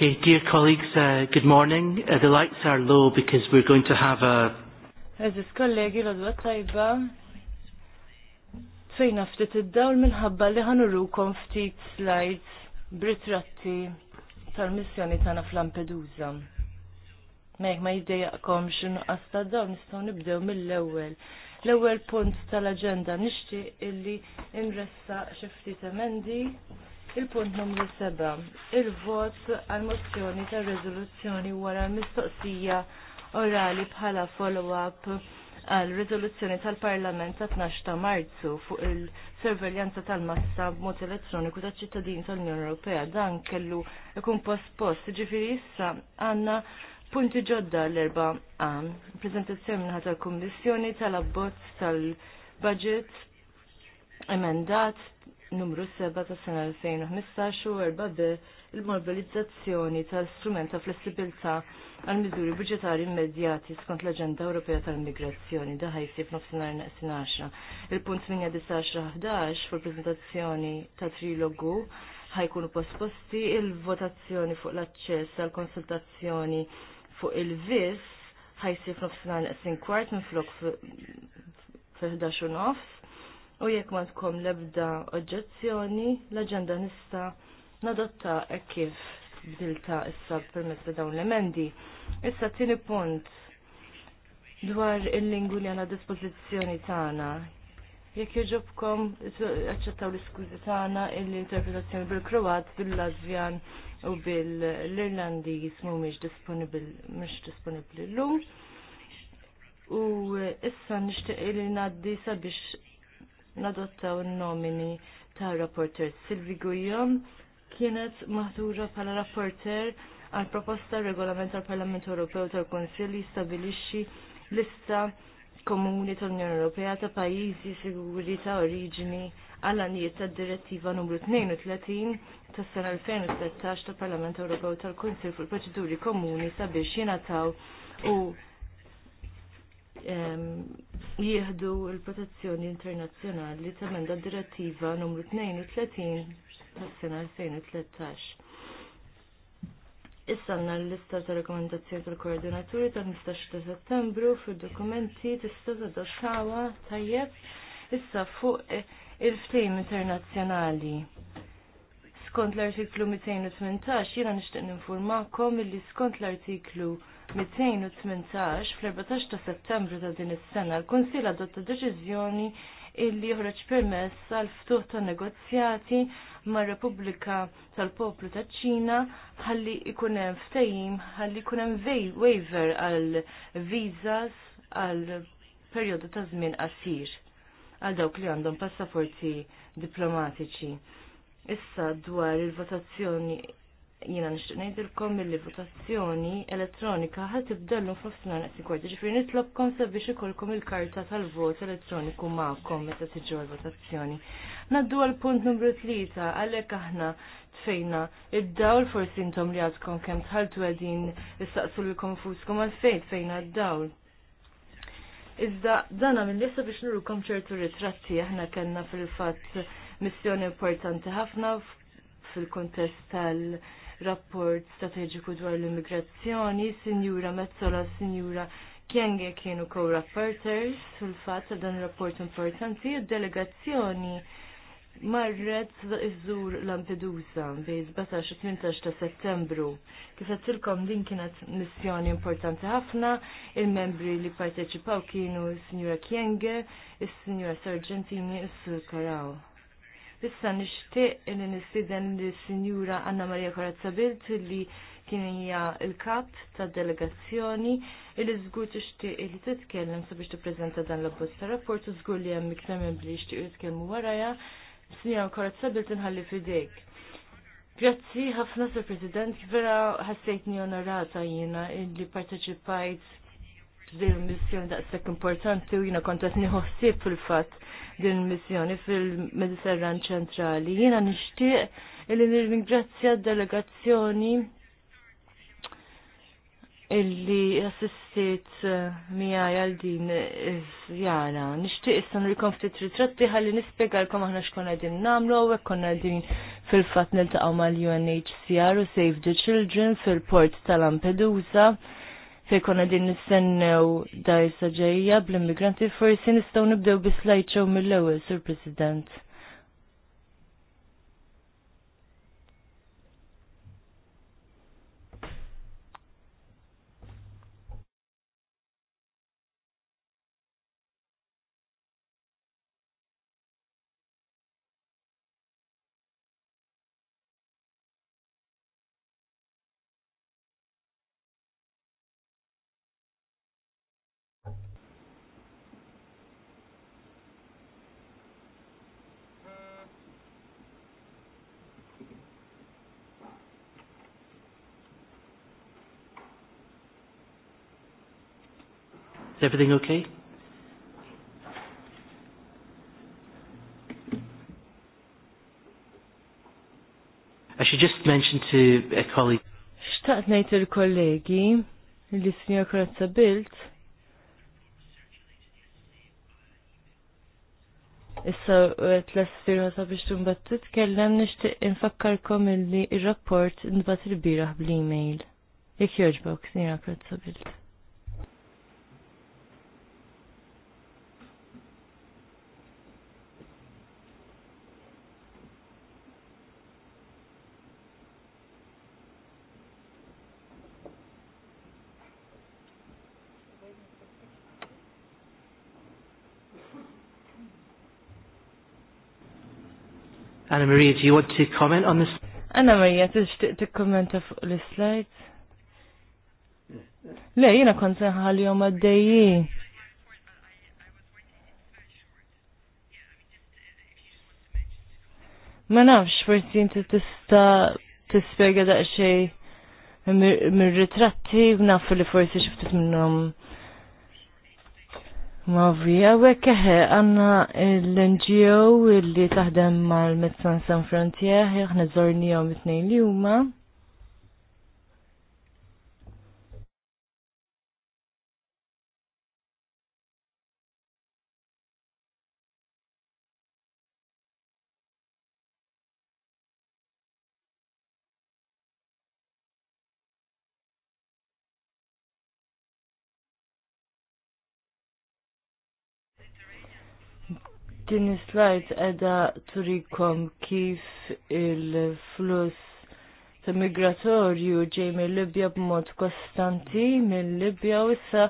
Hey, dear colleagues, uh, good morning. Uh, the lights are low because we're going to have a... Eżis kollegi l-għadwa tajba. Fejna ftit id-dawl minħabba li ħanurrukom ftit slides britratti tal-missjoni tagħna f'Lampedusa. Mek ma jiddejjaqkom x'inhu qasta dawl nistgħu nibdew mill-ewwel. L-ewwel punt tal-aġenda nixtieq illi inressa xi ftit emendi Il-punt numru 7. Il-vot għal mozzjoni ta' rezoluzzjoni wara l-mistoqsija orali bħala follow-up għal rezoluzzjoni tal-Parlament ta' 12 ta' Marzu fuq il-serveljanza tal-massa b'mod elettroniku ta' ċittadini tal-Unjoni Ewropea. Dan kellu ikun post-post, ġifiri issa għanna punti ġodda l-erba għan. Prezentazzjoni minnħat tal-Kommissjoni tal-abbozz tal-budget emendat numru 7 ta' sena 2015 u erba il-mobilizzazzjoni tal-strument ta' flessibilità għal miżuri budgetari immedjati skont l-Aġenda Ewropea tal-Migrazzjoni da ħajsib nofsinhar naqsin 10. Il-punt 8-11 fuq il prezentazzjoni ta' trilogu ħajkunu posposti il-votazzjoni fuq l-aċċess għal konsultazzjoni fuq il-vis ħajsi f'N'ofsinhar naqsin kwart minn flok fil-11 nofs u jekk ma tkom lebda oġġezzjoni, l-aġenda nista' nadotta e kif bilta issa permezz ta' dawn l-emendi. Issa tieni punt dwar il-lingwi li għandha dispożizzjoni tagħna. Jekk jogħġobkom aċċettaw l-iskużi tagħna l-interpretazzjoni bil-Kroat, bil lazvjan u bil-Irlandiż mhumiex disponibbli mhux disponibbli llum. U issa nixtieq il ngħaddi sabiex nadottaw nomini ta' rapporter Silvi Gujom kienet maħdura pala rapporter għal proposta regolament tal-Parlament Ewropew tal-Konsil li stabilixxi lista komuni tal-Unjoni Ewropea ta' pajjiżi siguri ta' oriġini għal anijiet ta' direttiva numru 32 tas sena 2013 tal-Parlament Ewropew tal-Konsil fuq proċeduri komuni sabiex jingħataw u jieħdu l-protezzjoni internazzjonali temenda direttiva numru 32 tas-sena 2013. Issa għanna l-lista ta' rekomendazzjoni tal-koordinaturi tal-15 ta' settembru fil-dokumenti tista' tadottawa tajjeb issa fuq eh, il-ftejm internazzjonali. Skont l-artiklu 218 jiena nixtieq ninformakom illi skont l-artiklu 218 fl-14 ta' settembru ta' din is-sena l-Kunsill adotta deċiżjoni illi joħroġ permess għal ftuħ ta' negozjati ma' Repubblika tal-Poplu ta' ċina ħalli ikun hemm ftehim ħalli ikun hemm waiver għal visas għal perjodu ta' żmien qasir għal dawk li għandhom passaporti diplomatiċi. Issa dwar il-votazzjoni jina nishtiq ngħidilkom li votazzjoni elettronika ħad tibdellu f'nofsinhar naqsi kwarti, ġifieri nitlobkom sabiex ikolkom il-karta tal-vot elettroniku magħkom meta tiġu l-votazzjoni. Naddu għal punt numru tlieta għalhekk aħna tfejna id-dawl forsi intom li għadkom kemm tħaltu qegħdin issaqsu il konfuskom għal fejn tfejna id dawl Iżda dana minn lissa biex nurukom ċertu ritratti aħna kellna fil-fatt missjoni importanti ħafna fil-kontest tal- rapport strateġiku dwar l-immigrazzjoni, Sinjura Mezzola, Sinjura Kienge kienu co-rapporters sul fat ta' dan rapport importanti, delegazzjoni marret iżżur Lampedusa bej 17-18 ta' settembru. Kif għattilkom din kienet missjoni importanti ħafna, il-membri li parteċipaw kienu s-Sinjura Kienge, s-Sinjura Sargentini, s-Sur Karaw. Issa nixtieq li nistieden li sinjura Anna Maria Korazza Bilt li kien hija l-kap tad delegazzjoni li żgur tixtieq li titkellem sabiex tippreżenta dan l-abbozz ta' rapport u żgur li hemm iktar minn li jixtiequ jitkellmu warajja. Sinjura Korazza Bilt inħalli fidejk. Grazzi ħafna Sir President, vera ħassejtni onorata jiena li parteċipajt f'din missjoni daqshekk importanti u jiena kont qed ħsieb fil-fatt din missjoni fil-Mediterran ċentrali. Jiena nixtieq illi nirringrazzja d-delegazzjoni illi assistit eh, mija għal din eh, jana Nishtiq issan li kon ftit ritratti ħalli nispiegalkom aħna xkon għadin namlu għawek kon għadin fil-fat nil-taqaw mal UNHCR u Save the Children fil-port tal-Lampedusa se jkun din nistennew dajsa ġejja bl-immigranti forsi nistgħu nibdew bislajċew mill-ewwel, Sur President. Is everything okay? I should just mention to a colleague. Xtaqt ngħid il-kollegi li Sinjor Krozza Bilt Issa t-lessfirħa sabiex tumbat titkellem nishtiq infakkarkom il-li il-rapport nbat il-biraħ bl-email. Jek joġbok, Sinjor Krozza Bilt. Anna Maria, do you want to comment on this? Anna Maria, to comment fuq the slides Le, jina kont ħalli jom għaddejji. Ma nafx, forsi inti tista tispjega daqsxejn mir-ritratti, naf li forsi xiftit minnhom Mavi, għawek keħe, għanna l-NGO li taħdem mal-Medicine San Frontier, zorni zornijom it-nejn li huma. din slajd edha turikom kif il-flus ta' migratorju ġej mill-Libja b'mod kostanti mill-Libja u issa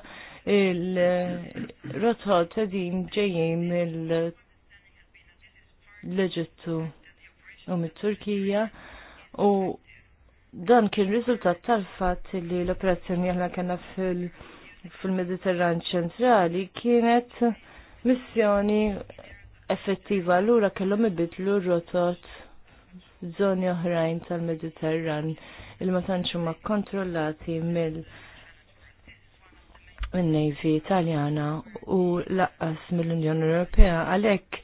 il-rotħol ta' din ġejjin mill-Leġittu u mit-Turkija u dan kien riżultat tal-fatt li l-operazzjoni aħna kena fil-Mediterran ċentrali kienet missjoni effettiva allura kellhom ibidlu rotot żoni oħrajn tal-Mediterran il ma tantx huma kontrollati mill il navy Italjana u laqqas mill-Unjoni Ewropea għalhekk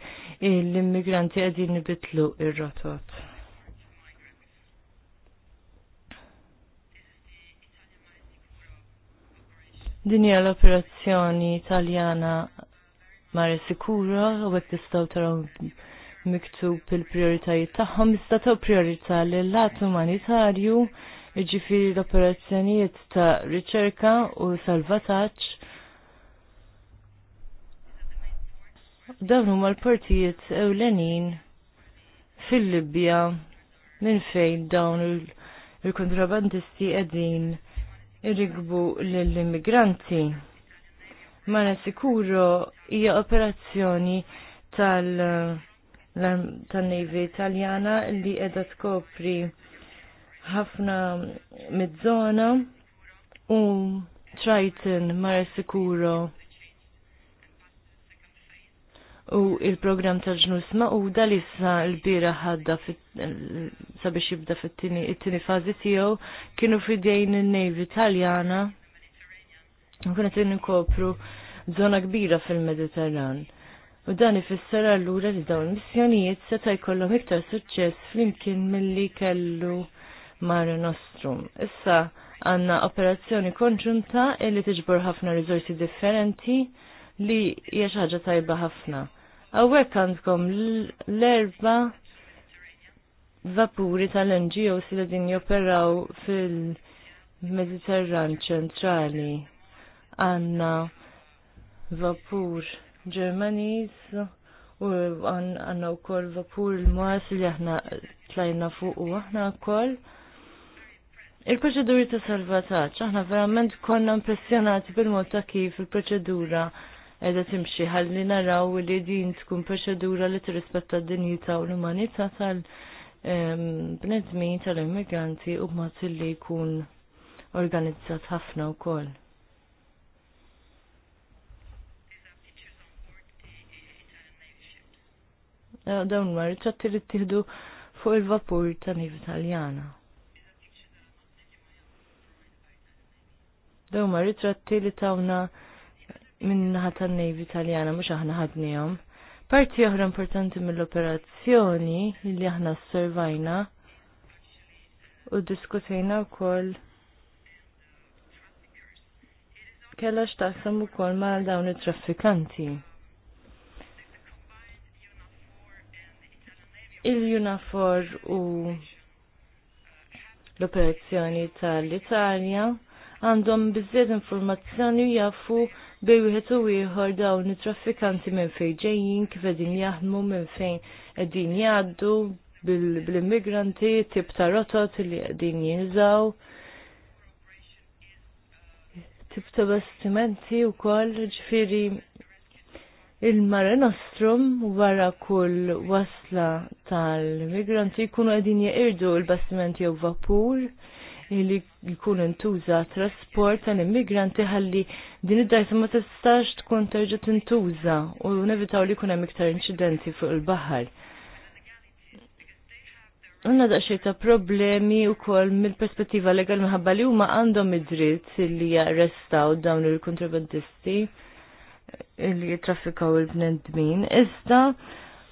l-immigranti qegħdin ibidlu ir-rotot. Din hija l-operazzjoni Italjana mar sikura u għek tistaw taraw miktub il-prioritajiet tagħhom iżda taw priorità lill-lat umanitarju, jiġifieri l-operazzjonijiet ta' riċerka u salvataġġ. Dawn huma l-partijiet ewlenin fil-Libja minn fejn dawn il-kontrabandisti qegħdin irigbu lill-immigranti. Mara sikuro hija operazzjoni tal- tal-Navy Italjana li qiegħda tkopri ħafna mid-żona u Triton Mara Sikuro u il-program tal-ġnus ma'uda li issa l-bira ħadda sabiex jibda fit-tini fazi tiegħu kienu fidejn in-Navy Italjana nkun qed nkopru żona kbira fil-Mediterran. U dan ifisser allura li dawn missjonijiet seta' jkollhom iktar suċċess flimkien milli kellu Mare Nostrum. Issa għandna operazzjoni konġunta li tiġbor ħafna riżorsi differenti li hija xi ħaġa tajba ħafna. Hawnhekk għandkom l-erba' vapuri tal-NGOs li din joperaw fil-Mediterran ċentrali għanna vapur Ġermaniż u għanna u koll vapur il-Mars li aħna tlajna fuq u aħna koll. Il-proċeduri ta' salvataċ, aħna verament konna impressjonati bil-mod ta' kif il-proċedura edha timxi ħalli naraw li din tkun proċedura li tirrispetta d-dinjità u l-umanità tal-bnedmin ehm, tal-immigranti u b'mod li kun organizzat ħafna u koll. Eh, dawn mar ritratti li ttieħdu fuq il-vapur ta' nif Italjana. Dawn mar ritratti li tawna minn naħat tan-Nejvi Taljana mhux aħna ħadnihom. Parti oħra importanti mill-operazzjoni li aħna s-servajna u diskutejna wkoll kella x'taqsam ukoll ma' dawn it-traffikanti. il-Junafor u l-operazzjoni tal-Italja għandhom bizzed informazzjoni jafu bej wieħed u ieħor dawn it-traffikanti minn fejn ġejjin kif qegħdin jaħdmu minn fejn qegħdin jgħaddu bil-immigranti tip ta' rotot li qegħdin jinżaw. Tip ta' bastimenti wkoll ġifieri il-Mare Nostrum wara kull wasla tal-migranti jkunu għedin jeqirdu l-bastimenti jew vapur li jkun intuża trasport tal-immigranti ħalli din id-dajsa ma tistax tkun terġa' tintuża u nevitaw li jkun hemm iktar inċidenti fuq il-baħar. Għanna daqxej ta' problemi u kol mill-perspettiva legal minħabba li huma għandhom id-dritt li jarrestaw dawn il-kontrabandisti li jitraffikaw il-bnedmin, iżda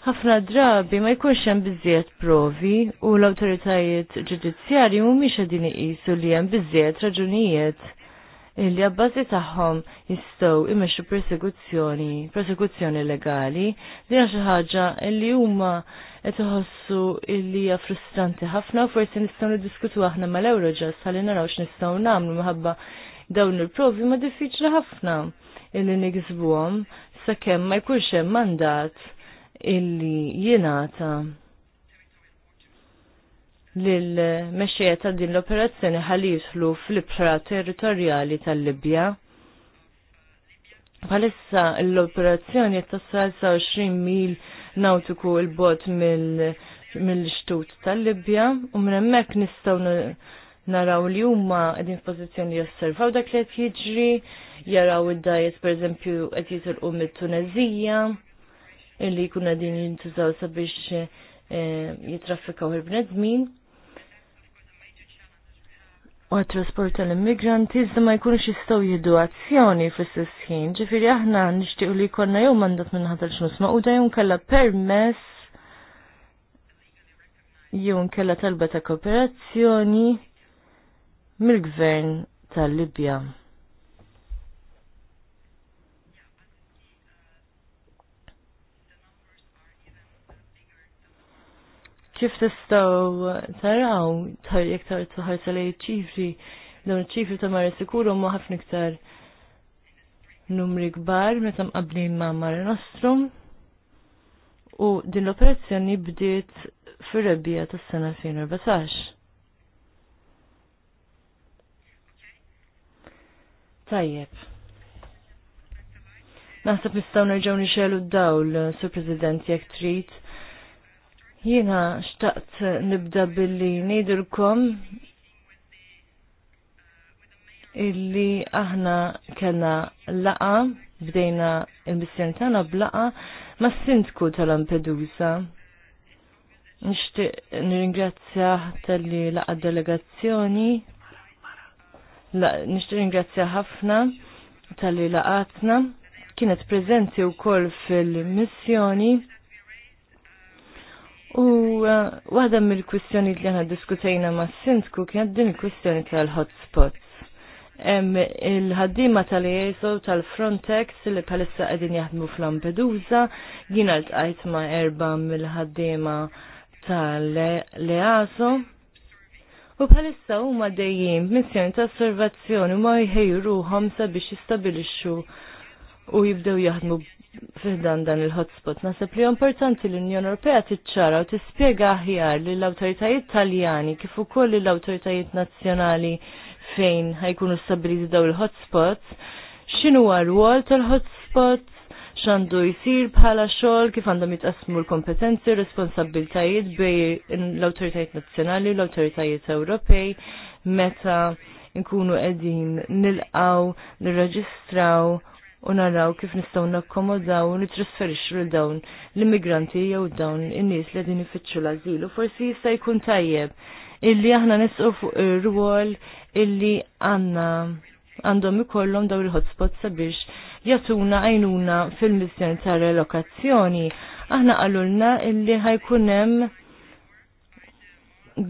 ħafna drabi ma jkunx hemm biżjed provi u l-awtoritajiet ġudizzjarji mhumiex qegħdin iqisu li hemm biżjed raġunijiet li abbażi tagħhom jistgħu imexxu persekuzzjoni, persekuzzjoni legali, din xi ħaġa li huma qed iħossu li hija frustranti ħafna u forsi nistgħu niddiskutu aħna mal-Eurojust ħalli naraw x'nistgħu nagħmlu minħabba dawn il-provi ma diffiċli ħafna illi nigżbuhom sakemm ma jkunx hemm mandat illi jingħata lil mexxejja ta' din l-operazzjoni ħalli jidħlu fl-ibħra territorjali tal-Libja. Bħalissa l-operazzjoni tassal sa' 20 mil nautiku il-bot mill xtut tal-Libja u minn hemmhekk nistgħu naraw li huma qegħdin f'pożizzjoni josservaw dak li qed jiġri, jaraw id-dajes pereżempju qed jitilqu mit-Tunezija illi jkun qegħdin jintużaw sabiex eh, jitraffikaw il-bnedmin. U għat-trasport tal-immigranti iżda ma jkunux jistgħu jiddu azzjoni fis-sess ġifiri ġifieri aħna nixtiequ li jkollna jew mandat minn ħadal xnus ma' uda jew kellha permess jew nkella talba ta' kooperazzjoni mill-gvern tal-Libja. Kif tistaw taraw tar iktar tħar tal ċifri, dawn ċifri ta' marri sikuru ma' ħafna iktar numri kbar meta mqablin ma' marri Nostrum u din l-operazzjoni bdiet fir-rebbija tas-sena 2014. Tajjeb. Naħseb nistgħu nerġgħu nixelu dawl Sur President, jekk trid. Jiena xtaqt nibda billi ngħidilkom illi aħna kellna laqa bdejna il-missjon tagħna blaqa ma' sindku tal-Lampedusa. Nixtieq nirringrazzjah tal-li laqa delegazzjoni Nishtu ringrazzja ħafna tal-li laqatna. Kienet prezenti u koll fil-missjoni. U għadha uh, mill-kwistjoni li għana diskutajna ma' Sintku kienet din il-kwistjoni tal-hotspots. Il-ħaddima tal-ESO tal-Frontex li palissa għedin jaħdmu fl ampedusa jina l ma' erba mill-ħaddima tal-EASO. U bħalissa huma dejjim missjoni ta' osservazzjoni ma jħejru ruhom sabiex jistabilixxu u jibdew jaħdmu fiħdan dan il-hotspot. Nasab li importanti l-Unjoni Ewropea tiċċara u tispjega aħjar li l-awtoritajiet Taljani kif ukoll l-awtoritajiet nazzjonali fejn ħajkunu stabiliti daw il-hotspots, x'inhu huwa wol tal-hotspots, xandu jsir bħala xogħol kif għandhom jitqasmu l-kompetenzi, responsabiltajiet bej l-awtoritajiet nazzjonali u l-awtoritajiet Ewropej meta nkunu qegħdin nilqaw, nirreġistraw u naraw kif nistgħu nakkomodaw u nitrasferixxu lil dawn l-immigranti jew dawn in-nies li qegħdin ifittxu l-ażil u forsi jista' jkun tajjeb illi aħna nisqu fuq ir-rwol illi għandna għandhom ikollhom dawn il-hotspots sabiex jatuna għajnuna fil-missjoni ta' relokazzjoni. Aħna għallulna illi ħajkunem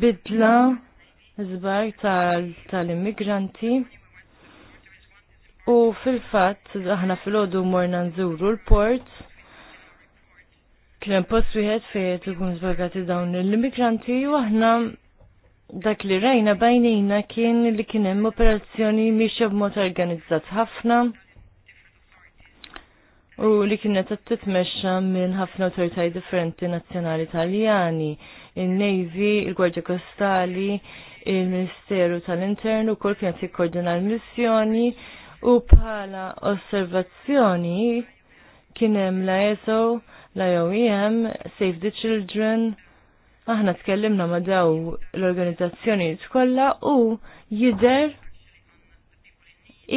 bidla zbar tal-immigranti u fil-fat aħna fil-ħodu morna nżuru l-port kien post wieħed fejn ikun żbagati dawn l-immigranti u aħna dak li rajna bajnina kien li kien hemm operazzjoni mhix b'mod organizzat ħafna u li kienet qed titmexxa minn ħafna awtoritajiet differenti nazzjonali Italjani, il-Navy, il-Gwardja Kostali, il-Ministeru tal-Internu, kol kienet jikkoordina l-missjoni u bħala osservazzjoni kien hemm la ESO, la e OEM, Save the Children, aħna tkellimna ma daw l-organizzazzjoni kollha u jider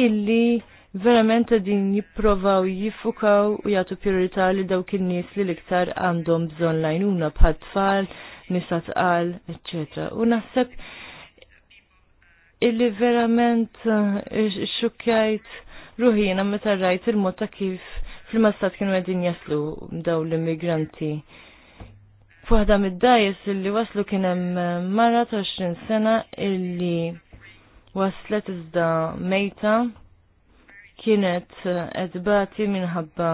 illi verament din jipprovaw jiffukaw u jagħtu priorità li dawk in-nies li l-iktar għandhom bżonn lajnuna bħal tfal, nisa tqal, etc. U naħseb illi verament eh, xukjajt ruħina meta rajt il-mod ta' kif fil-massat kienu għedin jaslu daw l-immigranti. Fuħda mid-dajes illi waslu kien hemm eh, mara ta' 20 sena illi waslet iżda mejta kienet eh, edbati minħabba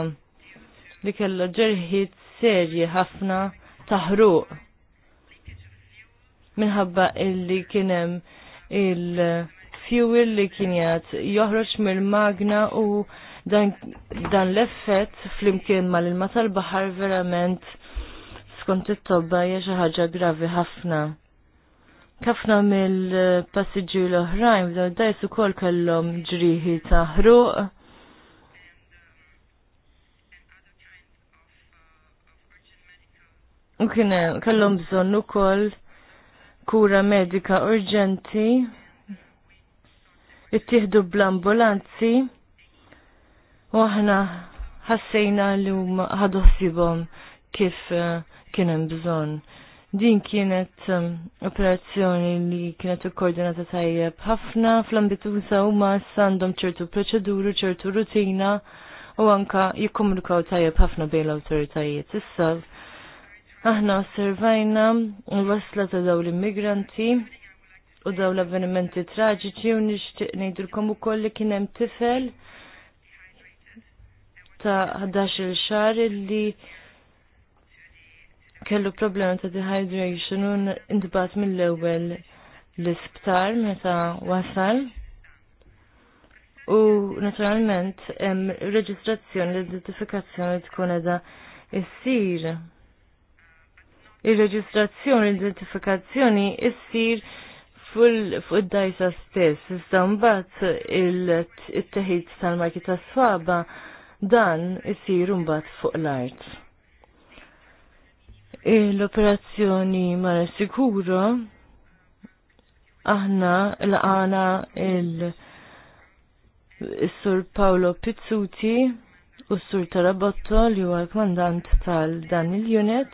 li kellha ġerħiet serji ħafna taħruq minħabba illi kienem il-fuel li kien jgħat joħroġ mill-magna u dan, dan l-effett flimkien mal-ilma tal-bahar verament skont it-tobba hija xi ħaġa gravi ħafna. Kafna mill-passiġġi l-oħrajn b'daw dajs ukoll kellhom ġrieħi ta' ħruq. U kien kellhom bżonn ukoll kura medika urġenti jittihdu bl-ambulanzi u aħna ħassejna li huma ħadu kif eh, kien hemm bżonn Din kienet um, operazzjoni li kienet ikkoordinata tajjeb ħafna fl-ambituża huma għandhom ċertu proċeduru, ċertu rutina u anka jikkomunikaw tajjeb ħafna bejn l-awtoritajiet. Issa aħna osservajna l-wasla ta' daw l-immigranti u daw l-avvenimenti traġiċi u nixtieq ngħidulkom ukoll li kien hemm tifel ta' 11-il xahar li kellu problema ta' dehydration u intbat mill-ewwel l-isptar meta wasal. U naturalment hemm reġistrazzjoni l-identifikazzjoni tkun edha issir. Ir-reġistrazzjoni l-identifikazzjoni issir fuq id-dajsa stess, iżda mbagħad it-teħid tal-marki ta' swaba dan issir mbagħad fuq l-art l-operazzjoni mara siguro aħna l-għana il-sur Paolo Pizzuti u sur Tarabotto li huwa l-kmandant tal dan il-unit.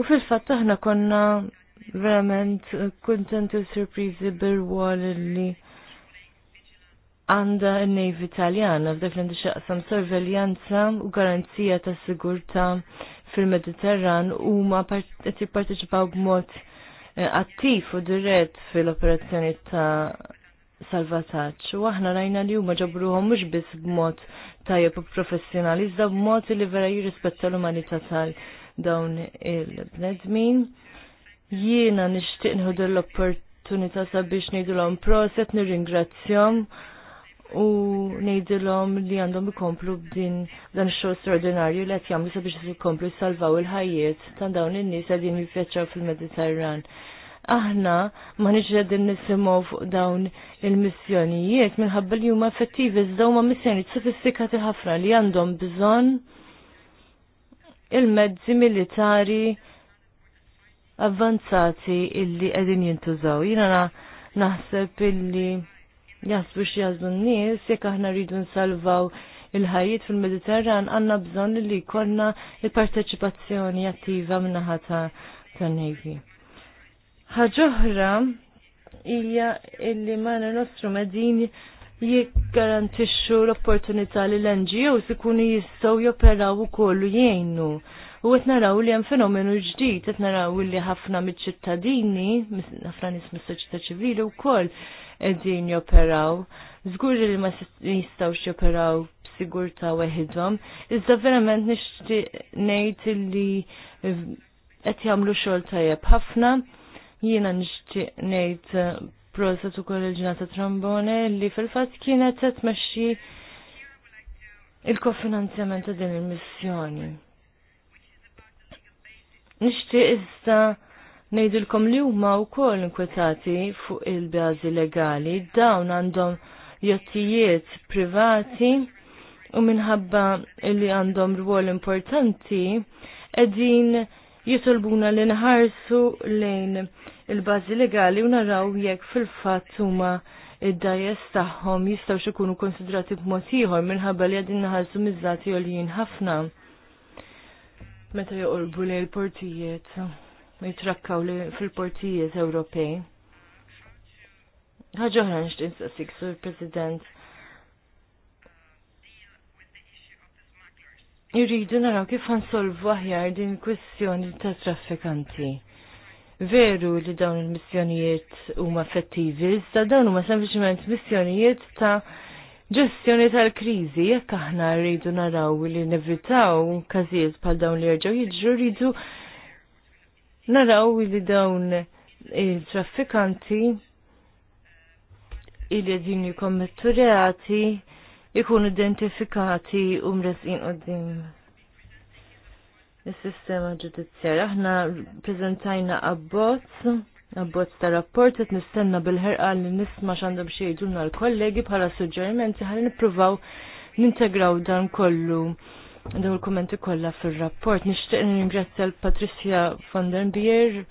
U fil-fatt aħna konna verament kontenti u surprizi bil-wall li għanda n-nejvi Italjana f'dak li xaqsam sorveljanza u garanzija ta' sigurta fil-Mediterran u ma qed jipparteċipaw b'mod eh, attiv u dirett fil-operazzjoni ta' salvataċ. U aħna rajna li huma ġabruhom mhux biss b'mod tajjeb u professjonali, iżda b'mod li vera jirrispetta l-umanità tal dawn il-bnedmin. Jiena nixtieq nħodu l-opportunità sabiex ngħidulhom proset nirringrazzjom u nejdilom li għandhom ikomplu din dan xogħol straordinarju li qed jagħmlu sabiex ikomplu salvaw il-ħajjiet ta' dawn in-nies qegħdin jivvjaġġaw fil-Mediterran. Aħna ma nix qegħdin nisimgħu fuq dawn il-missjonijiet minħabba li huma effettivi iżda ma' missjonijiet sofistikati ħafna li għandhom bżonn il-mezzi militari avvanzati illi qegħdin jintużaw. Jiena naħseb illi jasbu x'jażlu n-nies, jekk aħna rridu nsalvaw il-ħajjiet fil-Mediterran għandna bżon li jkollna il-parteċipazzjoni attiva minnaħa ta' Navy. Ħaġoħra hija illi mana nostru medin jikgarantixxu l-opportunità li l-NGOs ikunu jistgħu joperaw ukoll jgħinu. U qed naraw li hemm fenomenu ġdid, qed naraw li ħafna miċ-ċittadini, ħafna nies mis-soċjetà ċivili wkoll edin joperaw. Zgur li ma jistaw joperaw b'sigurta weħidhom. Iżda verament nixti ngħid li qed jagħmlu xogħol tajjeb ħafna. Jiena nixti ngħid eh, prosa ukoll il-ġinata Trambone li fil-fatt kienet qed tmexxi il-kofinanzjament ta' din il-missjoni. Nixtieq iżda Nejdilkom li huma wkoll inkwetati fuq il-bażi legali dawn għandhom jottijiet privati u minħabba li għandhom rwol importanti edin jitolbuna li nħarsu lejn il-bażi legali u naraw jekk fil-fatt huma id-dajes tagħhom jistgħu ikunu konsidrati b'mod ieħor minħabba li qegħdin naħarsu miżati għoljin ħafna meta joqolbu lejn il-portijiet jitrakkaw li fil-portijiet Ewropej. Ħaġa oħra nixtieq nistaqsik, Sur President. Iridu naraw kif ħansolvu aħjar din il-kwestjoni ta' traffikanti. Veru li dawn il-missjonijiet huma effettivi, iżda dawn huma sempliċement missjonijiet ta' ġestjoni tal-krizi jekk aħna rridu naraw li nevitaw każijiet bħal dawn li jerġgħu jiġru rridu naraw li dawn il-traffikanti il din jikommettu reati ikun identifikati u mresqin din il-sistema ġudizzjarja. Aħna prezentajna abbozz Abbozz ta' rapport qed nistenna bil-ħerqa li nisma' x'għandhom xi l-kollegi bħala suġġerimenti ħalli nippruvaw nintegraw dan kollu daw il-kommenti kollha fir-rapport. Nixtieq ningrazzja l Patricia von den Bier,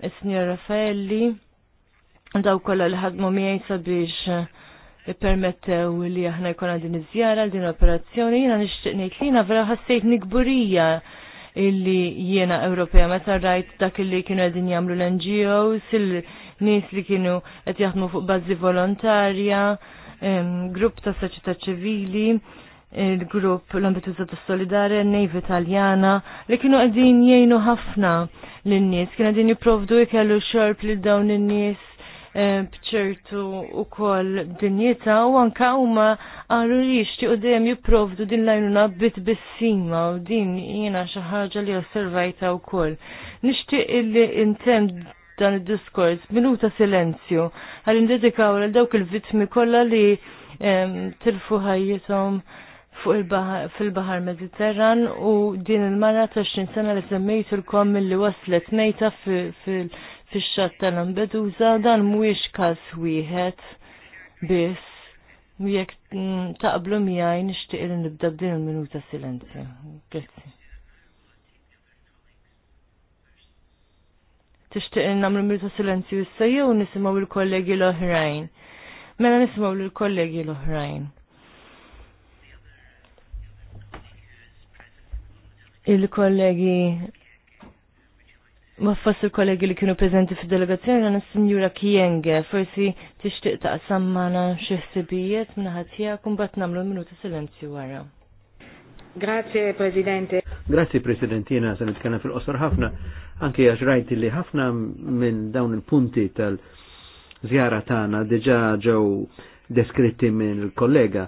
s sinjor Raffaelli, daw kollha li ħadmu miegħi sabiex eh, permettew li aħna jkollna din iż-żjara din l-operazzjoni, jiena nixtieq ngħid li jiena vera ħassejt nikburija illi jiena Ewropea meta rajt dak illi kienu qegħdin jagħmlu l-NGOs, il-nies li kienu qed jaħdmu fuq bażi volontarja, grupp ta' soċjetà ċivili il-grupp l-ambituza tas solidare Nejv Italjana li kienu għedin jgħinu ħafna l-nies, kienu għedin jiprovdu jkellu xorb li dawn l-nies eh, bċertu u kol dinjeta u anka huma għallu rixti u dejjem jipprovdu din lajnuna bit bissima u din jiena xi ħaġa li osservajta wkoll. Nixtieq illi intem dan id-diskors minuta silenzju għal indedikaw għal dawk il-vittmi kollha li tilfu ħajjithom fil-Bahar Mediterran u din il-mara ta' sena li l-kom li waslet mejta fil-xat tal-Ambeduza dan mhuwiex każ wieħed biss. Jek mm, taqblu miħaj nishtiq li nibda b'din il-minuta silenzju. Grazie. Tishtiq li namlu minuta silenzju issa jew nisimaw il-kollegi l-oħrajn. Mela nisimaw il-kollegi l-oħrajn. il-kollegi Waffas il-kollegi li kienu prezenti fi delegazzjoni għana s sinjura Kienge, forsi tixtiq ta' sammana xieħsibijiet minnaħatija kumbat namlu minuta silenzju għara. Grazie, Presidente. Grazie, Presidentina, se nitkana fil-qosor ħafna, anke għax rajti li ħafna minn dawn il-punti tal-żjara tagħna diġà ġew deskritti minn il-kollega.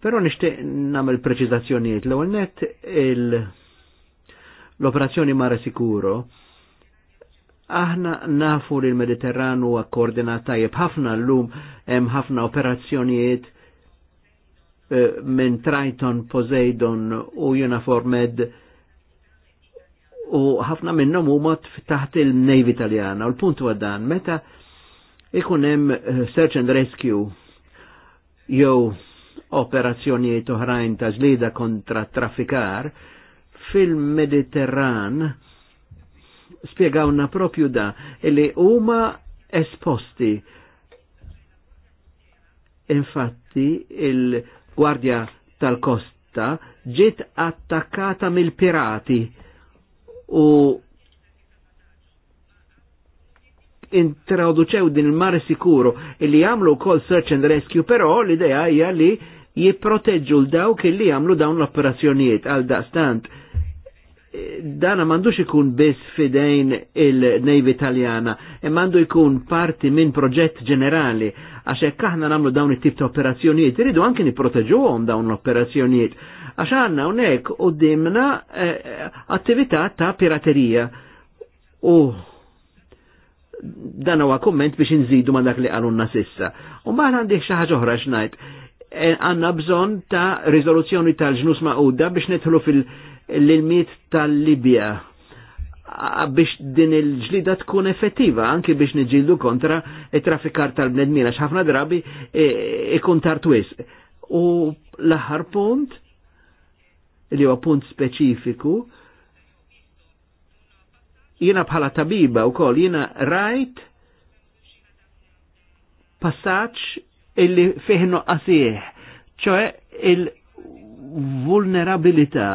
Però nixtieq nagħmel preċizazzjoniet l-ewwel il-, -il l-operazzjoni Mare Sikuro, aħna nafu li l mediterranu a koordinata tajjeb ħafna llum hemm ħafna operazzjonijiet eh, minn Triton, Poseidon u Uniformed u ħafna minnhom huma taħt il-Navy Italjana. U l-punt huwa dan, meta ikun hemm eh, search and rescue jew operazzjonijiet oħrajn ta' ġlida kontra traffikar, fil-Mediterran spiegawna propju da li huma esposti. Infatti il-Gwardja tal-Kosta ġiet attakkata mill-pirati u introduċew din il-mare sikuru illi jamlu kol search and rescue, però l-ideja hija li jipproteġġu l-dawk li jagħmlu dawn l-operazzjonijiet għal daqstant eh, dana mandux ikun biss fidejn il-Nejvi Italjana, e mandu jkun parti minn proġett ġenerali, għax hekk aħna nagħmlu dawn it-tip ta' operazzjonijiet, iridu anke nipproteġuhom dawn l-operazzjonijiet, għax għandna hawnhekk dimna eh, attività ta' piraterija. U dan huwa kumment biex inżidu ma' dak li qalunna sissa. U mbagħad għandih xi ħaġa oħra x'ngħid Eh, għanna bżon ta' rizoluzzjoni tal-ġnus ma'uda biex netħlu fil limit tal-Libja biex din il-ġlida tkun effettiva anki biex niġildu kontra traffikar tal-bnedmina x'ħafna drabi e, ikun tartwis. U l-aħħar punt, li huwa punt speċifiku, jiena bħala tabiba u kol, jiena rajt passaċ illi fih qasih, ċoħe il-vulnerabilità.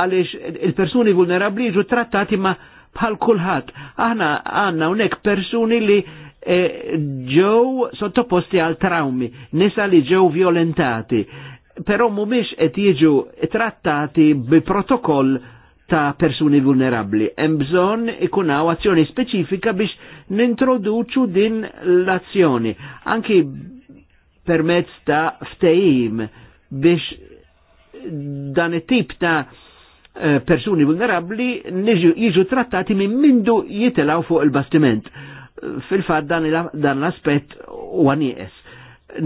Għalix il-persuni vulnerabli ġu trattati ma bħal kulħat. Aħna għanna unek persuni li eh, ġew sottoposti għal traumi, nisa li ġew violentati, però mumiex qed jiġu trattati bi protokoll ta' persuni vulnerabli. Hemm bżonn ikun hawn azzjoni speċifika biex nintroduċu din l-azzjoni, anki permezz ta' ftehim biex dan it-tip ta' eh, persuni vulnerabli jiġu trattati minn mindu jitelaw fuq il-bastiment. Fil-fat dan l-aspet u għanijes.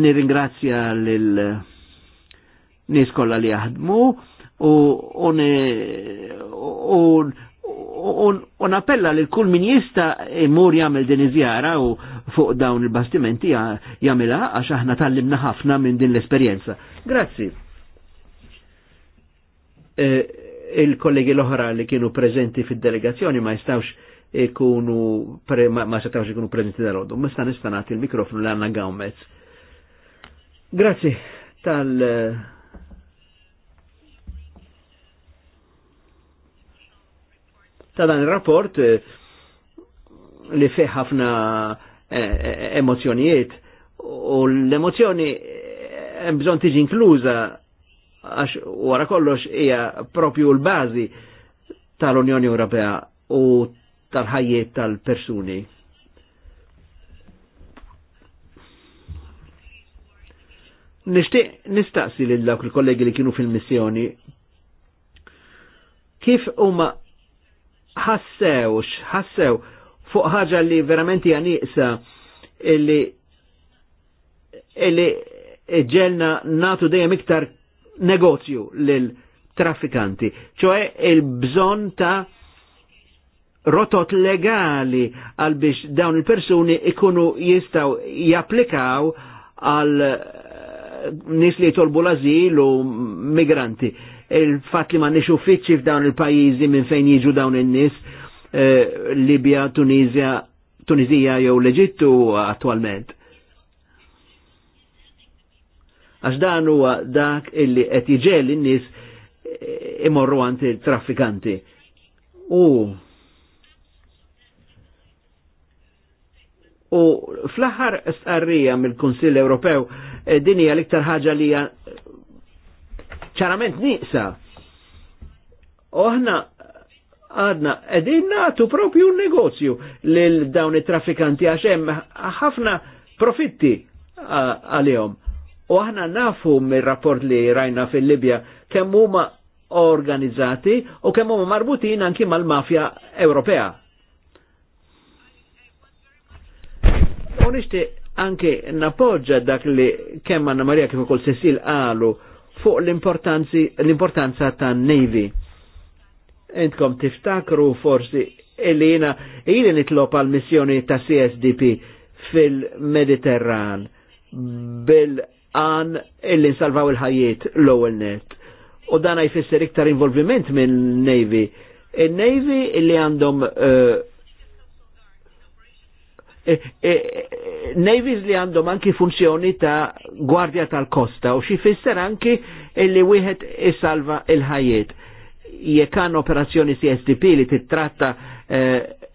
Nirringrazzja lil nies kollha li jaħdmu u appella li kull min jista imur jagħmel din iżjara u fuq dawn il-bastimenti jagħmilha għax aħna tallimna ħafna minn din l-esperjenza. Grazzi. E, il-kollegi l-oħra li kienu preżenti fid-delegazzjoni ma jistawx ikunu ma jistawx ikunu prezenti dal-għoddu. Mista nistanati il-mikrofonu li għanna għawmet. Grazzi tal- uh, ta' dan il-rapport eh, li fi ħafna eh, eh, emozjonijiet u l-emozjoni hemm bżonn tiġi inkluża għax wara kollox hija propju l-bażi tal-Unjoni Ewropea u tal-ħajjiet tal-persuni. Nishtiq nistaqsi lil dawk il-kollegi li kienu fil-missjoni kif huma ħassewx, ħassew fuq ħaġa li verament hija nieqsa illi illi ġelna natu dejjem iktar negozju lil traffikanti, ċoe il-bżon ta' rotot legali għal biex dawn il-persuni ikunu jistaw japplikaw għal eh, nis li jitolbu l-azil u migranti il-fat li ma nix uffiċi f'dawn il-pajizi minn fejn jiġu dawn in-nies, eh, Libja, Tunizja, Tunizija jew l-Eġittu attualment. Għax dan huwa dak illi qed jiġel in-nies eh, imorru għant il-traffikanti. U U fl-aħħar stqarrija mill-Kunsill Ewropew eh, din hija l-iktar ħaġa li ċarament niqsa. Oħna għadna edin natu propju negozju lil dawn it-traffikanti għaxem ħafna profitti għalihom. U aħna nafu mir-rapport li rajna fil-Libja kemm huma organizzati u kemm huma marbutin anki mal-mafja Ewropea. U nixtieq anke napoġġa dak li kemm Anna Marija kif ukoll għalu. qalu fuq l-importanza tan Navy. Entkom tiftakru forsi illi jina jina nitlop għal missjoni ta' CSDP fil-Mediterran bil-għan illi nsalvaw il-ħajiet l-ewwel net. U dan jfisser iktar involviment minn Navy. Il-Navy illi għandhom uh, E, e, navies li għandhom anki funzjoni ta' gwardja tal-kosta u xi fisser anki li wieħed isalva il-ħajiet. Jekk għandna operazzjoni CSTP li titratta e,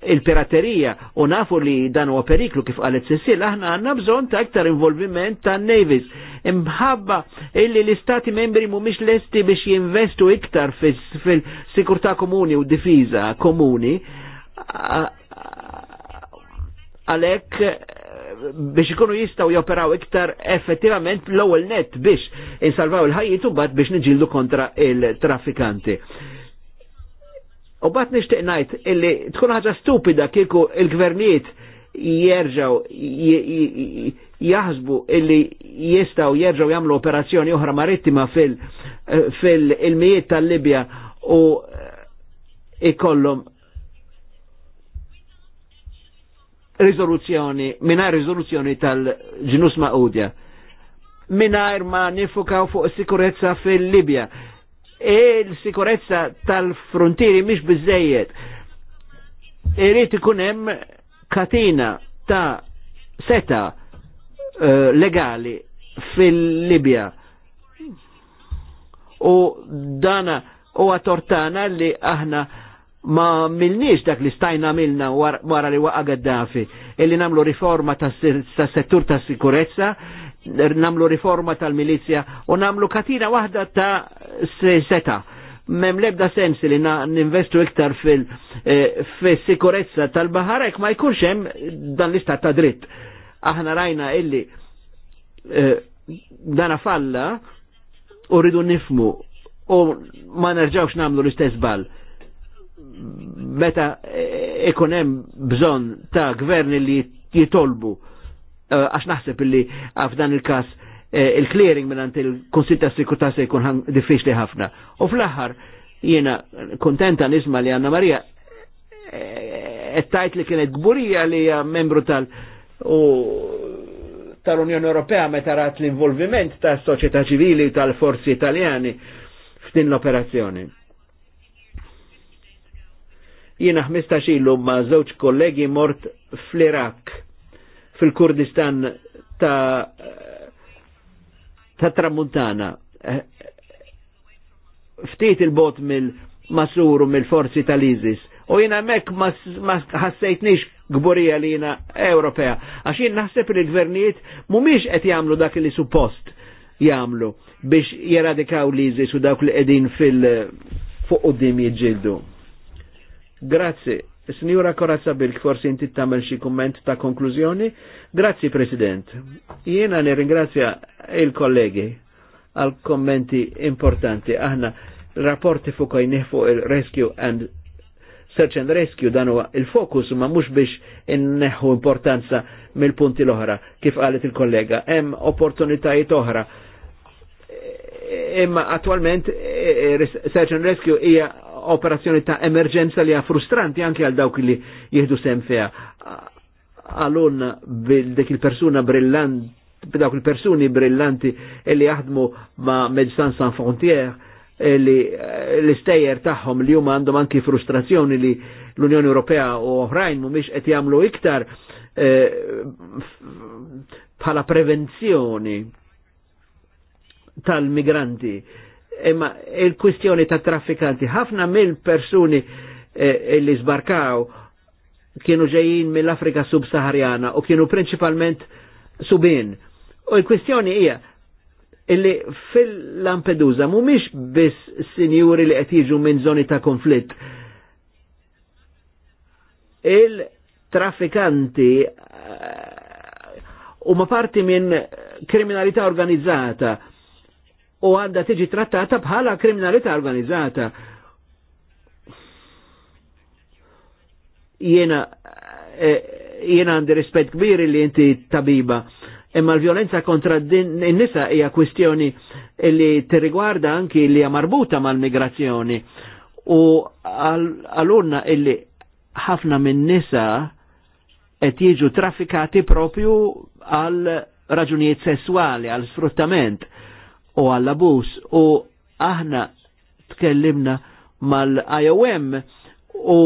il-piraterija u nafu li dan huwa periklu kif qalet Cecil, aħna għandna bżonn ta' aktar involviment ta' Navis. Imħabba illi l-istati membri mhumiex lesti biex jinvestu iktar fil sikurta komuni u difiża komuni, għalhekk eh, biex ikunu jistgħu joperaw iktar effettivament l-ewwel net biex insalvaw il-ħajjiet u bad biex niġildu kontra il-traffikanti. U bat nixtieq ngħid illi tkun ħaġa stupida kieku il-gvernijiet jerġaw jahzbu illi jistaw jerġaw jamlu operazzjoni oħra marittima fil eh, mijiet tal-Libja u eh, ikollom rizoluzzjoni, minar rizoluzzjoni tal-ġinus ma'udja, minar ma nifukaw fuq sikurezza fil-Libja. E l-sikurezza tal-frontieri mish bizzejiet. Irrit ikun hemm katina ta' seta uh, legali fil-Libja. U dana u għatortana li aħna ma milniex dak li stajna milna wara li waqa Gaddafi, illi namlu riforma tas ta settur ta' sikurezza, namlu riforma tal-milizja u namlu katina wahda ta' seta. Mem lebda sensi li ninvestu iktar fil-sikurezza eh, tal-baharek ma jkunx hemm dan l-istat ta' dritt. Aħna rajna illi eh, dana falla u rridu nifmu u ma nerġawx namlu l-istess bal meta ikun hemm bżonn ta' gvern li jitolbu eh, għax naħseb illi f'dan il-każ eh, il-clearing minn il-Konsil ta' Sikurtà se jkun diffiċli ħafna. U fl-aħħar jiena kontenta nisma li Anna Marija ettajt eh, li kienet gburija li membru tal tal-Unjoni Ewropea meta rat l-involviment ta' soċjetà ċivili tal-forzi italjani f'din l-operazzjoni. Jiena 15 ilu ma' żewġ kollegi mort fl-Irak, fil-Kurdistan ta' ta' Tramuntana. Ftit il-bot mill masuru mill-forzi tal izis U jiena mek ma ħassejtniex gburija li jina Ewropea. Għax jien naħseb li l-gvernijiet mumiex qed jagħmlu dak li suppost jagħmlu biex jeradikaw l izis u dawk li qegħdin fil fuq qudiem jiġġieldu. Grazzi. Signora Corazza Bilk, forsi inti tamel xi kumment ta' konklużjoni. Grazzi, President. Jiena nirringrazzja il-kollegi għal kommenti importanti. Aħna rapporti fukajni fuq il-Rescue and Search and Rescue Danu il-fokus ma mhux biex inneħħu importanza mill-punti l-oħra kif qalet il-kollega. Hemm opportunitajiet oħra. E, imma attualment e, e, Search and Rescue hija operazzjoni ta' emerġenza li frustranti anke għal dawk li jihdu sem feja. Għalun bil-dik il-persuna brillant, b'dawk il-persuni brillanti li jaħdmu ma' Medicine Sans Frontier, li l-istejjer tagħhom li huma għandhom anki frustrazzjoni li l-Unjoni Ewropea u oħrajn mhumiex qed jagħmlu iktar eh, bħala prevenzjoni tal-migranti imma eh, il-kwistjoni ta' traffikanti. Ħafna mill-persuni eh, li sbarkaw kienu ġejjin mill-Afrika subsaharjana u kienu principalment subin. U il-kwistjoni hija illi fil-Lampedusa mumiex biss sinjuri li qed jiġu minn zoni ta' konflitt. Il-traffikanti eh, huma uh, parti minn kriminalità organizzata u għandha tiġi trattata bħala kriminalità organizzata. Jena eh, jena għandi rispett kbir li inti tabiba. Imma l-violenza kontra n-nisa hija kwistjoni li tirrigwarda anki li hija marbuta mal-migrazzjoni. U għalunna illi ħafna minn-nisa qed jiġu traffikati propju għal raġunijiet sessuali, għal sfruttament u għall-abus u aħna tkellimna mal-IOM u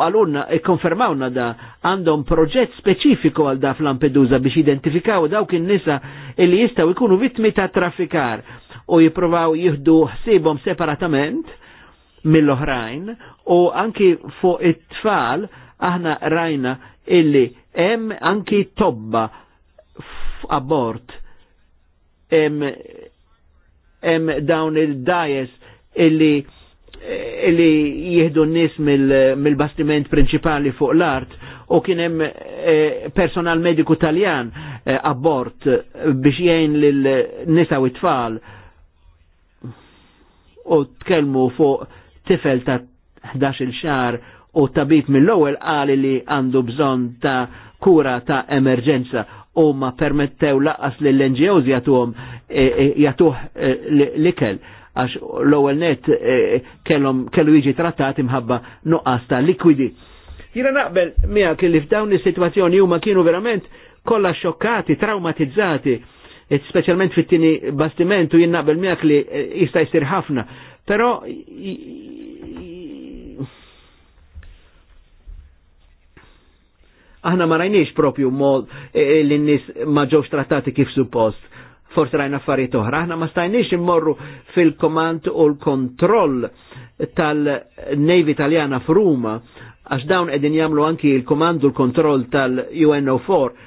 għalunna ikkonfermawna e da għandhom proġett speċifiku għal da fl-Lampedusa biex identifikaw dawk in-nisa illi jistaw ikunu vittmi ta' traffikar u jiprovaw jihdu ħsibhom separatament mill-oħrajn u anki fuq it-tfal aħna rajna illi hemm anki tobba f'abort hemm dawn il-dajes illi illi jihdu n-nis mill-bastiment mil principali fuq l-art u kienem eh, personal mediku taljan eh, abort biex jgħin l-nisa u tfal u tkellmu fuq tifel ta' 11 xar u tabib mill-ewwel għal li għandu bżonn ta' kura ta' emerġenza u ma permettew laqas li l-NGOs jatuhom e, e, jatuh e, l-ikel għax l-ewwel net kellu jiġi trattati imħabba nuqqas ta' likwidi. Jiena naqbel mija li f'dawn is-sitwazzjoni huma kienu verament kollha xokkati, traumatizzati, speċjalment fit-tieni bastiment u jien naqbel miegħek li jista' jsir ħafna. Però aħna ma rajniex propju mod e, e, l-innis nis ma ġewx trattati kif suppost. Forse rajna affarijiet oħra, aħna ma stajniex immorru fil-komand u l-kontroll tal-Navy Italjana f'Ruma għax dawn edin jamlu anki il-komandu l-kontroll tal-UNO4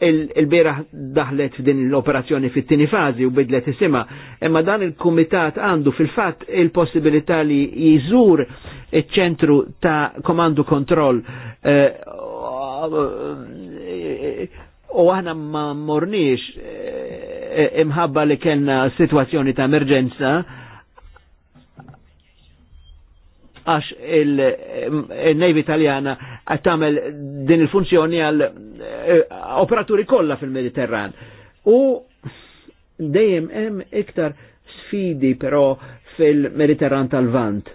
il-bera daħlet f'din l-operazzjoni fit-tini fazi u bidlet isima, imma dan il-komitat għandu fil-fat il-possibilità li jizur il-ċentru ta' komandu kontroll eh, u aħna ma morniex eh, imħabba li kena situazzjoni ta' emerġenza għax il-Nejvi Italjana tagħmel din il-funzjoni għal eh, operaturi kollha fil-Mediterran. U dejjem hemm iktar sfidi però fil-Mediterran tal-Vant,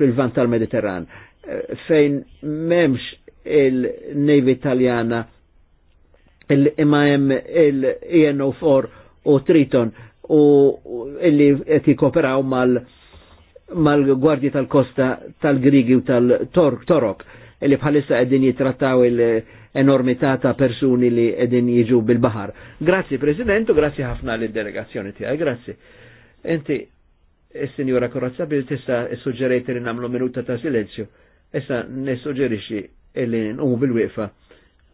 fil-Vant tal-Mediterran, eh, fejn memx il-Navy Italjana imma hemm il-ENO4 u Triton u illi qed jikkoperaw mal mal-gwardji tal-kosta tal-Grigi u tal-Torok. -tor li bħalissa qegħdin jitrattaw il-enormità ta' persuni li qegħdin jiġu bil-baħar. Grazzi President u grazzi ħafna lid delegazzjoni tiegħi, grazzi. Enti, il sinjura Korazza bil tista' suġġerejti li namlu minuta ta' silenzju. Issa nissuġġerixxi li nqumu bil wifa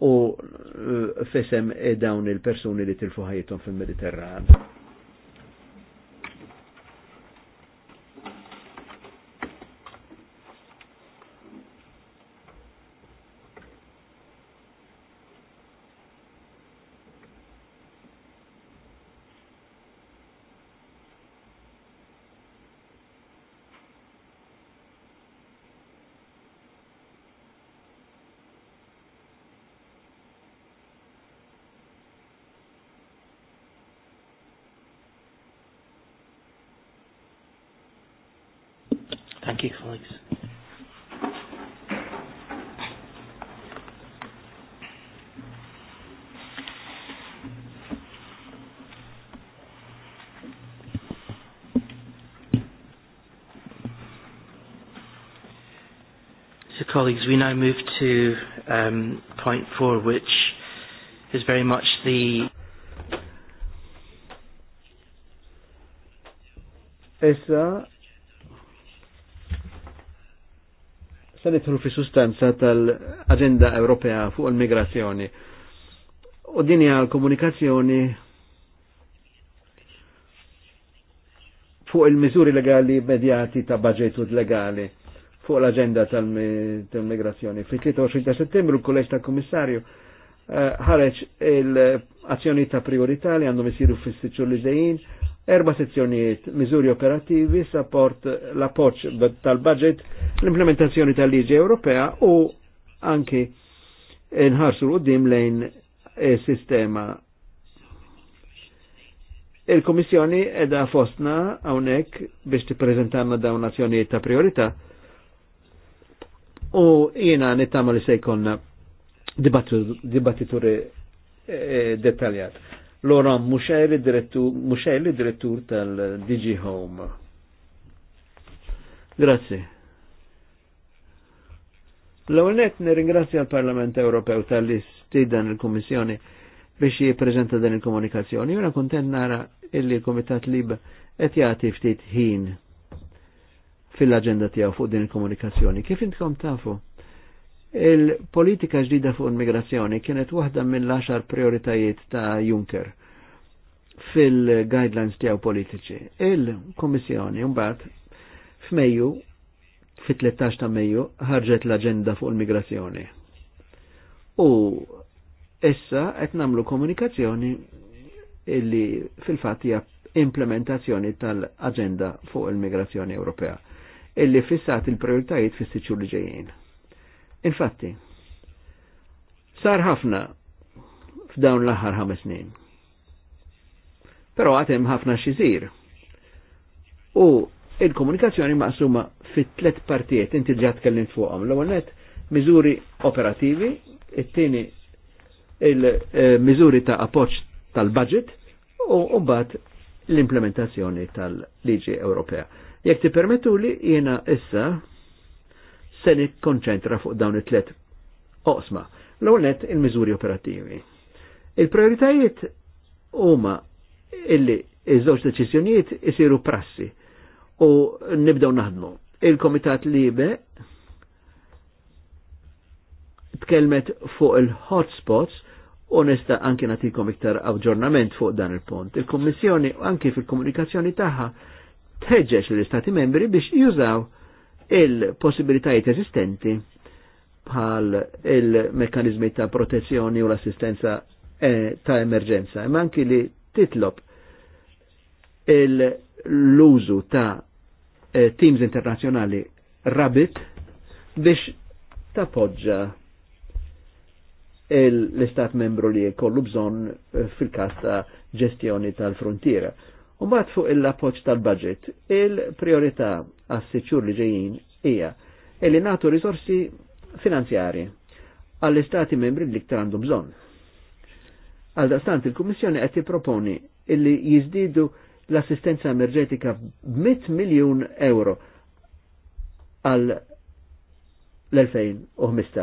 u eh, fesem eh, dawn il-persuni li tilfu ħajjithom fil-Mediterran. Thank you, colleagues. So, colleagues, we now move to um, point four, which is very much the Issa se nidħlu fi sustanza tal agenda Ewropea fuq il-migrazzjoni. U din għal komunikazzjoni fuq il mizuri legali medjati ta' budgetud legali fuq l-agenda tal-migrazzjoni. Fi 23 settembru l-Kolleġ ta' Kommissarju eh, ħareġ il-azzjoni ta' priorità li għandhom isiru fis-siċċur li erba sezzjonijiet, miżuri operativi, support l-appoċ tal-budget, l-implementazzjoni tal-liġi Ewropea u anki nħarsu l-qoddim lejn sistema Il-Komissjoni edha fostna għawnek biex ti prezentanna dawn azzjonijiet ta' priorità u jiena nittama li se dibattituri eh, dettaljat. Laurent Muxelli, direttur tal-Digi Home. Grazie. L-għonet nirringrazzja l-Parlament Ewropew tal-istidan il-Kommissjoni biex jiprezenta dan il-komunikazzjoni. Jena kontent nara illi l-Komitat Lib et jagħti ftit ħin fil agenda tiegħu fuq din il-komunikazzjoni. Kif intkom tafu? Il-politika ġdida fuq immigrazzjoni kienet waħda mill-10 prioritajiet ta' Juncker fil-guidelines tiegħu politiċi. Il-Kommissjoni mbagħad f'Mejju fit-13 ta' Mejju ħarġet l-aġenda fuq il-migrazzjoni. U issa qed nagħmlu komunikazzjoni illi fil-fatt hija implementazzjoni tal-aġenda fuq il-migrazzjoni Ewropea illi fissat il-prioritajiet fis-siċur li ġejjin Infatti, sar ħafna f'dawn l-aħħar ħames snin. Però għatem ħafna xizir. U il-komunikazzjoni maqsuma fit tlet partijiet inti ġat kellin fuqhom. L-ewwel net miżuri operativi, it-tieni il-miżuri eh, ta' appoġġ tal-budget u mbagħad l-implementazzjoni tal-liġi Ewropea. Jekk permettu li jiena issa se nikkonċentra fuq dawn it-tlet oqsma. L-ewwel net il-miżuri operattivi. Il-prioritajiet huma illi iż-żewġ deċiżjonijiet isiru prassi u nibdew naħdmu. Il-Komitat Libe tkellmet fuq il-hotspots u nista anki natikom iktar aġġornament fuq dan il-pont. il kummissjoni anki fil-komunikazzjoni tagħha teġġeġ l-Istati membri biex jużaw il-possibilitajiet esistenti bħal il mekanizmi ta' protezzjoni u l-assistenza e ta' emerġenza, imma anki li titlob l-użu ta' eh, teams internazjonali rabit biex tappoġġa l-istat membru li kollu bżon eh, fil-kas ta' ġestjoni tal-frontiera. Umbat fuq il-appoġġ tal-budget, il-priorità għas sitxur li ġejjin hija illi nagħtu risorsi finanzjari għall-istati membri li ktar għandhom bżonn. Għal daqstant il-Kummissjoni qed tipproponi illi jiżdiedu l-assistenza emerġetika b'100 miljun euro għal l-2015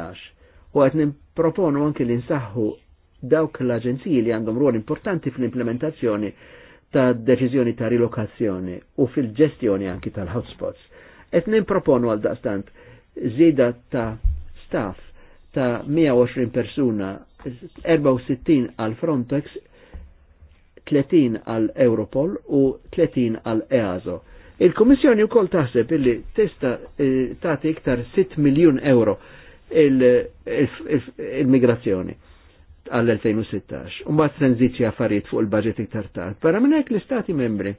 u qed nimproponu anki li nsaħħu dawk l-aġenziji li għandhom ruol importanti fl-implementazzjoni ta' deċiżjoni ta' rilokazzjoni u fil-ġestjoni anki tal-hotspots. Et nimproponu għal daqstant zida ta' staff ta' 120 persuna, 64 għal Frontex, 30 għal Europol u 30 għal EASO. Il-Komissjoni u kol taħseb illi testa eh, tati iktar 6 miljon euro il-migrazzjoni. Il il il għall-2016. Umbat tranzizja affarijiet fuq il-budget iktar tard. Para minn l-istati membri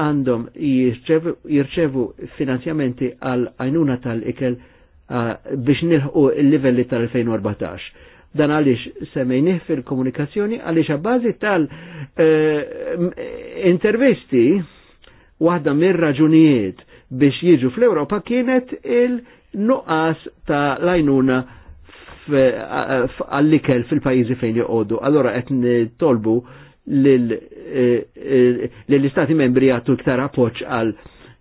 għandhom jirċevu finanzjamenti għal għajnuna tal-ikel ah, biex nilħu il-livelli tal-2014. Dan għalix semmejnih fil-komunikazzjoni għalix għabbażi tal-intervisti eh, waħda mir-raġunijiet biex jiġu fl-Europa kienet il-nuqqas ta' lajnuna għall-ikel fil-pajizi fejn joqodu. Allora qed tolbu lill-istati eh, eh, membri jagħtu iktar appoġġ għal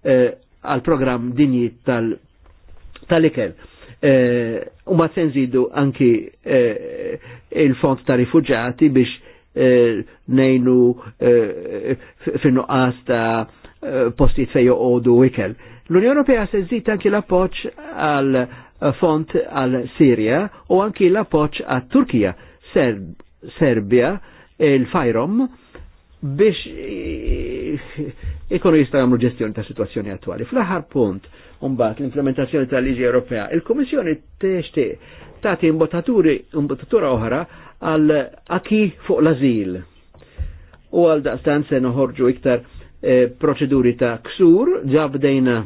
eh, programm dinji tal-ikel. U ma senżidu anki il-fond ta' rifugġati biex nejnu fin-nuqqas ta' postijiet fejn joqogħdu ikel. L-Unjoni Ewropea se żid anki l-appoġġ għal font għal Sirja u anki l-appoċ għal Turkija, Serb, Serbia, il-Fajrom, biex ikonu jistaw għamlu ġestjoni ta' situazzjoni attuali. Fl-aħħar punt, unbat l-implementazzjoni tal liġi Ewropea, il-Komissjoni teċti tati imbotatura oħra għal aki fuq l-azil. U għal da' se noħorġu iktar eh, proċeduri ta' ksur, ġabdejna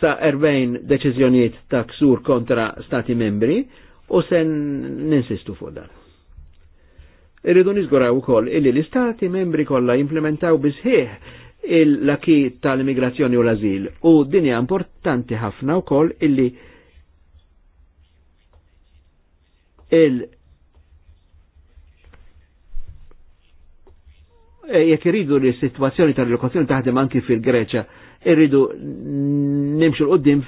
sa 40 deċiżjonijiet ta' ksur kontra stati membri u sen ninsistu fuq dan. Irridu nizguraw koll illi l-istati membri kollha jimplementaw bisħieħ il laki tal-immigrazzjoni u l-azil u din hija importanti ħafna koll illi il- Eh, jekk iridu li situazzjoni ta' relokazzjoni taħdem anki fil-Greċa, iridu nimxu l-qoddim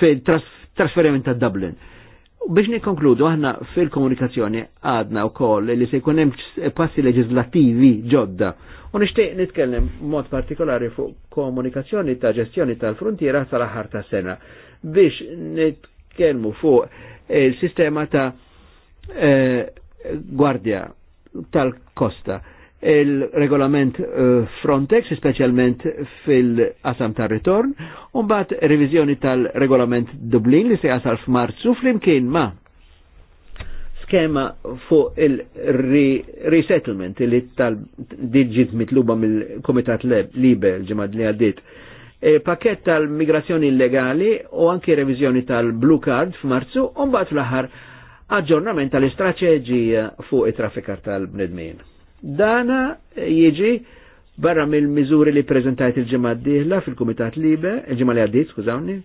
fil-trasferiment ta' Dublin. Biex nikonkludu, aħna fil-komunikazzjoni għadna u koll li se jkun hemm passi leġislattivi ġodda. U nixtieq nitkellem mod partikolari fuq komunikazzjoni ta' ġestjoni tal-frontiera tal-aħħar ta' sena biex nitkellmu fuq il-sistema ta' eh, gwardja tal-kosta il-regolament eh, Frontex, specialment fil-qasam tar ritorn un bat revizjoni tal-regolament Dublin li se jasal f'Marzu fl-imkien ma skema fuq il-resettlement li tal-digit mitluba mill-Komitat Libe l-ġemad li għaddit. E, pakket tal-migrazzjoni illegali u anki revizjoni tal-Blue Card f'Marzu un bat fl-aħħar aġġornament tal-istraċeġija fuq it-traffikar tal-bnedmin. Dana jiġi barra mill-miżuri li prezentajt il-ġimgħa d-dieħla fil-Kumitat Libe, il-ġimgħa li għaddiet, skużawni,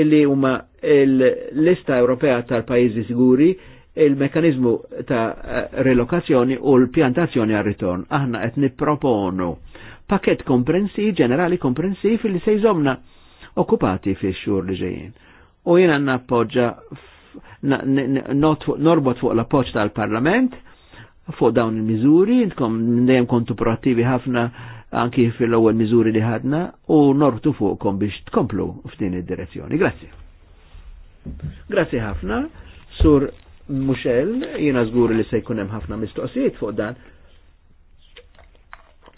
illi huma l-lista Ewropea tal-pajjiżi siguri, il-mekanizmu ta' relokazzjoni u l-pjantazzjoni għal ritorn Aħna qed nipproponu pakket komprensiv, ġenerali komprensiv li se jżomna okkupati fi xhur li ġejjin. U jiena nappoġġa norbot fuq l-appoġġ tal-Parlament fuq dawn il-miżuri, intkom dejjem kontu proattivi ħafna anki fil-ewwel miżuri li ħadna u nortu fuqkom biex tkomplu f'din id-direzzjoni. Grazzi. Grazzi ħafna, Sur Muxel, jiena żgur li se jkun hemm ħafna mistoqsijiet fuq dan.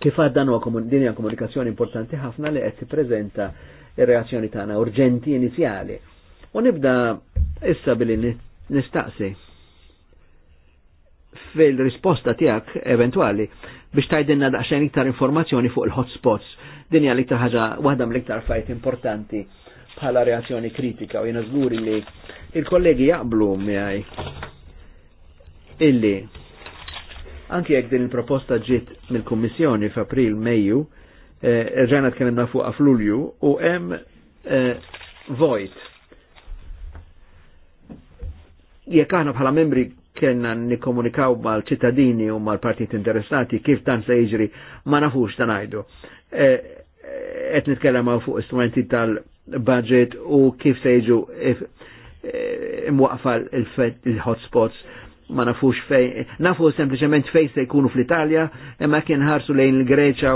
Kif għaddan huwa din hija komunikazzjoni importanti ħafna li qed tippreżenta ir-reazzjoni tagħna urġenti inizjali. U nibda issa billi nistaqsi fil-risposta tijak eventuali biex tajdinna daqxajn iktar informazzjoni fuq il-hotspots. Din hija l-iktar ħaġa waħda mill-iktar fajt importanti bħala reazzjoni kritika u jena żgur li il-kollegi jaqblu miegħi illi anki jekk din il-proposta ġiet mill-Kummissjoni f'April Mejju, eh, rġana tkellimna fuq f'Lulju u hemm eh, vojt. Jekk aħna bħala membri kellna nikkomunikaw mal-ċittadini u mal-partit interessati kif dan se jiġri ma nafux ta' ngħidu. E, e, qed nitkellem fuq istrumenti tal-budget u kif se jiġu e, imwaqfa il-hotspots ma nafux fej, nafu sempliciment fej se jkunu fl-Italja, imma kien ħarsu lejn il-Greċa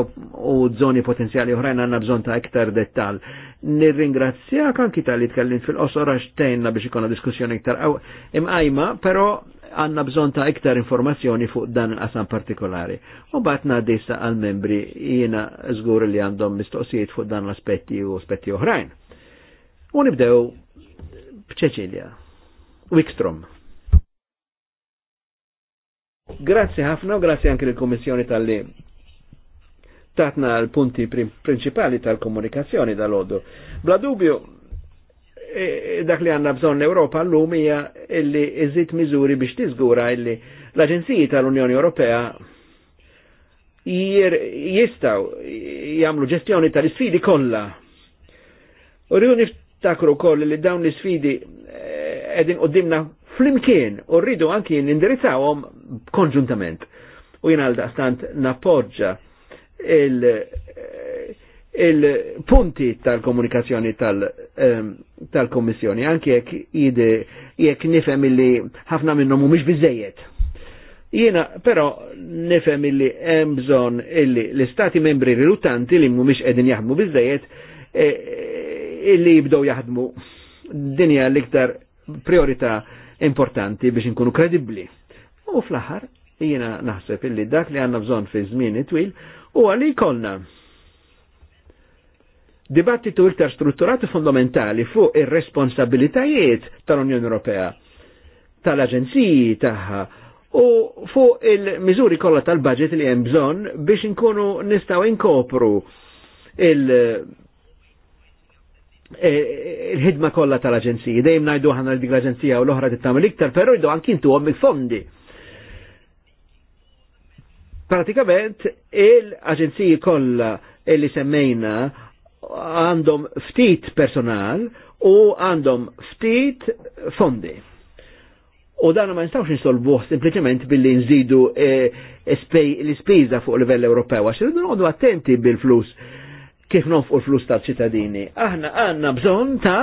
u zoni potenzjali oħrajn għanna bżon ta' iktar dettal. Nirringrazzjak anki tal-li tkellim fil-qosor għax tejna biex ikona diskussjoni iktar imqajma, pero għanna bżon ta' iktar informazzjoni fuq dan il qasam partikolari. U bat nadissa għal-membri jiena zgur li għandhom mistoqsijiet fuq dan l-aspetti u aspetti oħrajn. U nibdew b'ċeċilja. Wikstrom. Grazzi ħafna u grazzi anke l komissjoni tal-li tatna l-punti prinċipali tal-komunikazzjoni dal-ħodu. Bla dubju, dak li għanna bżon l-Europa l-lum hija illi iżid miżuri biex tiżgura illi l-Aġenziji tal-Unjoni Ewropea jistaw jagħmlu ġestjoni tal-isfidi kollha. U rridu niftakru koll li dawn l-isfidi eh, qegħdin qudiemna flimkien u rridu anki nindirizzawhom konġuntament. U jien għal daqstant nappoġġa il-punti tal-komunikazzjoni tal-Komissjoni, tal ehm, anki jekk jide jekk nifhem illi ħafna minnhom mhumiex biżejjed. Jiena però nifhem illi hemm bżonn illi l-istati membri riluttanti li mhumiex qegħdin jaħdmu biżejjed e, e, illi jibdew jaħdmu dinja l-iktar priorità importanti biex inkunu kredibbli. U fl-aħħar jiena naħseb illi dak li għandna bżonn fi żmien twil huwa li jkollna dibattitu iktar strutturati e fondamentali fuq ir-responsabilitajiet tal-Unjoni Ewropea, tal-Aġenziji tagħha u fuq il-miżuri kollha tal-budget li hemm bżonn biex inkunu nistgħu inkopru il- e, il-ħidma kollha tal-aġenziji. Dejjem ngħidu ħana dik l-aġenzija u l-oħra tittamel iktar, però jdu anki intuhom mill fondi Pratikament il-aġenziji kollha illi semmejna għandhom ftit personal u għandhom ftit fondi. U dan ma nistawx insolbuħ sempliciment billi nżidu e, e, l-ispiża fuq livell Ewropew, għax nħodu attenti bil-flus kif nofqu l-flus tal-ċittadini. Aħna għanna bżon ta'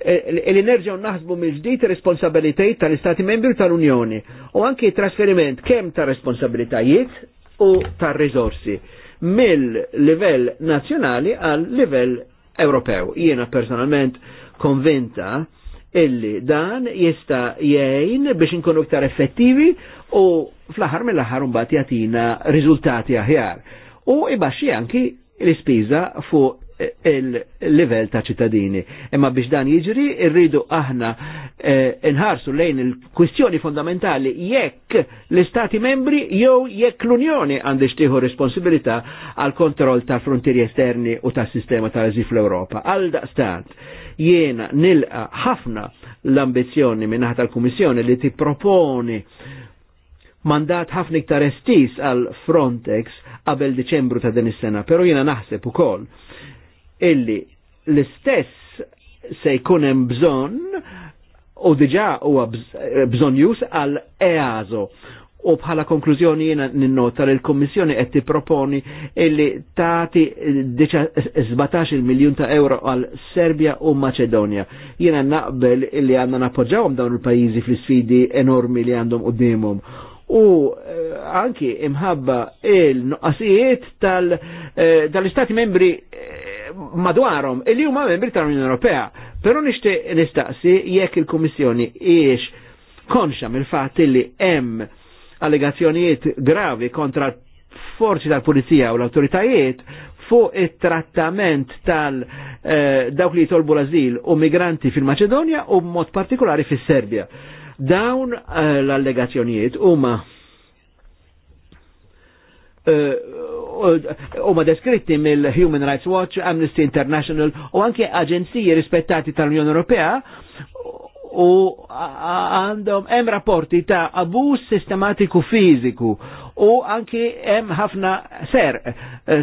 e, li u naħsbu mill-ġdid responsabilitajiet tal-Istati membri tal-Unjoni u anki trasferiment kemm ta' responsabilitajiet u ta' risorsi mill-livell nazzjonali għal livell Ewropew. Jiena personalment konvinta illi dan jista jgħin biex inkunu iktar effettivi u fl-aħħar mill-aħħar mbagħad jagħtina riżultati aħjar. U ibaxxi anki l-ispiża fuq il-level ta' ċittadini. Imma biex dan jiġri, irridu aħna eh, nħarsu lejn il-kwistjoni fondamentali jekk l-Istati membri jew jekk l-Unjoni għandix tieħu responsabilità għal kontroll ta' frontieri esterni u tas sistema ta' eżi fl-Europa. Għal daqstant, jiena nilqa ħafna l-ambizjoni minnaħ tal-Kummissjoni li ti proponi mandat ħafna iktar estis għal Frontex qabel Deċembru ta' din is-sena, pero jiena naħseb ukoll illi l-istess se jkun hemm bżonn u diġà huwa bżon jus għal EASO. U bħala konklużjoni jiena ninnota li l komissjoni qed tipproponi illi tagħti 17 miljun ta' euro għal Serbja u Macedonia. Jiena naqbel illi għandna nappoġġawhom dawn il-pajjiżi fl-isfidi enormi li għandhom dimum. u eh, anki imħabba il-nuqqasijiet eh, tal-istati membri eh, madwarhom illi huma membri tal-Unjoni Ewropea. Però nixtieq nistaqsi jekk il-Kummissjoni hiex konxam mill-fatt li hemm allegazzjonijiet gravi kontra forzi tal-Pulizija u l-autoritajiet fuq it-trattament tal- eh, dawk li jitolbu l-azil u migranti fil-Maċedonja u mod partikolari fis-Serbja. Dawn eh, l-allegazzjonijiet huma Eh, u ma deskritti mill-Human Rights Watch, Amnesty International u anke aġenziji rispettati tal-Unjoni Ewropea u għandhom hemm rapporti ta' abuż sistematiku fiżiku u anke hemm ħafna ser uh,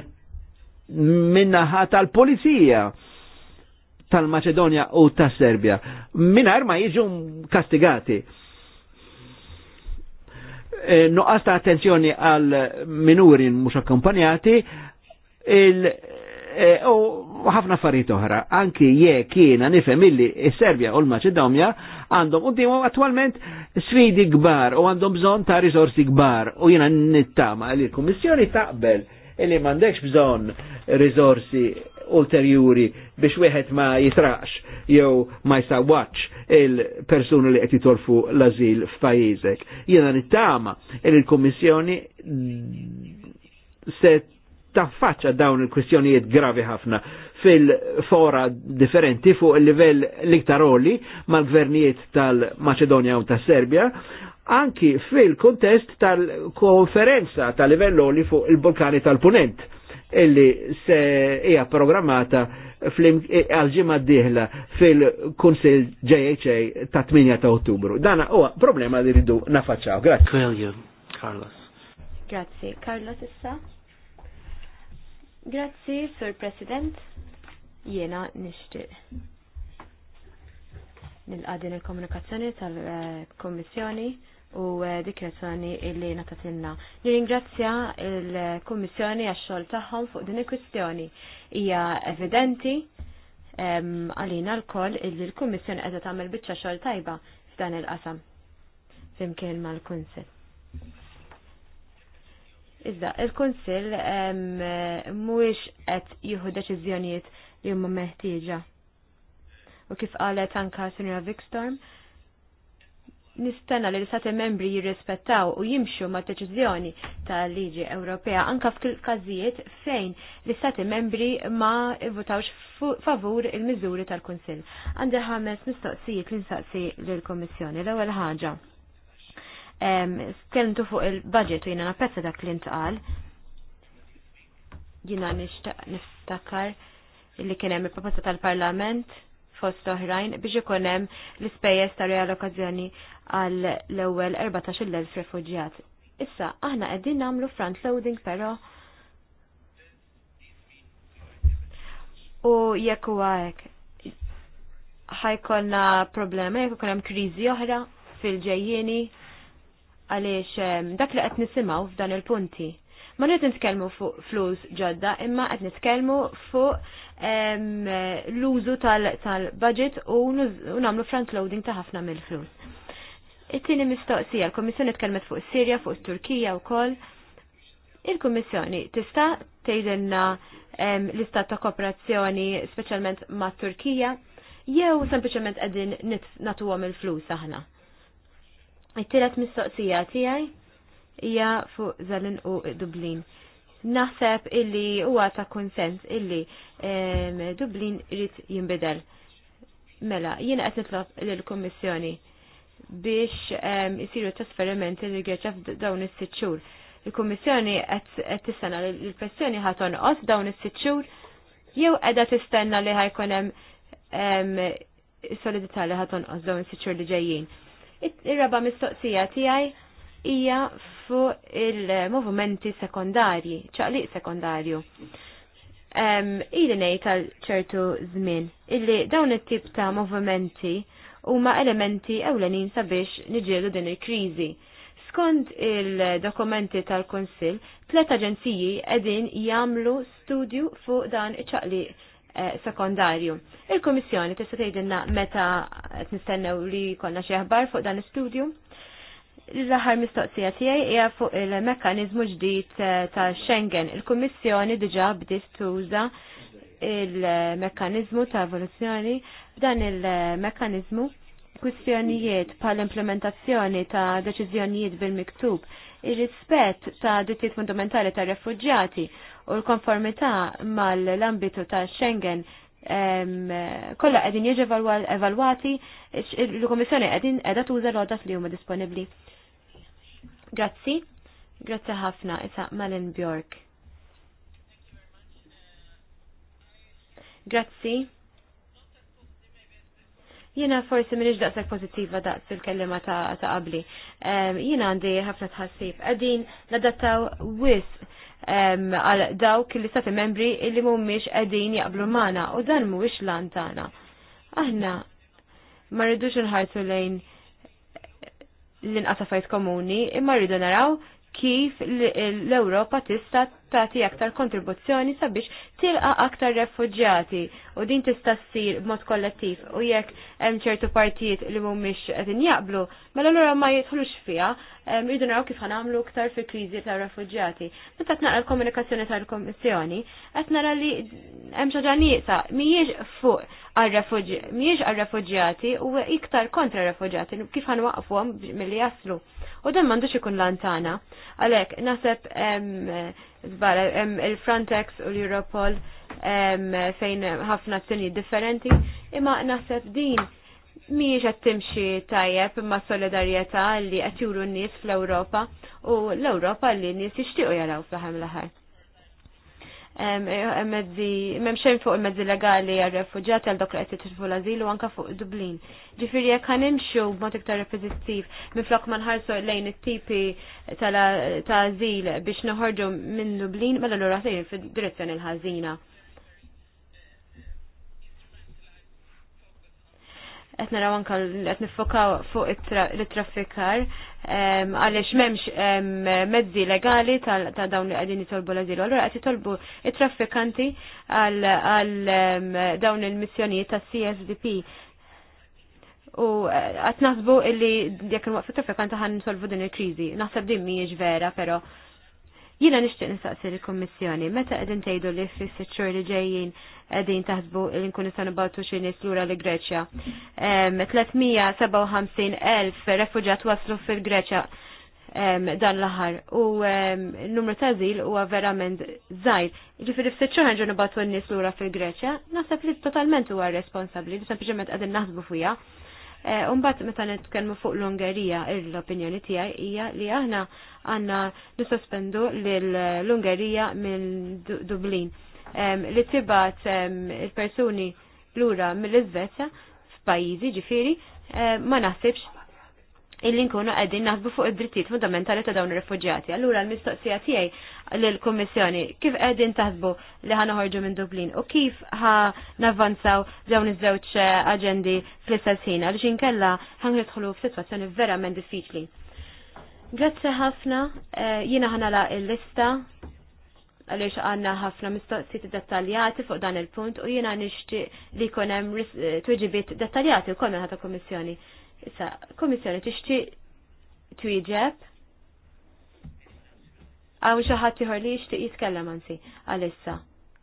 minnaħa tal-polizija tal macedonia u tas-Serbja minar ma jiġu kastigati Eh, nuqqas ta' attenzjoni għal minuri mhux akkompanjati eh, u ħafna affarijiet oħra, anki jekk jiena nifhem illi s-Serbja u l-Maċedonja għandhom qudiemhom attwalment sfidi kbar u għandhom bżonn ta' risorsi kbar u jiena nittama li l-Kummissjoni taqbel illi m'għandekx bżonn risorsi ulterjuri biex wieħed ma jitraqx jew ma jsawwaċ il-persuni li qed jitolfu l-azil f'pajjiżek. Jiena nittama il il-Kummissjoni se taffaċċa dawn il-kwistjonijiet gravi ħafna fil-fora differenti fuq il-livell l-iktar mal-gvernijiet tal-Maċedonja u tas-Serbja anki fil-kontest tal-konferenza tal-livell li fuq il-Balkani tal-Punent illi se hija programmata għal-ġimma d-dihla fil-Kunsil JHA ta' 8 ta' Ottubru. Dana huwa problema li rridu nafaċċaw. Grazie. Quelio, Carlos. Grazie. Carlos issa? Grazie, Sur President. Jena nishtiq. Nil-għadin il-komunikazzjoni tal-Kommissjoni. Eh, uh, u eh, dikrazzjoni illi natatinna. Nirringrazzja il-Kommissjoni għax-xogħol tagħhom fuq din il-kwistjoni. Hija evidenti għalina l-koll illi l kummissjoni qed tagħmel biċċa xogħol tajba f'dan il-qasam. flimkien mal-Kunsill. Iżda, il-Kunsill mhuwiex qed jieħu deċiżjonijiet li huma meħtieġa. U kif qalet anka Sinjora Vickstorm, nistenna li l-istati membri jirrispettaw u jimxu ma' deċiżjoni tal-liġi Ewropea anka f'każijiet fejn l-istati membri ma votawx favur il-miżuri tal-Kunsill. Għandi ħames mistoqsijiet li nsaqsi lill kummissjoni L-ewwel ħaġa. Skelmtu fuq il-budget u jiena napprezza dak li ntqal. Jiena nixtaq niftakar li kien hemm il-proposta tal-Parlament fost oħrajn biex ikun hemm l-ispejjeż ta' realokazzjoni għal l-ewwel 14,000 refugjat. Issa aħna qegħdin nagħmlu front loading però u jekk huwa hekk ħajkolna problema jekk ukoll hemm kriżi oħra fil ġejjini għaliex dak li qed nisimgħu f'dan il-punti. Ma rrid nitkellmu fuq flus ġodda, imma qed nitkellmu fuq l-użu tal-budget u nagħmlu front loading ta' ħafna mill-flus. It-tieni mistoqsija, l-Kommissjoni tkellmet fuq Sirja, fuq Turkija wkoll. Il-Kummissjoni tista' tgħidilna l-istat ta' kooperazzjoni speċjalment ma' Turkija jew sempliċement qegħdin nagħtuhom il-flus aħna. It-tielet mistoqsija tiegħi hija fuq Zalin u Dublin. Naħseb illi huwa ta' konsens illi Dublin irid jinbidel. Mela, jiena qed nitlob lill-Kummissjoni biex isiru trasferimenti li Greċja dawn is-sitt xhur. Il-Kummissjoni qed tistenna li l-pressjoni ħaton tonqos dawn is-sitt xhur jew qiegħda tistenna li ħajkun hemm is-solidità li ħaton tonqos dawn is-sitt xhur li ġejjin. Ir-raba mistoqsija tiegħi hija fuq il-movimenti sekondarji, ċaqliq sekondarju ili nejta tal ċertu zmin illi dawn it-tip ta' movimenti huma elementi ewlenin sabiex niġielu din il-kriżi. Skont il-dokumenti tal-Konsil, tlet aġenziji edin jamlu studju fuq dan iċaqli eh, sekondarju. Il-Komissjoni tista' tgħidilna meta qed nistennew li jkollna xi aħbar fuq dan istudju. L-aħħar mistoqsija tiegħi hija fuq il-mekkaniżmu ġdid eh, ta' Schengen. Il-Kummissjoni diġà bdiet tuża il-mekkaniżmu ta' evoluzzjoni B'dan il-mekanizmu, kwistjonijiet pal implementazzjoni ta' deċiżjonijiet bil-miktub, ir-rispett ta' drittijiet fundamentali ta' refuġjati u l-konformità mal-ambitu ta' Schengen kollha qegħdin jiġi evalwati l-Kummissjoni qegħdin qiegħda tuża l-għodat li huma disponibbli. Grazzi, grazzi ħafna isa Malin Bjork. Grazzi. Jiena forsi minix daqshekk pozittiva daqs il-kellima ta' qabli. Jiena għandi ħafna tħassib. Qegħdin nadattaw wis għal dawk li stati membri li mhumiex qegħdin jaqblu magħna u dan mhuwiex lan tagħna. Aħna ma rridux inħarsu lejn l-inqasafajt komuni imma rridu naraw kif l-Europa tista' tagħti aktar kontribuzzjoni sabiex tilqa aktar refuġjati u din tista' ssir b'mod kollettiv u jekk hemm ċertu partijiet li mhumiex qed jaqblu, mela allura ma jidħlux fiha, rridu naraw kif ħanamlu aktar fil-kriżi tar refuġjati. Meta tnaqra l-komunikazzjoni tal-Kommissjoni, qed nara li hemm xi ħaġa nieqsa mhijiex fuq miex għal-refugjati u iktar kontra refugjati kif għan waqfuhom mill-li jaslu. U dan mandux ikun lantana. Għalek, naseb il-Frontex u l-Europol fejn ħafna t-tini differenti, imma naseb din miex għat timxi tajjeb imma solidarieta li għat juru n-nis fl-Europa u l-Europa li n-nis jishtiqu jaraw fl-ħam l-ħar memxen fuq il-mezzi legali għal refugġati għal dok li għetti t-tifu l-azilu għanka fuq Dublin. Ġifiri jek għan imxu b-mot iktar repetittiv miflok manħarsu lejn it-tipi ta' azil biex noħorġu minn Dublin, mela l-għura sejn fil-direzzjoni il ħazina Għetna rawan anka għetni fuq it-traffikar għalix memx mezzi legali ta' dawn li għadin jitolbu l-azilu. Allora għati jitolbu il-traffikanti għal dawn il-missjonijiet ta' CSDP. U eh, għat naħsbu illi jek nwaqfu traffikanti għan nisolvu din il-krizi. Naħseb din miġ vera, pero jina nishtiq nistaqsi l-Kommissjoni. Meta għedin tejdu li fissi ċur li ġejjin għedin taħsbu l-nkun nistaw nibgħatu xi l lura li Greċja. 357,000 refuġat waslu fil-Greċja dan l-aħħar u n-numru ta' żil huwa verament żgħir. Ġifieri f xhur ħanġu nibgħatu n l lura fil-Greċja, naħseb li totalment huwa responsabbli, sempliċement qegħdin naħsbu fuqha. E, Umbat meta nitkellmu fuq l-Ungerija, l-opinjoni tiegħi hija li aħna għandna nisospendu lill-Ungerija minn Dublin li tibat il-persuni lura mill-Izvezja f'pajjiżi ġifiri ma naħsibx illi nkunu qegħdin naħsbu fuq id-drittijiet fundamentali ta' dawn ir-refuġjati. Allura l-mistoqsija tiegħi lill-Kummissjoni kif qegħdin taħsbu li ħa noħorġu minn Dublin u kif ħa navvanzaw dawn iż-żewġ eh, aġendi fl-istess ħin għaliex inkella ħan nidħlu f'sitwazzjoni verament diffiċli. Grazzi ħafna, eh, jiena la' il-lista għalix għanna ħafna mistoqsijiet dettaljati fuq dan il-punt u jiena nixtieq li jkun hemm eh, tweġibiet dettaljati wkoll minn ħata kummissjoni. Issa, kummissjoni tixtieq twieġeb għaw xaħat ieħor li jixtieq jitkellem ansi għalissa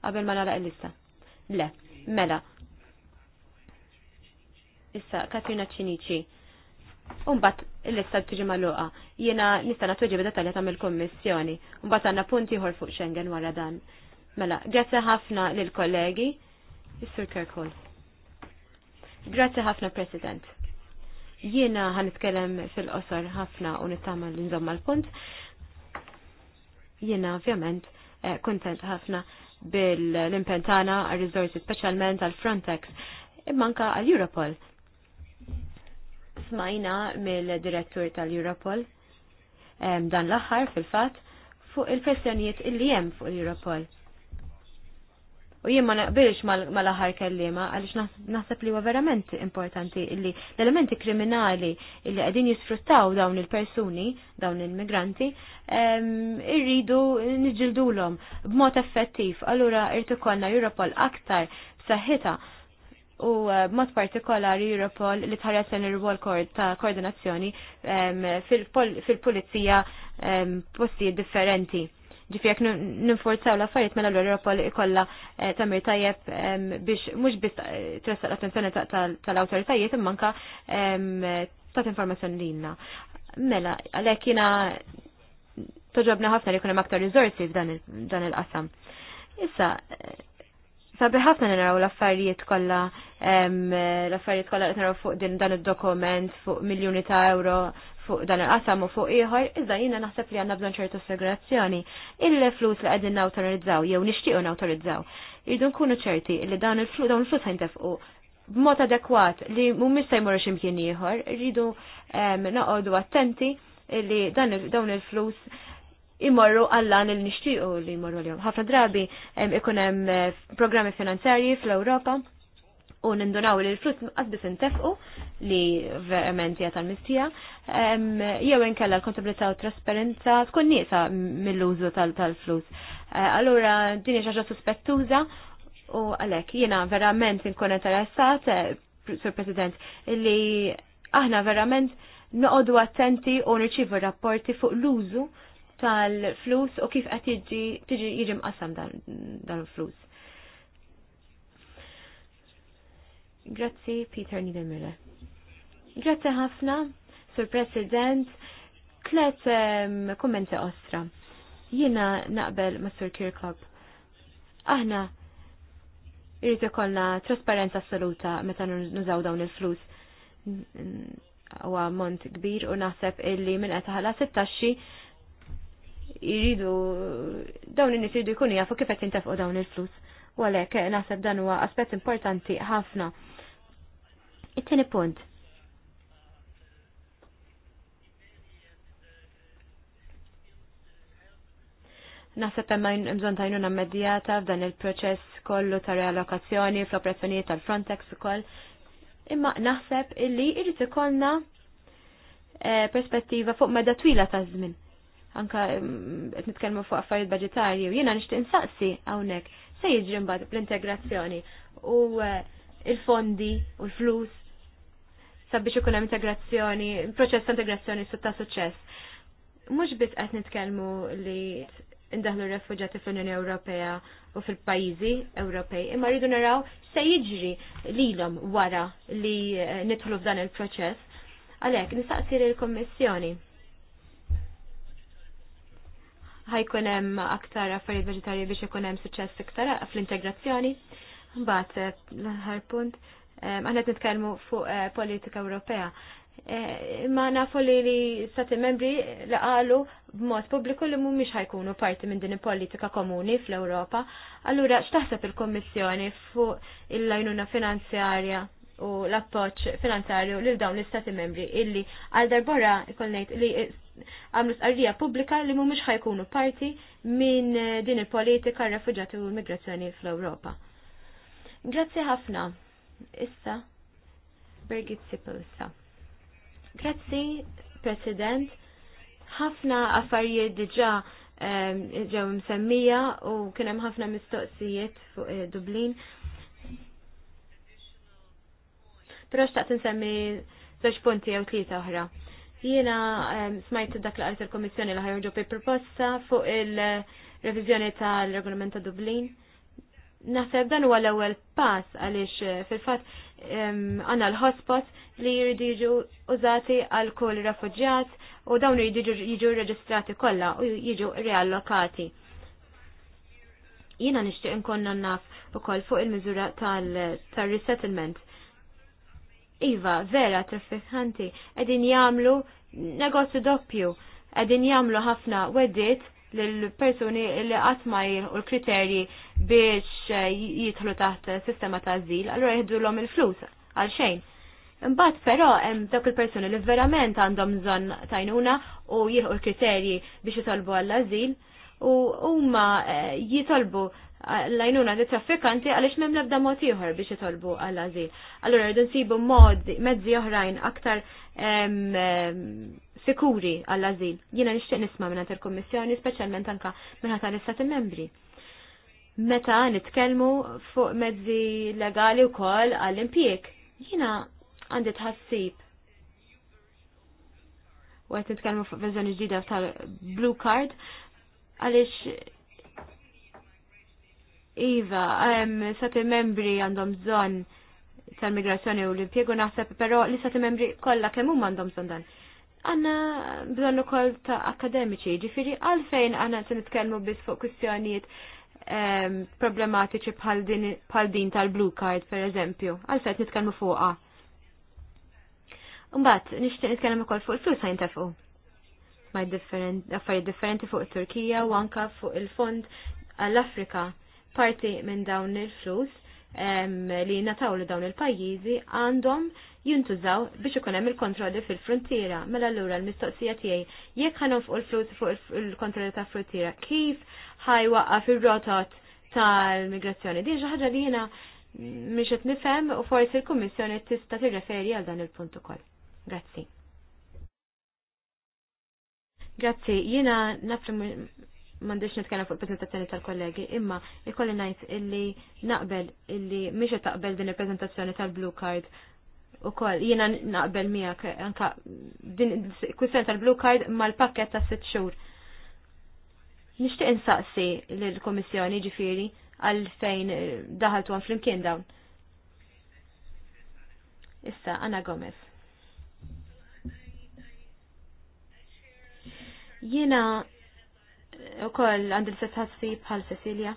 qabel ma nagħlaq il-lista. Le, mela. Issa, Katrina Ċiniċi. Umbat l-lista tiġi maluqa. Jena nista' natweġi b'detalja ta' mill-Kommissjoni. Umbat għandna punti ħor fuq Schengen wara dan. Mela, grazzi ħafna l kollegi Is-Sur Kirkol. Grazzi ħafna President. Jiena ħanitkellem fil-qosor ħafna u nittama l nżomma l-punt. Jiena ovvjament eh, kontent ħafna bil-impentana għal-rizorsi specialment għal Frontex imma anka għal Europol smajna mill-direttur tal-Europol dan l-aħħar fil-fatt fuq il-kwestjonijiet illi hemm fuq l-Europol. U jien ma naqbilx mal-aħħar kellima għaliex naħseb li huwa verament importanti illi l-elementi kriminali illi qegħdin jisfruttaw dawn il-persuni, dawn il-migranti, irridu niġildulhom b'mod effettiv. Allura irtikolna Europol aktar b'saħħitha u eh, mod partikolari Europol li tħares ir-rwol ta' koordinazzjoni fil-pulizija postijiet differenti. Ġifjek jek ninforzaw l-affarijiet mela l-Europol ikolla eh, tamir tajjeb biex mhux biss eh, tressaq l-attenzjoni tal-awtoritajiet imma anka ta' informazzjoni lilna. Mela, għalhekk jiena toġobna ħafna li kunem aktar rizorsi f'dan il-qasam. Issa, sabi ħafna naraw l-affarijiet kollha l-affarijiet kollha qed naraw fuq din dan id-dokument fuq miljuni ta' euro fuq dan il-qasam u fuq ieħor, iżda jiena naħseb li għandna bżon ċertu segregazzjoni. Il-flus li qegħdin nawtorizzaw jew nixtiequ nawtorizzaw. Irdu nkunu ċerti li dan il-flus dawn il-flus ħajntefqu b'mod adekwat li mhumiex se jmorru x'imkien ieħor, irridu naqodu attenti li dan dawn il-flus imorru għallan il-nishtiqu li imorru l-jom. ħafna drabi ikunem eh, programmi finanzjarji fl-Europa u nindunaw li l-flus għazbis intefqu li verament jgħat għal-mistija, jew inkella l-kontabilità u trasparenza tkun nieqsa mill-użu tal-flus. Eh, allura din hija ħaġa suspettuża u għalhekk jiena verament inkun interessat, eh, Sur President, li aħna verament noqogħdu attenti u nirċivu rapporti fuq l-użu tal-flus u kif qed jiġi tiġi jiġi mqassam dan il-flus. Grazzi Peter Niedermüller. Grazzi ħafna, Sur President, tlet ehm, kummenti ostra. Jiena naqbel ma' Sur Kirkob. Aħna irrid ikollna trasparenza assoluta meta nużaw dawn il-flus huwa mont kbir u naħseb illi minn qed ħala 16 jiridu dawn in-nies jiridu jkunu jafu kif qed jintefqu dawn il-flus. U għalhekk naħseb dan huwa aspett importanti ħafna. It-tieni punt. Naħseb hemm bżonn tajnuna immedjata f'dan il-proċess kollu ta' realokazzjoni fl-operazzjonijiet tal-Frontex ukoll. Imma naħseb illi jrid ikollna eh, perspettiva fuq meda twila ta' żmien anka mm, qed nitkellmu fuq affarijiet budgetarji u jiena nixtieq insaqsi hawnhekk se jiġri mbagħad bl-integrazzjoni u eh, il-fondi u l-flus sabiex ikun hemm integrazzjoni, proċess ta' integrazzjoni ta' suċċess. Mhux biss qed nitkellmu li indaħlu r refuġjati fl-Unjoni Ewropea u fil-pajjiżi Ewropej, imma rridu naraw se jiġri lilhom wara li eh, nidħlu f'dan il-proċess. Għalhekk nistaqsi lill-Kummissjoni ħajkun hemm aktar affarijiet veġitarji biex ikun hemm suċċess iktar fl-integrazzjoni. Mbagħad eh, l-aħħar punt eh, aħna qed nitkellmu fuq eh, politika Ewropea. Ma nafu li li stati membri li qalu b'mod pubbliku li mhumiex ħajkunu parti minn din il-politika komuni fl-Ewropa. Allura x'taħseb il-Kommissjoni fuq il-lajnuna finanzjarja u l-appoġġ finanzjarju lil dawn l-istati membri illi għal darbora ikollnejt li għamlu sqarrija pubblika li mhumiex ħajkunu parti minn eh, din il-politika r-refuġjati u l-migrazzjoni fl-Ewropa. Grazzi ħafna. Issa, Birgit Sippel issa. Grazzi, President. Ħafna affarijiet diġà ehm, ġew msemmija u kien hemm ħafna mistoqsijiet fuq eh, Dublin. Però xtaqt nsemmi żewġ punti jew tlieta oħra. Jiena ehm, smajt dak li għalit il komissjoni li ħajħuġu bi proposta fuq il-reviżjoni tal-Regolament ta' Dublin. Naħseb dan huwa l-ewwel pass għaliex eh, fil-fatt ehm, għandna l-hotspots li jridu jiġu użati għal kull refuġjat u dawn jridu jiġu reġistrati kollha u jiġu riallokati. Jiena nixtieq nkun naf ukoll fuq il-miżura tal-resettlement. Iva, vera, traffikanti, edin jamlu negozju doppju, edin jamlu ħafna weddit l-personi li għatma u l-kriterji biex eh, jitħlu taħt sistema ta' zil, allora jihdu l-om il-flus, għal xejn. Mbatt però hemm dak il-personi li verament għandhom bżonn tajnuna u jieħu l-kriterji biex jitolbu għall-azil u huma eh, jitolbu lajnuna li traffikanti għalix mem nabda mod ieħor biex jitolbu għal azil. Allora rridu nsibu modi, mezzi oħrajn aktar sikuri għal azil. Jiena nixtieq nisma' minna tal kummissjoni speċjalment anka minna tal l-Istati membri. Meta nitkellmu fuq mezzi legali wkoll għall-impjieg, jiena għandi tħassib u għet nitkellmu fuq verżjoni ġdida tal-Blue Card għaliex Iva, sati membri għandhom bżonn tal-migrazzjoni u l impiegu naħseb, però li sati membri kollha kemm huma għandhom bżonn dan. Għanna bżonn ukoll ta' akademiċi, ġifiri għalfejn għandna se nitkellmu biss fuq kwistjonijiet problematiċi bħal din tal-blue card, per eżempju, għal set nitkellmu fuqa. Umbat, nishtiq nitkellem ukoll fuq il-flus ħajn tafuq. Ma' affarijiet differenti fuq Turkija u anka fuq il-fond għall-Afrika parti minn dawn il-flus li natawlu dawn il-pajjiżi għandhom jintużaw biex ikun hemm il-kontrolli fil-frontiera. Mela allura l-mistoqsija tiegħi jekk fuq l-flus fuq il-kontrolli ta' frontiera, kif ħajwaqaf ir-rotot tal-migrazzjoni? Din xi ħaġa li jiena mhix qed nifhem u forsi l-Kummissjoni tista' tirreferi għal dan il-punt ukoll. Grazzi. Grazzi, jiena nafri mandiċ nitkellem fuq il-prezentazzjoni tal-kollegi, imma ikolli najt illi naqbel illi miex taqbel din il-prezentazzjoni tal-blue card u koll, jena naqbel miak anka din kwistjoni tal-blue card mal-pakket ta' sitt xhur. Nixtieq insaqsi lill-Komissjoni ġifiri għal fejn eh, daħaltu għan flimkien dawn. Issa, Anna Gomez. Jena u koll għandil setħassi bħal Cecilia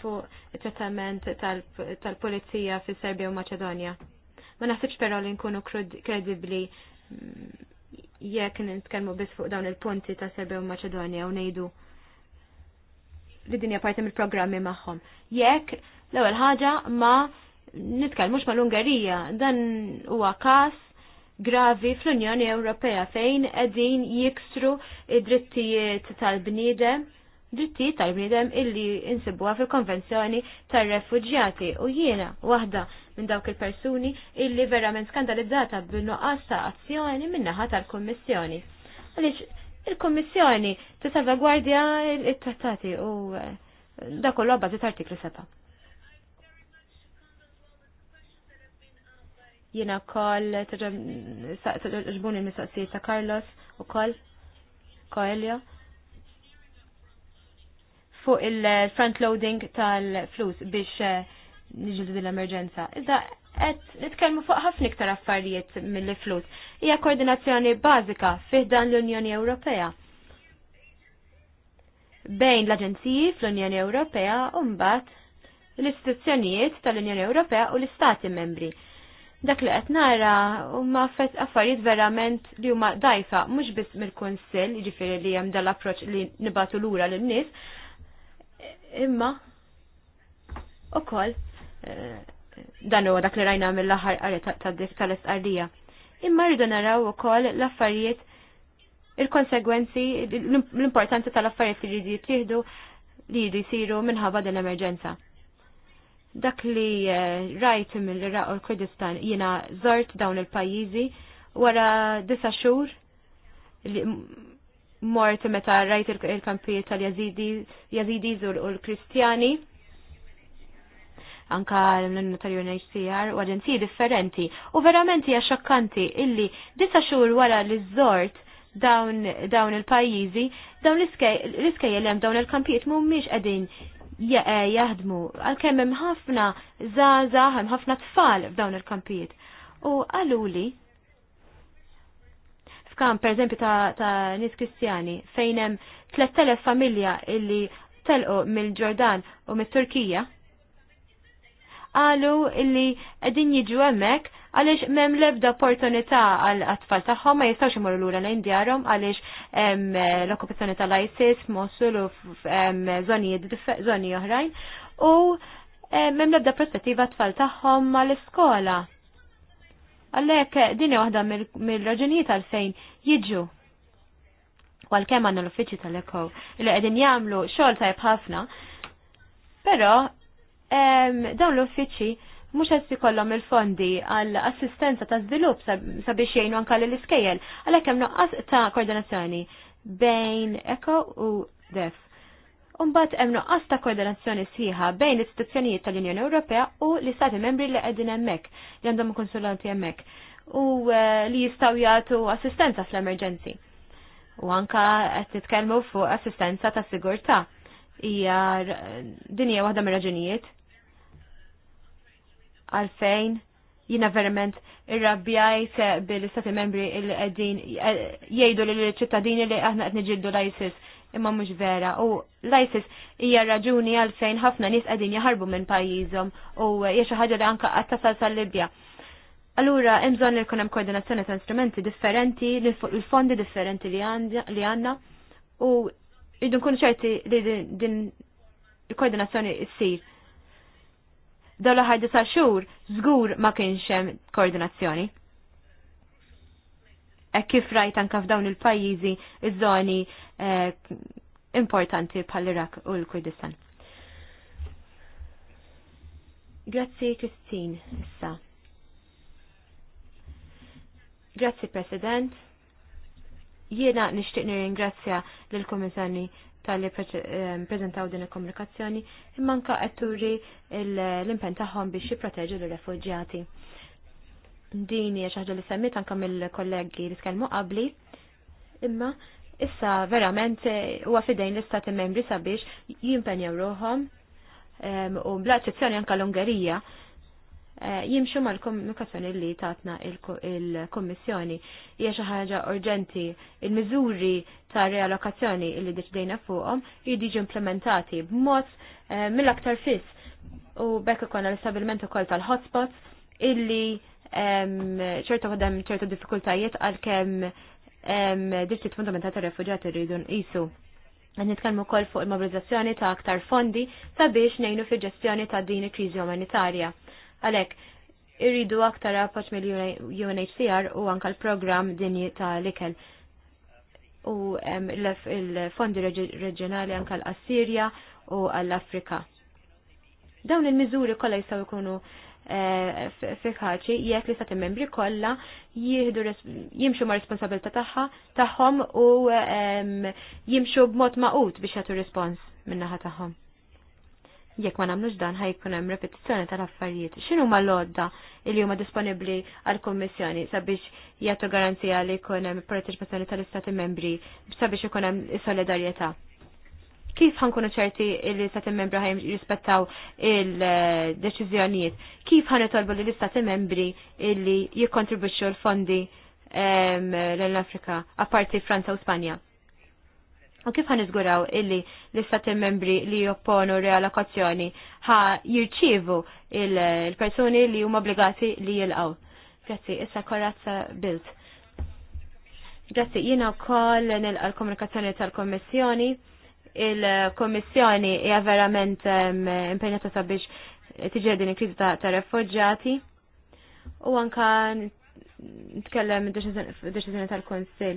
fuq il-trattament tal-polizija tal fil serbia u Maċedonja. Ma naħsibx però li nkunu kredibli mm, jekk nitkellmu biss fuq dawn il-punti ta' Serbia u Maċedonja u ngħidu li dinja parti mill-programmi magħhom. Jekk l-ewwel ħaġa ma nitkellmux mal-Ungerija, dan huwa każ gravi fl-Unjoni Ewropea fejn qegħdin jiksru id-drittijiet tal-bniedem drittijiet tal-bniedem illi insibuha fil-konvenzjoni tar-refuġjati u jiena waħda minn dawk il-persuni illi verament skandalizzata bin-nuqqas ta' azzjoni min-naħa tal-Kummissjoni. Għaliex il-Kummissjoni salvagwardja il trattati u eh, dakollu għabba għabbażi artiklu 7. Jiena wkoll ġbun il-mistoqsijiet ta' Carlos ukoll Coelho fuq il-front loading tal-flus biex eh, niġildu din l-emerġenza. Iżda qed nitkelmu fuq ħafna iktar affarijiet mill-flus. Hija koordinazzjoni bażika fih dan l-Unjoni Ewropea. Bejn l-Aġenziji fl-Unjoni Ewropea u mbagħad l-istituzzjonijiet tal-Unjoni Ewropea u l-Istati membri dak li qed nara huma fett affarijiet verament li huma dajfa mhux biss mill-kunsill, jiġifieri li hemm dal-approċċ li nibatu lura lin-nies, imma ukoll eh, dan huwa dak li rajna mill-aħħar qari tal-istqarrija. Imma rridu naraw ukoll l-affarijiet il-konsegwenzi, l-importanza tal-affarijiet li jridu jittieħdu li jridu jsiru minħabba din l-emerġenza. Dak li eh, rajt mill-Iraq u l-Kurdistan jiena zort dawn il-pajjiżi wara disa xhur mort meta rajt il-kampijiet tal-Yazidis u l-Kristjani anka l-mnennu tal-UNHCR u aġenziji differenti u verament hija illi disa xhur wara li żort dawn il-pajjiżi dawn l-iskejjel hemm dawn il-kampijiet mhumiex qegħdin Eh, jaħdmu. Għalkemm hemm ħafna żgħażagħ, ħafna tfal f'dawn il-kampijiet. U għaluli f'kamp pereżempju ta', ta nis Kristjani fejn hemm 3000 familja illi telqu mill-Ġordan u mit-Turkija qalu illi qegħdin jiġu hemmhekk għaliex m'hemm l-ebda opportunità għal tfal tagħhom ma jistgħux imorru lura lejn djarhom għaliex l-okkupazzjoni tal-ISIS Mosul u zoni oħrajn u m'hemm l-ebda prospettiva tfal tagħhom mal-iskola. Għalhekk din waħda mill-raġunijiet għalfejn jiġu għal kem għanna l-uffiċi tal ekow li għedin jamlu xol tajb ħafna, pero dawn l-uffiċċji mhux qed ikollhom il-fondi għall assistenza ta' żvilupp sabiex jgħinu anke l-iskejjel għalhekk hemm noqqas ta' koordinazzjoni bejn ECO u DEF. Umbat hemm noqqas ta' koordinazzjoni sħiħa bejn l-istituzzjonijiet tal-Unjoni Ewropea u l-Istati membri li qegħdin hemmhekk li għandhom konsulanti hemmhekk u eh, li jistgħu jagħtu assistenza fl-emerġenzi. U anka qed titkellmu fuq assistenza ta' sigurtà hija din hija waħda mir-raġunijiet għalfejn jina verament se bil-istati membri il-qedin jgħidu l-ċittadini li aħna qed niġildu l-ISIS imma mhux vera u l-ISIS hija raġuni għalfejn ħafna nies qegħdin jaħarbu minn pajjiżhom u jiexa xi ħaġa li anke qatt tasal sal-Libja. Allura hemm bżonn li jkun hemm koordinazzjoni ta' instrumenti differenti, l-fondi differenti li għandna u jridu nkunu ċerti li din il-koordinazzjoni ssir daw l-ħar disa xhur żgur ma kienx hemm koordinazzjoni. E kif rajt anka f'dawn il-pajjiżi iż-żoni eh, importanti bħal-Irak u l-Kurdistan. Grazzi Kristin issa. Grazzi President. Jiena nixtieq nirringrazzja lill-Kummissarni tal-li eh, prezentaw din il-komunikazzjoni imma anka qed turi l-impenn tagħhom biex jipproteġu l-refuġjati. Din hija xi ħaġa li semmit anke mill-kollegi li tkellmu qabli, imma issa verament eh, huwa fidejn l-istati membri sabiex jimpenjaw ruħhom eh, u bla eċċezzjoni anke l-Ungerija Eh, jimxu mal-komunikazzjoni li tatna il-Kommissjoni. Hija xi ħaġa urġenti, il-miżuri ta' reallokazzjoni li diċdejna fuqhom jiġu implementati b'mod eh, mill-aktar fis u bekk ikon l-istabilment ukoll tal-hotspots illi ċertu għadem ċertu diffikultajiet għal-kem drittijiet fundamentali tal-refuġjati rridu nqisu. Nitkellmu wkoll fuq il-mobilizzazzjoni ta' aktar fondi sabiex ngħinu fil-ġestjoni ta' din il-kriżi umanitarja. Għalek, irridu aktar appoġġ mill-UNHCR u anka l-programm dinji ta' l-ikel u l fondi reġjonali anka l-Assirja u għall-Afrika. Dawn il-miżuri kollha jistgħu jkunu eh, fiħħaċi jekk li sati membri kollha jimxu ma' responsabilità taħħa tagħhom u jimxu b'mod maqut biex jagħtu respons min-naħa tagħhom jekk ma nagħmlux dan ħajkun hemm repetizzjoni tal-affarijiet. X'inhu ma l-għodda li huma disponibbli għall-Kummissjoni sabiex jagħtu garanzija li jkun hemm partecipazzjoni tal-Istati membri sabiex ikun hemm solidarjetà. Kif ħankunu ċerti li l-Istati membri ħajm jispettaw il-deċiżjonijiet? Kif itolbu li l-Istati membri li jikkontribwixxu l-fondi l-Afrika, apparti Franza u Spanja? U kif għan izguraw illi l-istati membri li jopponu reallokazzjoni ħa jirċivu il-personi li huma obbligati li jilqaw. Grazzi, issa korrazza bilt. Grazzi, jina wkoll nilqa nil komunikazzjoni tal komissjoni il komissjoni hija verament impenjata sabiex tiġi din il-kriżi ta' refugġati. U anka nitkellem id-deċiżjoni tal-Konsil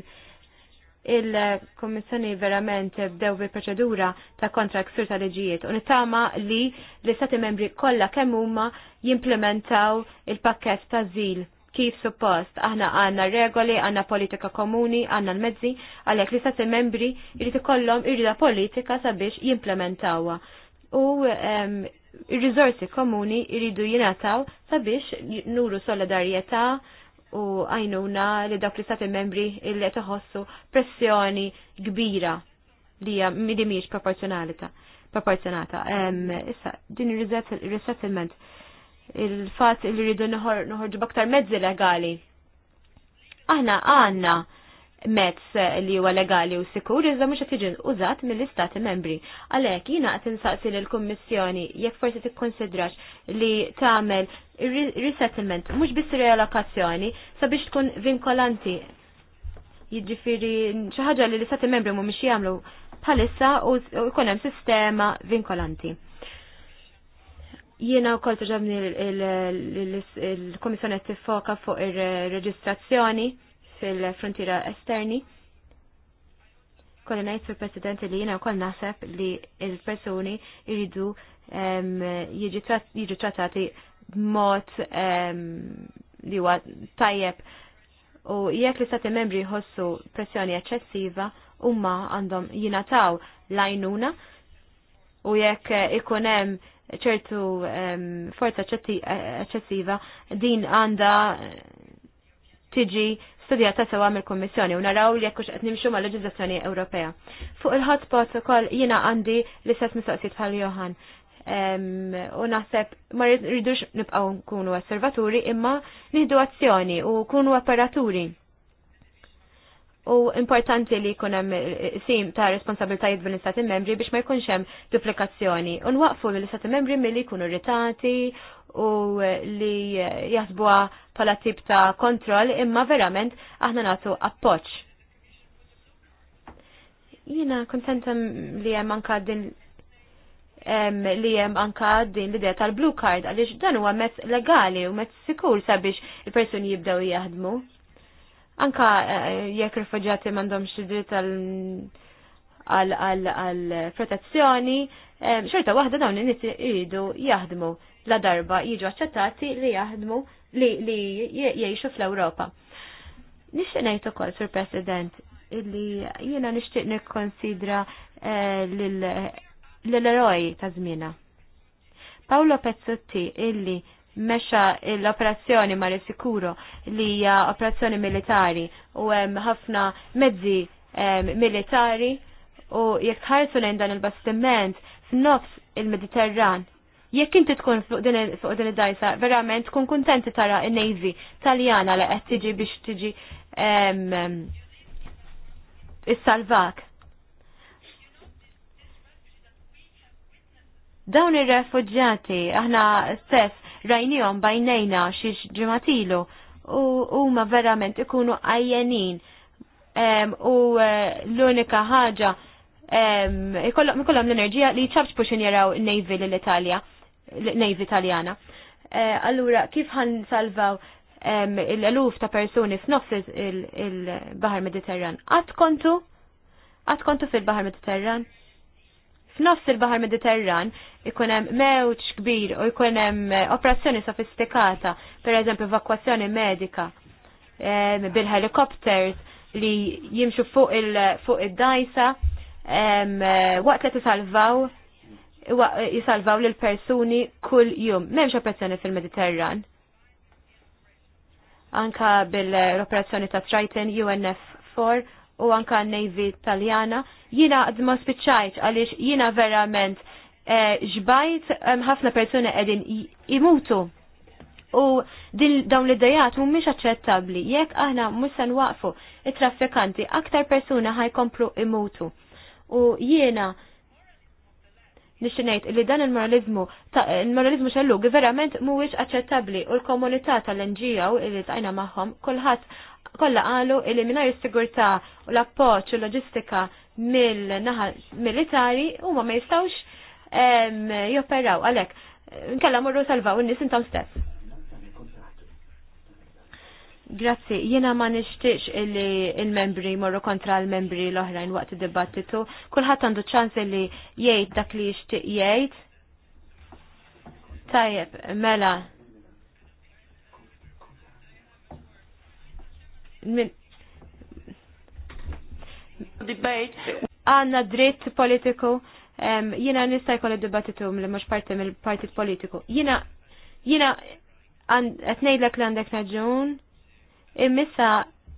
il-Kommissjoni verament bdew bil-proċedura ta' kontrakt sur ta' liġijiet u nittama li l-Istati membri kollha kemm huma jimplementaw il-pakket ta' żil kif suppost. Aħna għanna regoli, għanna politika komuni, għanna l-mezzi, għalek li sati membri jrid ikollhom irrida politika sabiex jimplementawa. U um, ehm, rizorsi komuni jridu jinataw sabiex nuru solidarieta' u għajnuna li dawk l-istati membri illi toħossu pressjoni kbira li hija mhijiex proporzjonalita. Proporzjonata. Issa, din il-resettlement il-fat li rridu noħorġu baktar mezzi legali. Aħna għanna mezz li huwa legali u sikur iżda mhux qed jiġi użat mill-istati membri. Għalhekk jiena qed insaqsi lill-Kummissjoni jekk forsi tikkonsidrax li tagħmel resettlement mhux biss relokazzjoni sabiex tkun vinkolanti. Jiġifieri xi ħaġa li l-istati membri mhumiex jagħmlu bħalissa u jkun hemm sistema vinkolanti jiena u kol ġabni l-komissjoni tifoka fuq ir-reġistrazzjoni fil-frontiera esterni. Kolla ngħid fil-President li jiena kol naħseb li l-persuni iridu jiġu trattati mot li huwa tajjeb u jekk li stati membri jħossu pressjoni eċċessiva huma għandhom jingħataw lajnuna u jekk ikun hemm ċertu forza eċċessiva din għandha tiġi studjata sewa mill-Kommissjoni u naraw li jekkux qed nimxu mal-leġiżlazzjoni Ewropea. Fuq il-hotspot ukoll jiena għandi l-istess mistoqsijiet bħal Johan. U naħseb ma rridux nibqgħu nkunu osservaturi imma nieħdu azzjoni u kunu apparaturi. U importanti li jkun hemm eh, sim ta' responsabiltajiet bil istati membri biex ma jkunx hemm duplikazzjoni. U nwaqfu l-istati membri milli jkunu irritati u eh, li eh, jaħsbuha bħala tip ta' kontroll imma verament aħna nagħtu appoġġ. Jiena kontenta li hemm anka din em, li hemm anka din l-idea tal-blue card għaliex dan huwa mezz legali u mezz sikur sabiex il-persuni jibdew jaħdmu Anka eh, jekk rifugjati m'għandhomx xidrit għal protezzjoni, eh, xorta waħda dawn in-nies iridu jaħdmu la darba jiġu aċċettati li jaħdmu li jgħixu fl-Ewropa. Nixtieq ngħid ukoll, Sur President, illi jiena nixtieq nikkonsidra eh, l-eroj ta' zmina. Paolo Pezzotti illi mexa l-operazzjoni ma' sikuro li hija operazzjoni militari u hemm ħafna mezzi militari u jekk tħarsu lejn dan il-bastiment f'nofs il-Mediterran jekk inti tkun fuq din id-dajsa, verament tkun kuntenti tara n-Navy Taljana li qed tiġi biex tiġi s-salvak. Dawn ir refuġġjati aħna stess rajnijom bajnejna xiex ġematilu u huma verament ikunu għajjenin u eh, l-unika ħaġa ikollhom l-enerġija li ċabċbu xin jaraw nejvi l-Italja, nejvi Italjana. Eh, allura, kif ħan salvaw l-eluf ta' persuni f'nofs il-Bahar Mediterran? Għat kontu? Għat kontu fil-Bahar Mediterran? f'nofs il-Bahar Mediterran ikun hemm mewġ kbir u jkun hemm eh, operazzjoni sofistikata, eżempju evakwazzjoni medika eh, bil-helikopters li jimxu fuq il-dajsa eh, waqt li tisalvaw jisalvaw lil persuni kull jum. M'hemmx operazzjoni fil-Mediterran. Anka bil-operazzjoni ta' Triton UNF4 u anka n-Navy Taljana, jina ma spiċċajt għaliex jina verament eh, ġbajt ħafna persuni edin imutu. U din dawn l-idejat mhumiex aċċettabbli jekk aħna mhux se nwaqfu it-traffikanti aktar persuna ħajkomplu imutu. U jiena nixtinajt li dan il-moralizmu, il-moralizmu xellugi verament mhuwiex aċċettabbli u l-komunità tal-NGO li tajna magħhom kulħadd Kolla qalu li mingħajr sigurta sigurtà u l-appoġġ u l-loġistika mill naħal militari huma ma jistawx joperaw għalhekk nkella morru salvaw in-nies intom stess. Grazzi, jiena ma nixtiex li il-membri morru kontra l-membri l-oħrajn waqt id-dibattitu. Kulħadd għandu ċans li jgħid dak li jixtieq jgħid. Tajjeb, mela, Debate. Għanna dritt politiku. Jina nista' jkolli dibattitu li mhux parti mill-partit politiku. Jina jina qed ngħidlek li għandek raġun. Immissa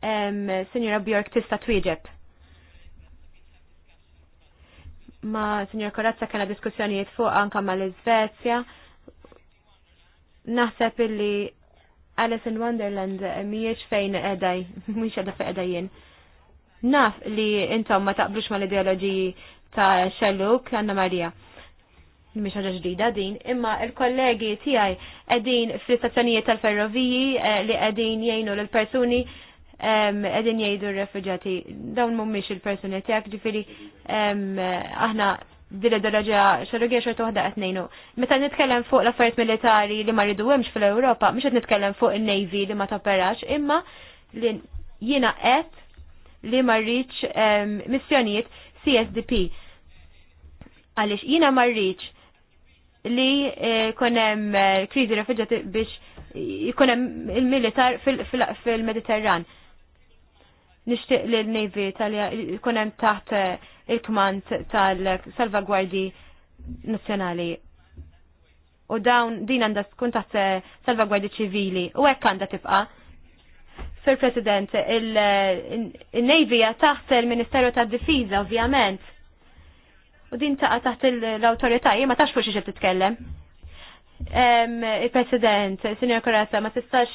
Sinjora Bjork tista' twieġeb. Ma Sinjora Korazza kena diskussjonijiet fuq anka mal-Iżvezja. Naħseb illi Alice in Wonderland eh, miex fejn edaj, miex edaj fejn jen. Naf li intom ma taqblux ma l-ideologiji ta' Xelluk, Anna Marija. Miex ħaġa ġdida din, imma il-kollegi tijaj edin fl-istazzjonijiet tal-ferroviji eh, li edin jgħinu l-persuni edin jgħidu r-refugġati. Dawn mummiex il-persuni tijak ġifiri aħna dile daraġa xarugie xorta wahda għatnejnu. Meta nitkellem fuq l-affarijiet militari li ma rridu fil fl-Ewropa, mhux qed nitkellem fuq in-Navy li ma toperax, imma li jiena qed li ma rridx missjonijiet CSDP. Għaliex jiena ma rridx li e, konem e, kriżi refuġati biex jkunem il-militar fil-Mediterran. fil mediterran nixtieq li l-Navy tal-li kunem taħt eh, il-kmand tal-salvagwardi nazzjonali. U dawn din għandha tkun taħt eh, salvagwardi ċivili u hekk għandha tibqa' Sir President, eh, il-Navy taħt il-Ministeru tad difiża ovvjament. U din taqa taħt l-autorità, ma tax fuq xie titkellem. Il-President, Sinjor Korazza, ma tistax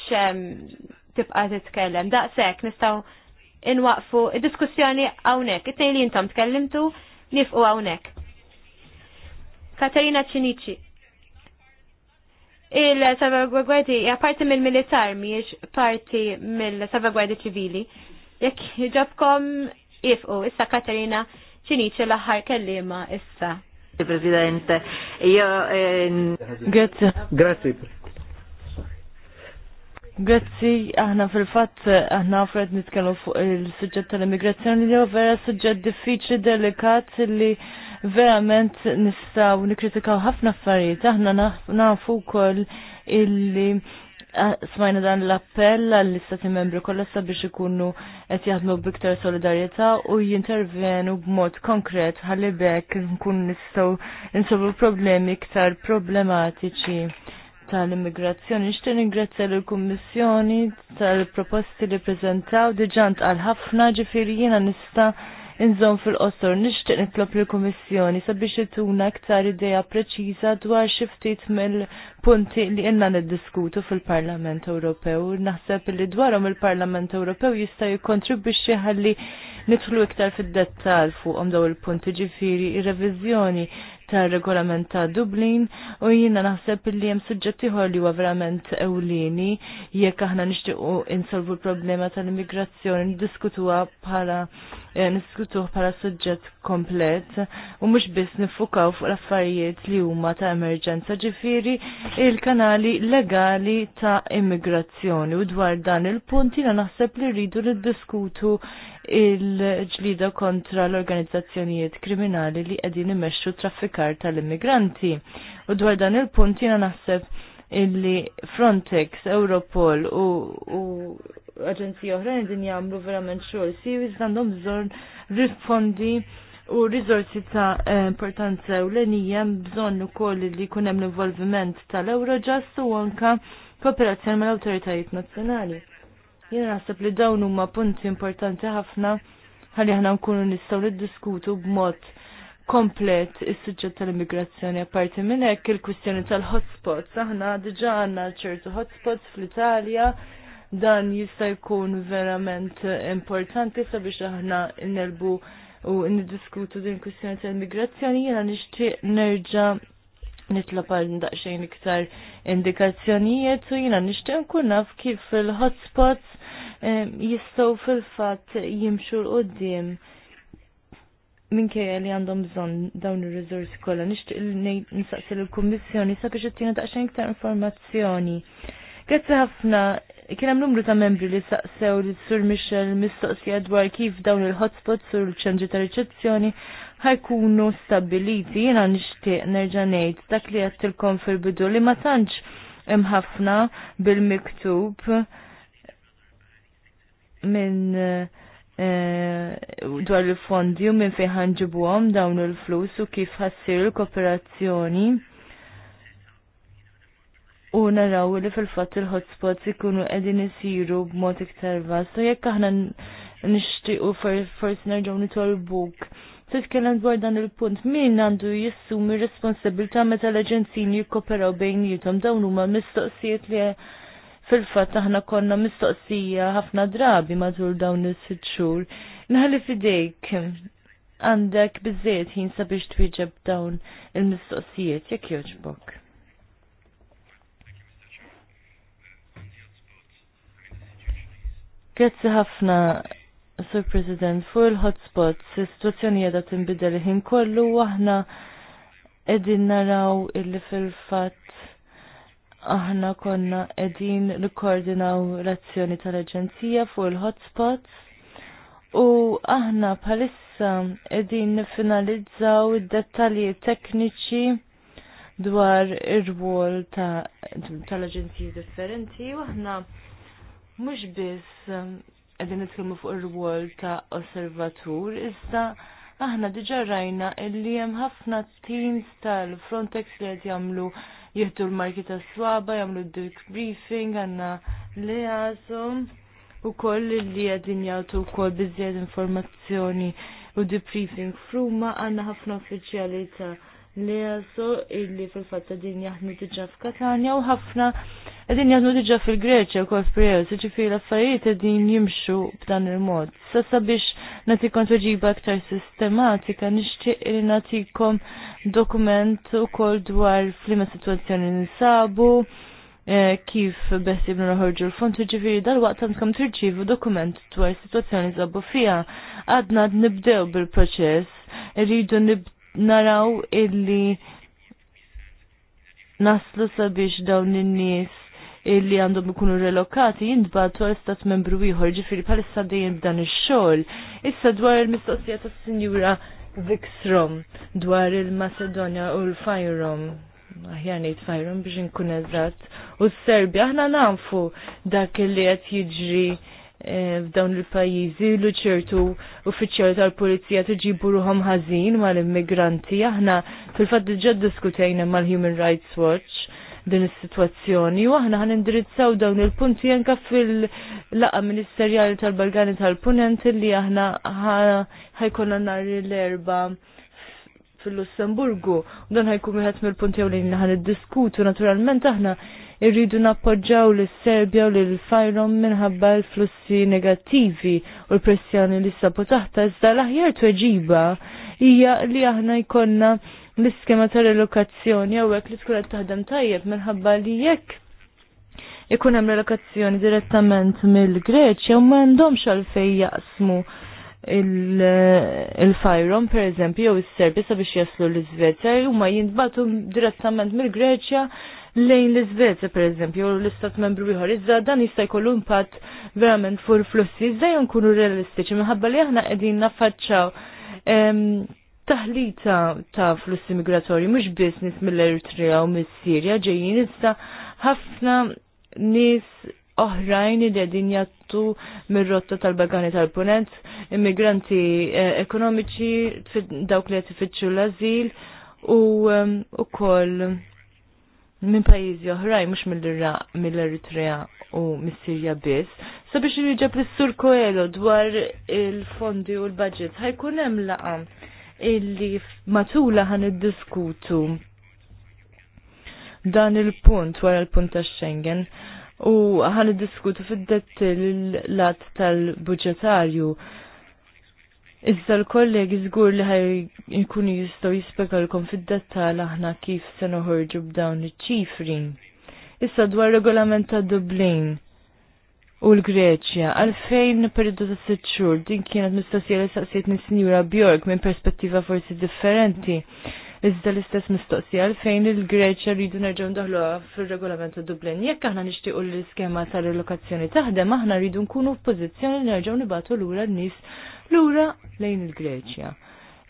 tibqa titkellem. Daqsek, nistaw inwaqfu id-diskussjoni hawnhekk, it-tejn li jintom tkellimtu nifqu hawnhekk. Katarina Ċinici. Il-salvagwardi ja parti mill-militar mhijiex parti mill savagwadi ċivili. Jekk jġobkom ifqu, issa Katarina Ċinici l-aħħar kellima issa. Presidente, io... Eh, Grazie. Grazie. Grazzi, aħna fil-fatt, aħna fred nitkellmu fuq il-suġġett tal-immigrazzjoni li vera suġġett diffiċli, delikat li verament nistaw nikritikaw ħafna affarijiet. Aħna nafu wkoll illi smajna dan l-appell għall-istati membri kollha biex ikunu qed jaħdmu b'iktar solidarjetà u jintervenu b'mod konkret ħalli bekk nkun nistgħu insolvu problemi iktar problematiċi tal-immigrazzjoni. Nixtieq ringrazzja lill kommissjoni tal-proposti li prezentaw diġant għal ħafna ġifieri jiena nista' inżomm fil-qosor. Nixtieq nitlob lill-Kummissjoni sabiex ituna aktar ideja preċiża dwar xi ftit mill-punti li inna niddiskutu fil-Parlament Ewropew. Naħseb li dwarhom il-Parlament Ewropew jista' jikkontribwixxi ħalli nidħlu iktar fid-dettal fuqhom daw il-punti ġifieri ir-reviżjoni tar-regolament ta' Dublin u jiena naħseb li hemm suġġetti ieħor li huwa verament ewlieni jekk aħna nixtiequ insolvu l-problema tal-immigrazzjoni niddiskutuha bħala eh, niskutuh bħala suġġett komplet u mhux biss nifukaw fuq l-affarijiet li huma ta' emerġenza ġifieri il-kanali legali ta' immigrazzjoni u dwar dan il-punt jiena naħseb li rridu niddiskutu il-ġlida kontra l-organizzazzjonijiet kriminali li qegħdin imexxu traffikar tal-immigranti. U dwar dan il-punt jiena naħseb illi Frontex, Europol u, u aġenzija oħrajn din jagħmlu verament xogħol siewi għandhom bżonn rifondi u rizorsi ta' importanza u l-enija bżonn ukoll li jkun hemm l-involviment tal-Eurojust u anke kooperazzjoni mal-awtoritajiet nazzjonali. Jena naħseb li dawn huma punti importanti ħafna ħalli ħna nkunu nistgħu niddiskutu b'mod komplet is-suġġett tal-immigrazzjoni apparti minn hekk il-kwistjoni tal-hotspots. Aħna diġà għandna ċertu hotspots fl-Italja dan jista' jkun verament importanti sabiex aħna nelbu u niddiskutu din kwistjoni tal-immigrazzjoni jiena nixtieq nerġa' nitla għal daqsxejn iktar indikazzjonijiet u jina nixtieq nkun naf kif il-hotspots jistgħu fil-fatt jimxu l-qoddim minkejja li għandhom bżonn dawn ir-riżorsi kollha nixtieq nsaqsi lill-Kummissjoni sabiex ta' daqsxejn iktar informazzjoni. Grazzi ħafna kien hemm numru ta' membri li saqsew li Sur Michel mistoqsija dwar kif dawn il-hotspots sur l-ċentri ta' riċezzjoni ħajkunu stabiliti. Jiena nixtieq nerġa' ngħid dak li qed tilkom fil-bidu li ma tantx hemm ħafna bil-miktub minn eh, dwar il-fondi u minn fejn ġibuhom dawn il-flus u kif ħassir il-kooperazzjoni u naraw li fil-fatt il-hotspots ikunu qegħdin isiru b'mod iktar vast. So jekk aħna nixtiequ forsi nerġgħu nitolbuk titkellem dwar dan il-punt min għandu jissumi responsabilta meta l-aġenzini jikkoperaw jitom dawn huma mistoqsijiet li fil-fatt aħna konna mistoqsija ħafna drabi matul dawn is-sitt xhur. Nħalli fidejk għandek biżejjed ħin sabiex twieġeb dawn il-mistoqsijiet jekk jogħġbok. Grazzi ħafna Sur President, fuq il-hotspots, situazzjoni tinbidel il ħin kollu, aħna edin naraw illi fil-fat aħna konna edin l-koordinaw l-azzjoni tal-Aġenzija fuq il-hotspots u aħna bħalissa edin finalizzaw id-dettalji tekniċi dwar ir-rwol tal aġenzija ta differenti u aħna mhux biss um, edin nitkellmu fuq ir-rwol ta' osservatur issa aħna diġarrajna rajna illi hemm ħafna teams tal-Frontex li qed jagħmlu jihdu l-marki ta' swaba, jamlu d-dirk briefing, għanna li għazum u koll li għadin jgħatu u koll bizzjed informazzjoni u briefing fruma għanna ħafna uffiċjali ta' li jasu illi fil-fatt din jaħdmu diġa f'Katania u ħafna din jahmi diġa fil-Greċja u kol f'Prijos, ġifiri l-affarijiet din jimxu b'dan il-mod. Sassa biex natikom tweġiba aktar sistematika nixtieq li natikom dokument u kol dwar flima situazzjoni nisabu eh, kif besib nħorġu l-fond ġifiri dal-waqt għandkom tirċivu dokument dwar situazzjoni zabu fija. Għadna nibdew bil-proċess, rridu nibdew naraw illi naslu sabiex dawn in-nies illi għandhom ikunu relokati jintbatu għal stat membru ieħor ġifieri bħalissa dejjem dan ix-xogħol. Issa dwar il-mistoqsija tas-Sinjura Vixrom dwar il-Macedonia u l-Fajrom. Aħjar ngħid Fajrom biex inkun eżatt. U s-Serbja aħna nafu dak li qed jiġri Eh, f'dawn il-pajjiżi l ċertu uffiċjali tal-pulizija tiġibu ruhom ħażin mal-immigranti. Aħna fil-fatt diġà diskutejna mal-Human Rights Watch din is-sitwazzjoni u aħna ħan indirizzaw dawn il-punti anke fil-laqa ministerjali tal-Balgani tal-Punent li aħna ħajkollna nhar l-erba' fil-Lussemburgu. U dan ħajkun wieħed mill-punti li ħan iddiskutu naturalment aħna irridu nappoġġaw lis serbja u lil fajrom minħabba l-flussi negattivi u l-pressjoni li sabu taħta iżda l-aħjar tweġiba hija li aħna jkollna l-iskema ta' relokazzjoni hawnhekk li tkun qed taħdem tajjeb minħabba li jekk ikun hemm relokazzjoni direttament mill-Greċja u m'għandhomx għalfejn jaqsmu il-fajrom, per eżempju, jew is serbja sabiex jaslu l-Iżvezja, huma jintbatu direttament mill-Greċja lejn l-Iżvezja pereżempju u l-istat membru ieħor. Iżda dan jista' jkollu impatt verament fuq il-flussi. Iżda nkunu realistiċi minħabba li aħna qegħdin naffaċċaw taħlita ta' flussi migratorji mhux biss mill-Eritrea u mis-Sirja ġejjin issa, ħafna nies oħrajn li qegħdin jattu mir-rotta tal-bagani tal-punent, immigranti eh, ekonomiċi dawk li qed ifittxu l-ażil u wkoll minn pajjiżi oħraj mhux mill-Iraq, mill-Eritrea u mis-Sirja biss. Sabiex irġab l-Sur Koelo dwar il-fondi u l-budget ħajkun hemm laqa illi matula ħan iddiskutu dan il-punt wara l-punt ta' Schengen u ħan iddiskutu fid-dettil l-lat tal-budġetarju Iżda l-kollegi żgur li ħaj jkunu jistgħu jispjegalkom fid-dettall aħna kif se noħorġu b'dawn iċ-ċifri. Issa dwar regolament ta' Dublin u l-Greċja, għalfejn periodu ta' sitt xhur din kienet mistoqsija li saqsiet nis-Sinjura Bjork minn perspettiva forsi differenti. Iżda l-istess mistoqsija għalfejn il-Greċja rridu nerġgħu ndaħluha fir-regolament ta' Dublin. Jekk aħna nixtiequ l-iskema tal-relokazzjoni taħdem, aħna rridu nkunu f'pożizzjoni li nerġgħu nibatu lura n-nies lura lejn il-Greċja.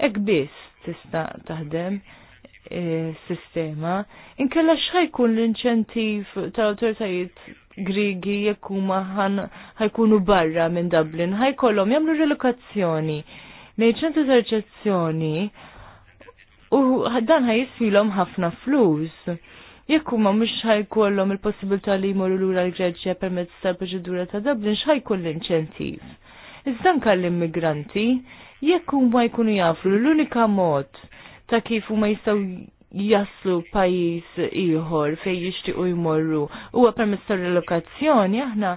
Ek biss tista' taħdem e, sistema, inkella xħajkun l-inċentiv tal-autoritajiet grigi jekk huma ħajkunu barra minn Dublin, ħajkollhom jagħmlu relokazzjoni lejn ċentru u dan ħajisfilhom ħafna flus. Jekk huma ħajkollom il-possibilità li jmorru lura l-Greċja permezz tal-proċedura ta' Dublin, x'ħajkun l-inċentiv? Iżda l-immigranti jekk huma jkunu jafru l-unika mod ta' kif huma jistgħu jaslu pajis ieħor fej jixtiequ jmorru huwa permezz tal-relokazzjoni aħna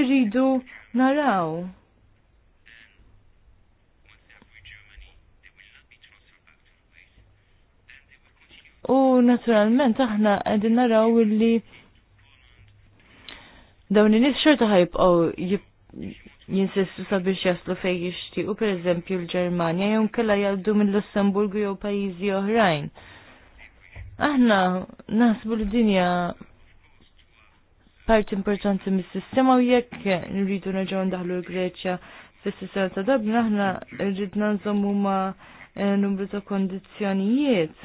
irridu naraw. U naturalment aħna qegħdin naraw illi dawn in-nies xorta ħajbqgħu jinsistu sabiex jaslu fej jixtiequ pereżempju l-Ġermanja jew kella jgħaddu mill-Lussemburgu jew pajjiżi oħrajn. Aħna nasbu l-dinja parti importanti mis-sistema u jekk nridu nerġgħu ndaħlu l-Greċja fis-sistema ta' Dabna, aħna rridna nżommu ma' eh, numru ta' kondizjonijiet.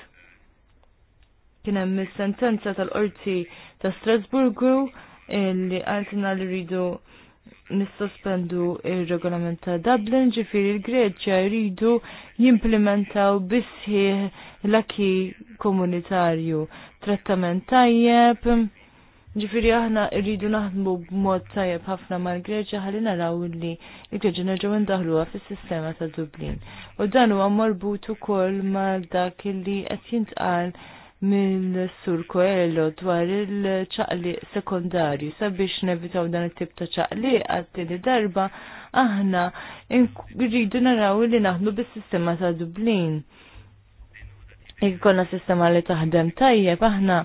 Kien hemm is-sentenza tal-Qorti ta' Strasburgu eh, li għaltina li rridu nissospendu il-regolament ta' Dublin ġifiri il-Greċja jridu jimplementaw bisħieħ l-aki komunitarju. Trattament tajjeb, ġifiri aħna rridu naħdmu b'mod tajjeb ħafna mal-Greċja ħalina naraw li il-Greċja nerġgħu ndaħluha fis-sistema ta' Dublin. U dan huwa marbut ukoll mal dak li qed jintqal mill-sur Koelho dwar il-ċaqli sekundarju sabiex nevitaw dan it-tip ta' ċaqli għattini darba aħna rridu naraw li naħdmu bis-sistema ta' Dublin. Jek konna sistema li taħdem tajjeb aħna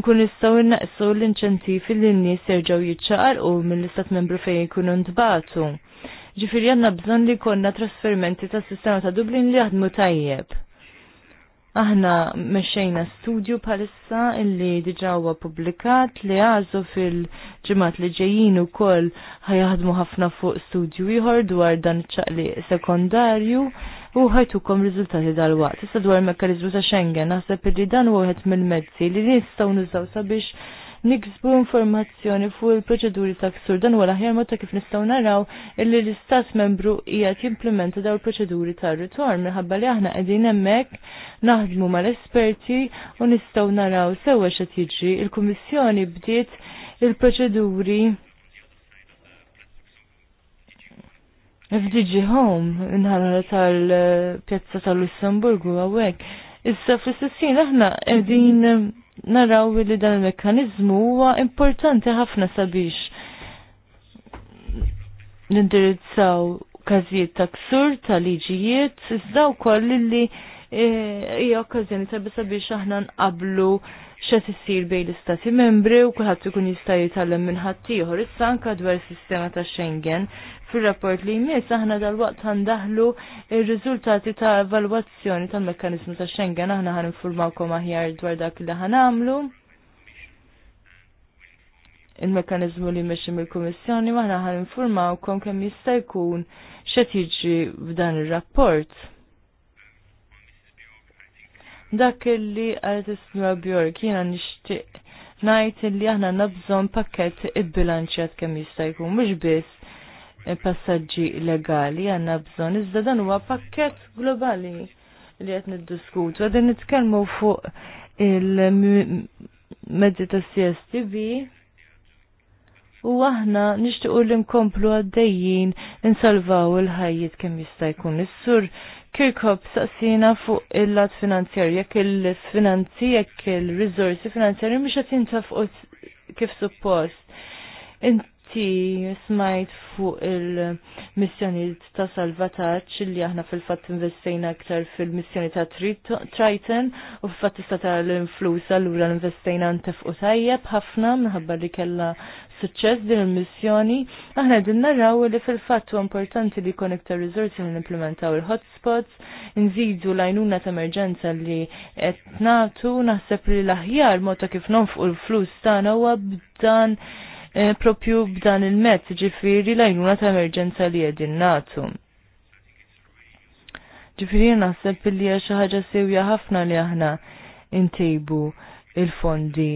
nkun nistgħu naqsu l-inċentivi li n-nies serġgħu jiċċaqalqu mill-istat membru fejn jkunu ntbatu. Ġifieri għandna bżonn li konna trasferimenti tas sistema ta' Dublin li jaħdmu tajjeb. Aħna mexxejna studju bħalissa illi diġawa huwa pubblikat li għazu fil ġimat li ġejjin ukoll ħajħadmu ħafna fuq studju ieħor dwar dan iċ-ċaqli sekondarju u ħajtukom rizultati dal-waqt. Issa dwar il-mekkaniżmu ta' Schengen naħseb li dan u mill-mezzi li nistgħu nużaw sabiex niksbu informazzjoni fuq il-proċeduri ta' ksur dan wara ħjar ta' kif nistgħu naraw illi l-istat membru qiegħed jimplementa daw il-proċeduri ta' ritorn minħabba li aħna qegħdin hemmhekk naħdmu mal-esperti u nistgħu naraw sewwa x'qed jiġri. Il-Kummissjoni bdiet il-proċeduri FDG Home, inħarra tal-pjazza tal-Lussemburgu, għawek. Issa fl-istessin aħna qegħdin naraw li dan il mekanizmu huwa importanti ħafna sabiex nindirizzaw każijiet ta' ksur ta' liġijiet, iżda wkoll li eh, hija okkażjoni sabi sabiex aħna nqablu x'qed issir bejn l-istati membri u kulħadd ikun jista' jitgħallem minn ħaddieħor issa anke dwar is-sistema ta' Schengen fil-rapport li jmiss aħna dal-waqt ħandaħlu il-riżultati ta' evalwazzjoni tal-mekkanizmu ta' Schengen aħna ħan informawkom aħjar dwar dak li ħan għamlu. Il-mekkanizmu li meċi mill-Kummissjoni aħna għan informawkom kemm jista' jkun xed jiġri f'dan ir-rapport. Dak li għalet is Bjork jiena nixtieq ngħid li aħna nabżon pakkett ibbilanċjat kemm jista' jkun mhux biss passaġġi legali għanna bżon. Iżda dan huwa pakket globali li qed niddiskutu. Għadin nitkellmu fuq il-medzi ta' CSTV u aħna nixtiequ li nkomplu għaddejjin insalvaw il-ħajjiet kemm jista' jkun is-sur Kirkhop saqsina fuq il-lat finanzjarju jekk il-finanzi jekk il-riżorsi finanzjarji mhux qed fuq kif suppost inti smajt fuq il-missjoniet ta' salvataċ li aħna fil-fat investejna aktar fil-missjoni ta' Triton u fil-fat tista' influsa l-influs allura investejna u tajjeb ħafna minħabba li kella suċċess din il-missjoni. Aħna din narraw li fil-fatt u importanti li jkun iktar riżorsi li nimplementaw il-hotspots, nżidu l-għajnuna ta' emerġenza li qed nagħtu naħseb li l-aħjar mod ta' kif nonfqu il flus tagħna huwa b'dan Eh, propju b'dan il-mezz, ġifiri lajnuna ta' emerġenza li għedin natu. Ġifiri naħseb li xi ħaġa sewja ħafna li aħna intejbu il-fondi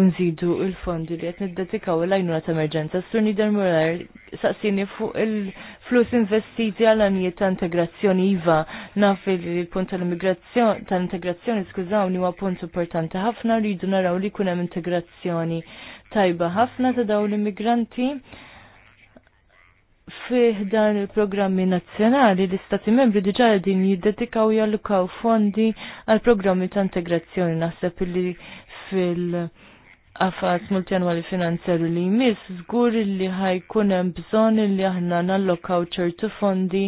u nżidu il-fondi li qed niddedikaw l-għajnuna ta' emerġenza. Sur Nider Murar saqsini fuq il-flus investiti għal anijiet ta' integrazzjoni iva naf il-punt tal-immigrazzjoni tal-integrazzjoni skużawni huwa punt importanti ħafna rridu naraw li kunem hemm integrazzjoni tajba ħafna ta' dawn l-immigranti fih dan il-programmi nazzjonali l-istati membri diġa din jiddedikaw jallukaw fondi għal programmi ta' integrazzjoni naħseb li fil- għafas multjanwali finanzjeru li jmiss zgur li ħajkun hemm bżonn li aħna nallokaw ċertu fondi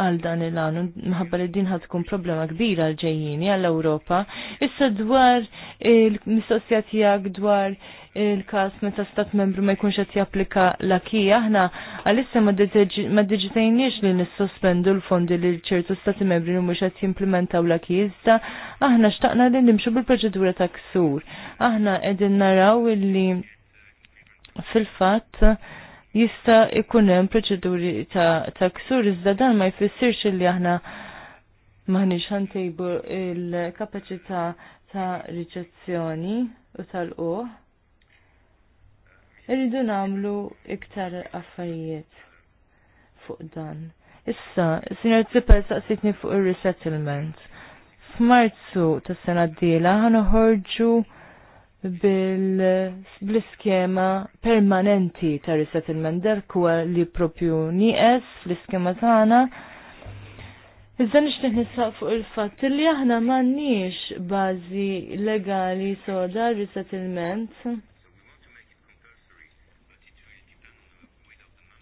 għal dan il-għan. Mħabba li din ħad tkun problema kbira għal ġejjini għall-Ewropa. Issa dwar il missosjatijak tiegħek dwar il-kas meta stat membru ma jkunx qed japplika l-akija aħna għalissa ma diġitejniex li nissospendu l-fondi li ċertu stati membri li mhux qed jimplementaw l-akija iżda aħna xtaqna li nimxu bil-proċedura ta' ksur. Aħna qegħdin naraw illi fil-fatt jista' ikun hemm proċeduri ta', ta ksur iżda dan ma jfissirx illi aħna maħniex ħantejbu il-kapaċità ta' riċezzjoni u tal-qoħ. Irridu namlu iktar affarijiet fuq dan. Issa, Sinjor Zippel saqsitni fuq il-resettlement. F'Marzu ta' sena d-dila ħanuħorġu bil-skema permanenti ta' resettlement derku li propju nieqes fl-iskema tagħna. Iżda nixtieq nisaq fuq il-fatt li aħna m'għandniex bażi legali soda resettlement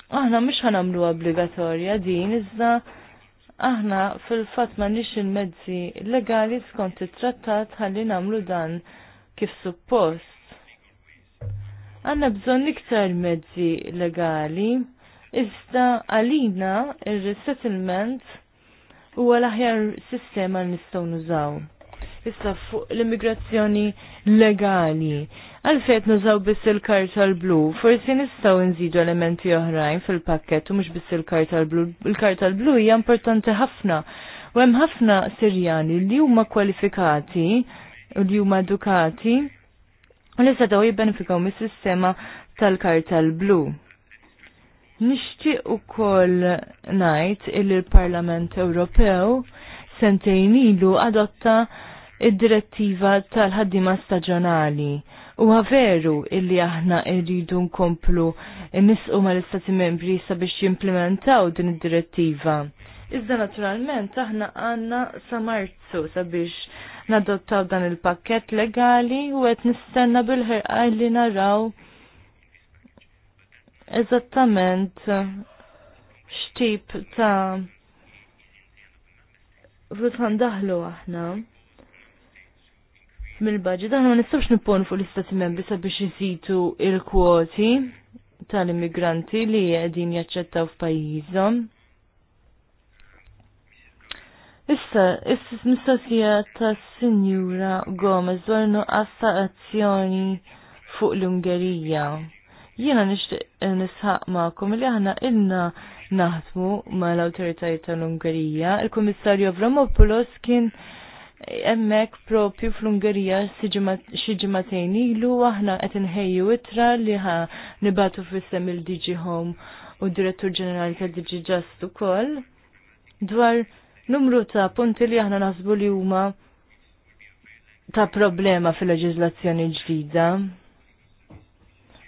aħna mhux ħanamlu obbligatorja din iżda aħna fil-fatt m'għandniex il-mezzi legali skont it-trattat ħalli nagħmlu dan kif suppost. Għanna bżonn iktar mezzi legali iżda għalina ir-resettlement huwa l-aħjar sistema nistgħu nużaw issa fuq l-immigrazzjoni legali. Għalfejt nużaw biss il-karta l-blu, forsi nistaw nżidu elementi oħrajn fil-pakket u mux biss il-karta l-blu. Il-karta l-blu hija importanti ħafna u hemm ħafna Sirjani li huma kwalifikati u li huma edukati u li sadaw jibbenefikaw mis-sistema tal-karta l-blu. Nixtieq u ngħid najt il-Parlament Ewropew sentejn ilu adotta id-direttiva tal-ħaddima staġjonali. U veru illi aħna irridu nkomplu nisqu ma l-istati membri sabiex jimplementaw din id-direttiva. Iżda naturalment aħna għanna sa marzu sabiex nadottaw dan il-pakket legali u għet nistenna bil-ħirqa li naraw eżattament xtip ta' Rut daħlu aħna mill-budget, aħna ma nistgħux nippon fuq l-istati membri sabiex isitu il-kwoti tal-immigranti li qegħdin jaċċettaw f'pajjiżhom. Issa, issa mistoqsija tas-Sinjura Gomez dwar nuqqas ta' azzjoni fuq l-Ungerija. Jiena nixtieq nisħaq magħkom li aħna ilna naħdmu mal-awtoritajiet tal-Ungerija. Il-Kummissarju Avramopoulos kien emmek propju fl-Ungerija xieġimatejn ilu, aħna qed nħejju itra li ħa nibatu fissem il-DG Home u direttur ġenerali tal-DG Just ukoll dwar numru ta' punti li aħna naħsbu li huma ta' problema fil-leġiżlazzjoni ġdida.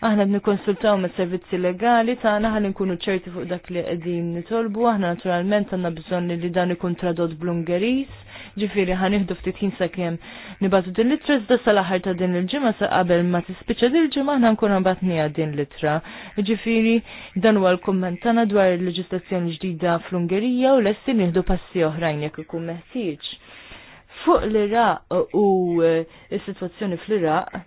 Aħna nikkonsultaw me servizzi legali tagħna ħalli nkunu ċerti fuq dak li qegħdin nitolbu, aħna naturalment għandna bżonn li dan ikun tradott bl-Ungeris ġifiri ħaniħdu ftit jien sakemm nibatu din litra iżda sal ta' din il-ġimgħa sa qabel ma tispiċċa din il-ġimgħa ħan nkun nbatnija din litra. Ġifiri dan huwa l-kumment dwar il-leġislazzjoni ġdida fl-Ungerija u lesti nieħdu passi oħrajn jekk ikun meħtieġ. Fuq l-Iraq u e, s-sitwazzjoni fl-Iraq,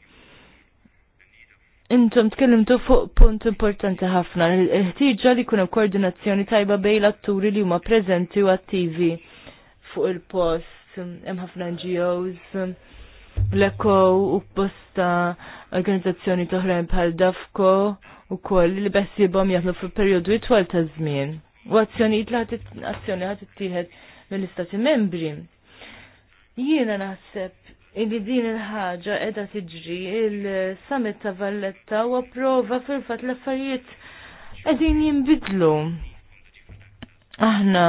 intom tkellimtu fuq punt importanti ħafna, il ħtieġa li kunem koordinazzjoni tajba bejn l-atturi li huma preżenti u attivi fuq il-post hemm ħafna NGOs, l-ECO u posta organizzazzjoni toħrajn bħal DAFCO u koll li jibom jaħdmu fil periodu itwal ta' żmien. U azzjoni li azzjoni ħad ittieħed mill-Istati Membri. Jiena naħseb Illi din il-ħaġa edha tiġri il-summit ta' Valletta u approva fil-fat l-affarijiet qegħdin jimbidlu. Aħna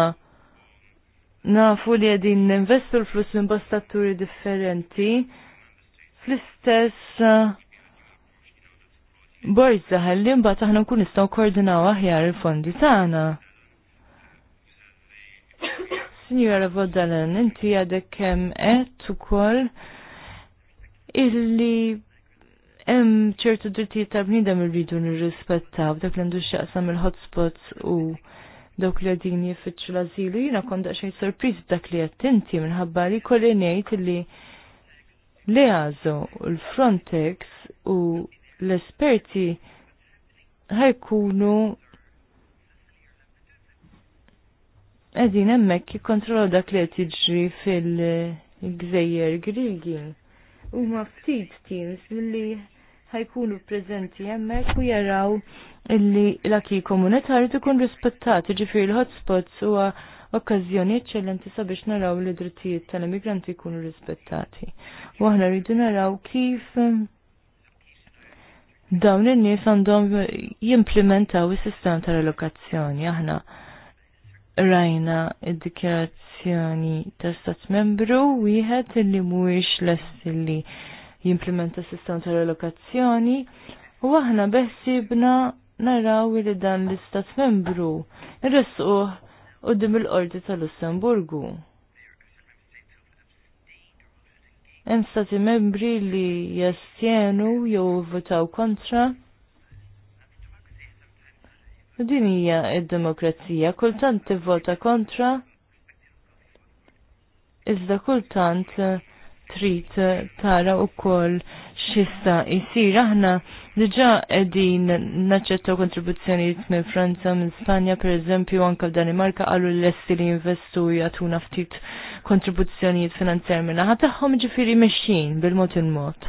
nafu li għedin investu l-flus minn bastatturi differenti fl-istess borza ħallim bat aħna nkun nistgħu koordinaw aħjar il-fondi tagħna. Sinjora Vodalen, inti għadek kemm u ukoll illi hemm ċertu drittijiet ta' bniedem irridu nirrispettaw dak li għandu x'jaqsam il-hotspots u dawk li għadin jifittxu l-azilu, jina konda xej sorpriz dak li għattinti minħabba li kolli nejt li li għazo l-Frontex u l-esperti ħajkunu għedin emmek jikontrolaw dak li għet fil-gżejjer grigi. U ma ftit teams li ħajkunu prezenti emmek u jaraw illi l-aki komunitarju ikun rispettat, ġifiri l-hotspots huwa okkażjoni eċċellenti sabiex naraw li drittijiet tal-immigranti jkunu rispettati. U aħna rridu naraw kif ehm, dawn in-nies għandhom jimplementaw is-sistema tal-allokazzjoni. Aħna rajna id-dikjarazzjoni ta' stat membru wieħed illi mhuwiex lest illi jimplementa s-sistema tal-allokazzjoni u aħna beħsibna naraw li dan l-istat membru u dim il-qorti tal-Lussemburgu. Hemm stati membri li jastjenu jew votaw kontra. U din hija d-demokrazija, kultant tivvota kontra, iżda kultant trid tara wkoll xista jisir aħna diġa edin naċċettaw kontribuzzjonijiet minn Franza, minn Spanja, per eżempju, anka Danimarka għallu l-esti li investu jatuna ftit kontribuzzjonijiet finanzjar minna. taħħom ġifiri meċin bil-mot il-mot.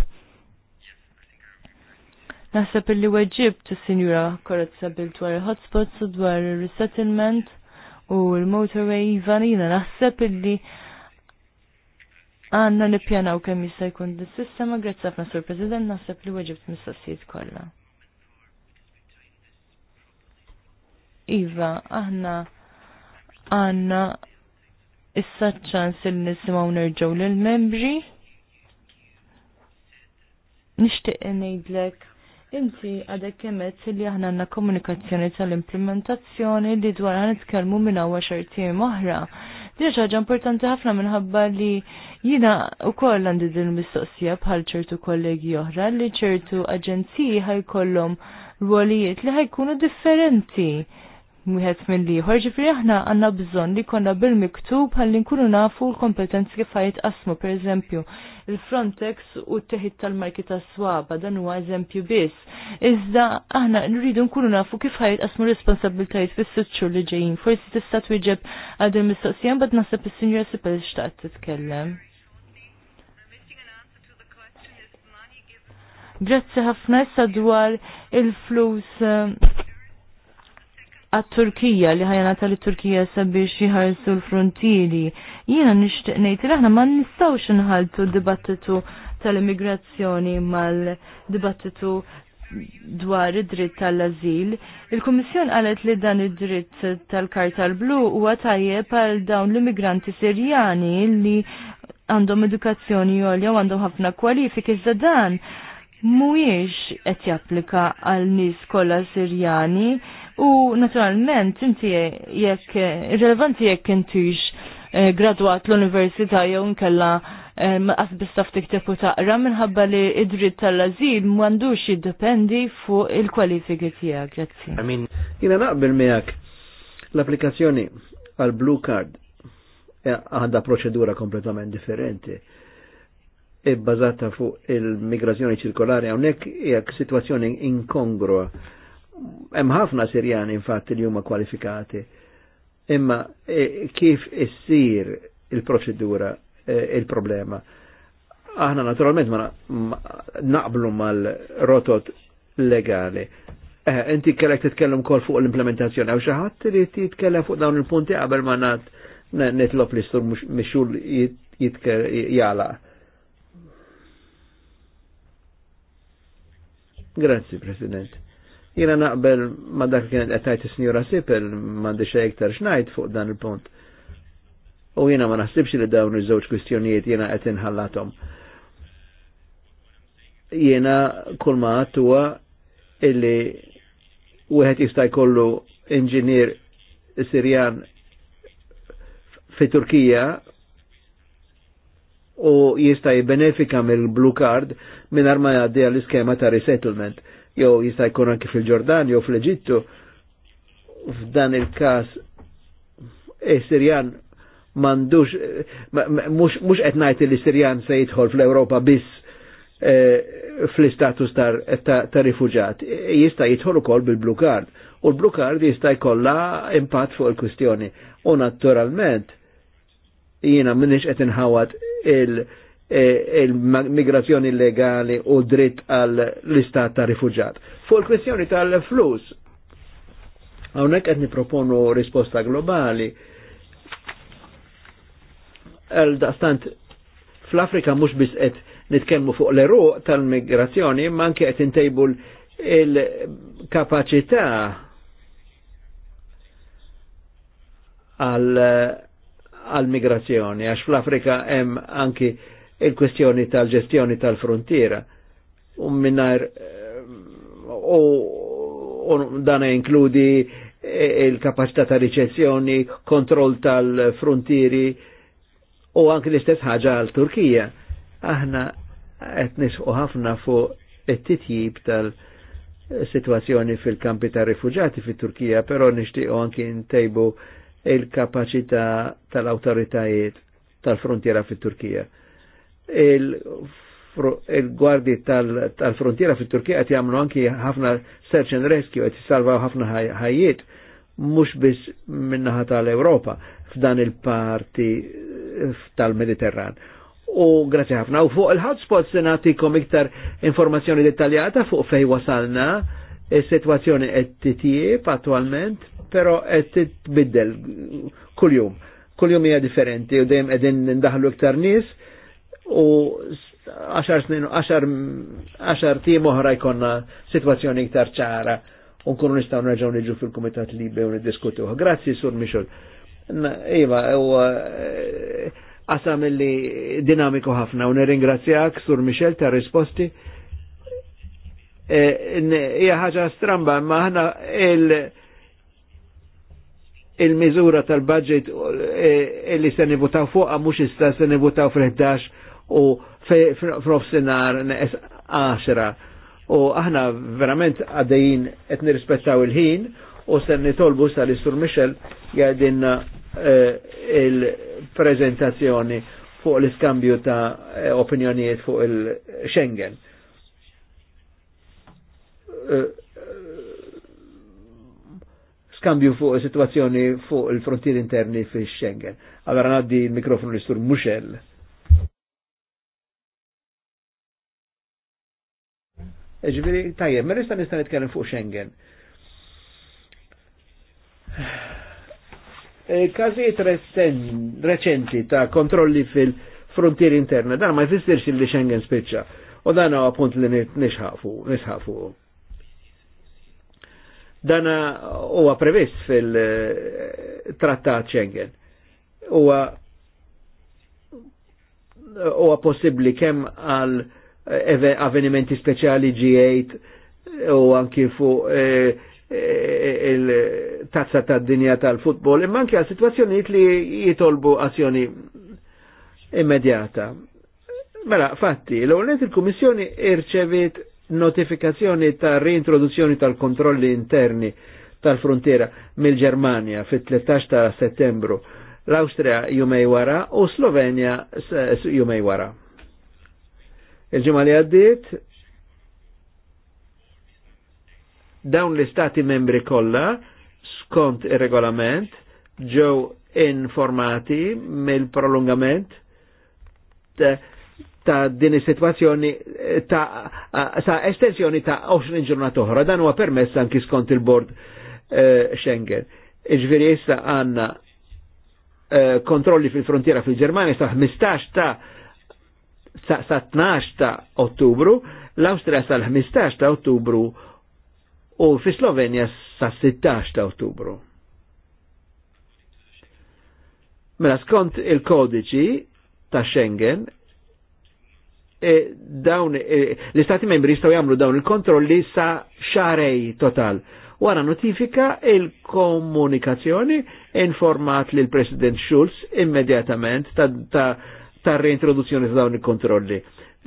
Naħseb li weġib t-sinjura korrezza bil-dwar il-hotspots u dwar il-resettlement u l-motorway vanina. Naħseb illi għanna nippjanaw kemm jista' jkun dis-sistema grazzi ħafna Sur President naħseb li weġibt mistoqsijiet kollha. Iva, aħna għanna issa ċans il nisimaw nerġaw lill-membri. Nixtieq ngħidlek inti għadek kemmet li aħna għandna komunikazzjoni tal-implementazzjoni li dwar għan itkellmu minn hawn xartiem oħra. Di ħaġa importanti ħafna minħabba li jina u koll għandi din mistoqsija bħal ċertu kollegi oħra li ċertu aġenziji ħajkollhom rwolijiet li ħajkunu differenti wieħed mill-ieħor, ġifri aħna għandna bżonn li konna bil-miktub ħalli nkunu nafu l-kompetenzi kif asmu, per pereżempju, il-Frontex u t-teħid tal-marki ta' swaba, dan huwa eżempju biss. Iżda aħna nridu nkunu nafu kif ħajt qasmu responsabiltajiet fis-sitxur li ġejjin. Forsi tista' twieġeb għad il-mistoqsijan bad naħseb is-Sinjura Sipel xtaqt tkellem. Grazzi ħafna issa dwar il-flus eh, għat-Turkija li ħajna tal turkija sabiex jħarsu l-frontieri. Jiena nixtieq ngħid li aħna ma nistgħux nħaltu dibattitu tal-immigrazzjoni mal-dibattitu dwar id-dritt tal-azil. Il-Kummissjon qalet li dan id-dritt tal-Karta l-Blu huwa tajjeb għal dawn l-immigranti Sirjani li għandhom edukazzjoni għolja u għandhom ħafna kwalifiki iżda dan mhuwiex qed japplika għal nies kollha Sirjani U naturalment, inti jekk, irrelevanti jekk intix eh, gradwat l-Università jew nkella eh, qasbis bistaf tikteb u taqra minħabba li id-dritt tal-azil m'għandux jiddependi fuq il-kwalifiki tiegħek. Grazzi. Amin. Jiena naqbel miegħek l-applikazzjoni għal Blue Card eh, għandha proċedura kompletament differenti e fuq il-migrazzjoni ċirkolari hawnhekk hija situazzjoni inkongrua hemm ħafna Sirjani infatti li huma kwalifikati. Imma e, kif issir il-proċedura e, il-problema. Aħna naturalment ma, naqblu mal-rotot legali. Eh, inti kellek titkellem kol fuq l-implementazzjoni, għaw xaħat li titkellem fuq dawn il-punti qabel ma nat netlop li stur mixul jala. Grazie, President jina naqbel ma dak kienet għetajt s sinjura Sipel mandi xej iktar xnajt fuq dan il-punt. U jina ma naħsibx li dawn iż-żewġ kwistjonijiet jena qed inħallatom. Jena kull ma għattuwa illi wieħed jista' jkollu inġinier Sirjan fi Turkija u jista' jibbenefika mill-blue card minn ma jgħaddi l iskema ta' resettlement jew jista' jkun anki fil-Ġordan jew fl-Eġittu f'dan il-każ is-Sirjan eh, m'għandux mhux qed ngħid li Sirjan se jidħol fl-Ewropa biss eh, fl-istatus ta' rifuġat. Eh, jista' jidħol ukoll bil-Blue Card u l-Blue Card jista' jkollha impatt fuq il-kwistjoni. U naturalment jiena minniex qed inħawad il- E, e, il-migrazzjoni illegali u dritt għal l-istat ta' rifugġat. Fu l kwestjoni tal-flus, għawnek għed niproponu risposta globali, għal dastant fl-Afrika mux bis qed nitkellmu fuq l-eru tal-migrazzjoni, ma anke qed intejbu il-kapacità għal migrazzjoni għax fl-Afrika hemm anki il-kwestjoni tal-ġestjoni tal-frontiera. U minnar u dan inkludi eh, il-kapacità ta' ricezzjoni, kontroll tal-frontieri u anki l-istess ħaġa għal Turkija. Aħna qed nisqu ħafna fuq it-titjib tal-sitwazzjoni fil-kampi ta' rifuġati fit-Turkija, però nixtiequ anki ntejbu il-kapacità tal-awtoritajiet tal-frontiera fit-Turkija il-gwardi tal-frontiera fil turkija qed jagħmlu anki ħafna search and rescue qed jissalvaw ħafna ħajjiet mhux biss minnaħa tal europa f'dan il-parti eh, tal-Mediterran. U grazie ħafna. U fuq il-hotspots hotspot natikom iktar informazzjoni dettaljata fuq fej wasalna il-situazzjoni e qed titjieb attualment, però qed titbiddel kuljum. Kuljum hija differenti u dejjem qegħdin ndaħlu iktar nies u 10 snin, 10 tim oħra jkonna situazzjoni iktar ċara u nkunu nistaw nerġaw niġu fil komitat Libe u niddiskutuh. Grazzi, Sur Michel. Iva, u għasam eh, illi dinamiku ħafna u nirringrazzjak Sur Michel ta' risposti. Eh, Ija ħaġa stramba, ma aħna il- il-mizura tal-budget eh, illi se nivutaw fuqa mhux issa se nivutaw fil-11 u f'nofsinhar neqes 10. U aħna verament għaddejjin qed nirrispettaw il-ħin u sen nitolbu sal istur Michel jgħidin eh, il-prezentazzjoni fuq l-iskambju ta' eh, opinjonijiet fuq il-Schengen. Eh, skambju fuq situazzjoni fuq il-frontier interni fi Schengen. Allora għaddi il mikrofonu l-istur Michel. Ġviri, tajjeb, ma nista nista nitkellem fuq Schengen. Eh, Kazijiet reċenti ta' kontrolli fil-frontier interna, dan ma jfissirx li Schengen spiċċa. U dan huwa punt li nisħafu, nisħafu. Dan huwa previst fil-trattat Schengen. Huwa huwa possibbli kemm għal uh, avvenimenti speċjali G8 u anki fuq e, e, il-tazza ta' dinja tal-futbol, imma anki għal situazzjoniet li jitolbu azzjoni immedjata. Mela, fatti, l-għonet il-Kummissjoni irċevit notifikazzjoni ta' reintroduzzjoni tal-kontrolli interni tal-frontiera mill-Germania fit-13 ta' settembru, l-Austria jumej wara u Slovenia jumej wara. Il-ġimgħa li għaddiet dawn l-istati membri kolla, skont il regolament ġew informati mill-prolungament ta' din is-sitwazzjoni ta', ta estensjoni ta' 20 ġurnata oħra. Dan huwa permess anki skont il-bord eh, Schengen. Iġviri issa għanna eh, kontrolli fil-frontiera fil-Ġermania sa' 15 ta' sa, 12 ta' ottubru, l-Austria sa 15 ta' ottubru u fi Slovenja sa 16 ta' ottubru. Mela skont il-kodiċi ta' Schengen, e, dawn, e, l-Istati membri jistaw jamlu dawn il-kontrolli sa xarej total wara notifika il-komunikazzjoni informat l President Schulz immediatament ta', ta ta' reintroduzzjoni ta' dawn il-kontrolli.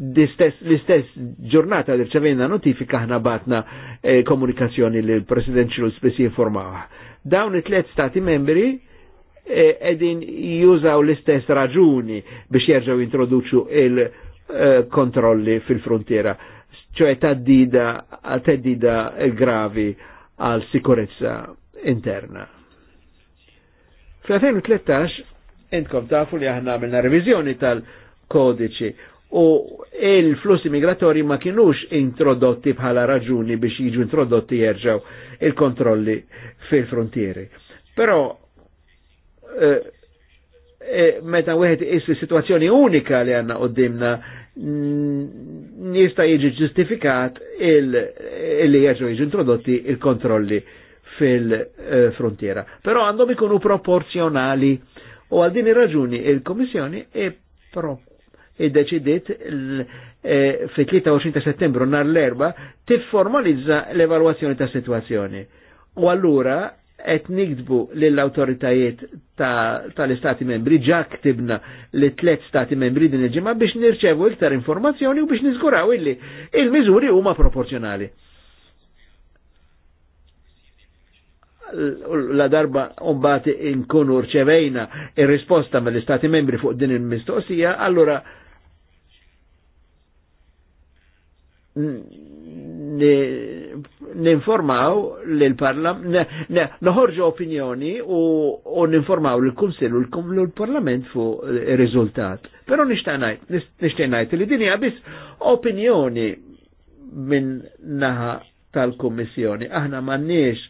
L-istess ġurnata li rċevejna notifika ħna batna eh, komunikazzjoni li l-President Schulz spessi informawa. Dawn it-tlet stati membri eh, edin jużaw l-istess raġuni biex jerġaw introduċu il-kontrolli eh, fil-frontiera, ċoħe taddida, taddida gravi għal sikurezza interna. Fl-2013 entkom tafu li aħna għamilna revizjoni tal-kodiċi u il-flussi migratori ma kienux introdotti bħala raġuni biex jiġu introdotti jerġaw il-kontrolli fil-frontieri. Però eh, eh, meta wieħed issi situazzjoni unika li għanna dimna, nista jiġi ġustifikat il-li jieġu jieġu introdotti il-kontrolli fil-frontiera. Eh, Però għandhom ikunu proporzjonali U għal din ir-raġuni il-Komissjoni e pro id-deċidiet fi 23 ta' settembru nar l-erba tifformalizza l-evalwazzjoni ta' situazzjoni. U allura qed nikdbu lill-awtoritajiet tal-Istati ta membri ġa ktibna li tliet stati membri din il-ġimgħa biex nirċevu iktar informazzjoni u biex niżguraw illi il-miżuri huma proporzjonali. la darba umbati inkunu rċevejna il-risposta mill-Istati membri fuq din il-mistoqsija, allora ninformaw l-parlament, noħorġu opinjoni u ninformaw l kunsel u l-Parlament fuq il-rizultat. Pero nishtajnajt, nishtajnajt li dinja bis opinjoni minn naħa tal-Kommissjoni. Aħna mannix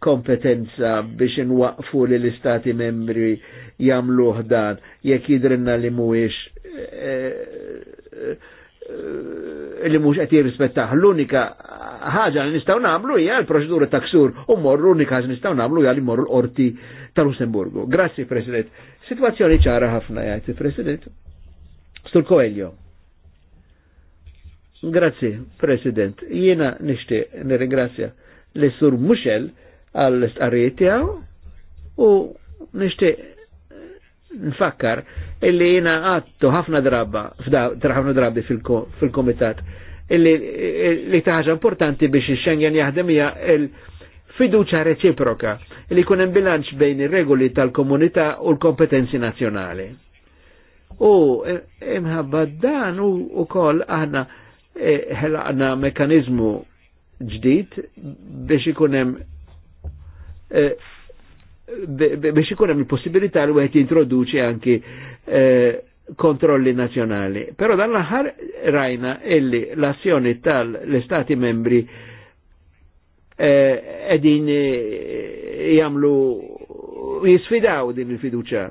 kompetenza biex nwaqfu li l-istati membri jamlu dan jekk jidrinna li mhuwiex eh, eh, eh, li mhux qed jirrispettaħ. L-unika ħaġa li nistgħu nagħmlu hija l-proċedura ta' ksur u morru l-unika ħagġa nistgħu nagħmlu hija li morru l orti ta' lussemburgu Grazzi President. Situazzjoni ċara ħafna jgħid President. Stur Coelho. Grazzi President. Jiena nixtieq nirringrazzja l-Sur Muxel għall-istqarrijiet tiegħu u nixtieq nfakkar illi jina għattu ħafna drabba ħafna drabi fil-komitat illi li taħġa importanti biex il-Schengen jaħdem hija il-fiduċa reċiproka Illi kun hemm bilanċ bejn ir-regoli tal-komunità u l-kompetenzi nazjonali. U e, imħabba dan u kol aħna e, ħelaqna mekanizmu ġdid biex ikun hemm Eh, biex ikun hemm il-possibilità li wieħed jintroduċi anki eh, kontrolli nazzjonali. Però dan l-aħħar rajna illi l-azzjoni tal-Istati membri eh, edin jamlu jisfidaw din il-fiduċa.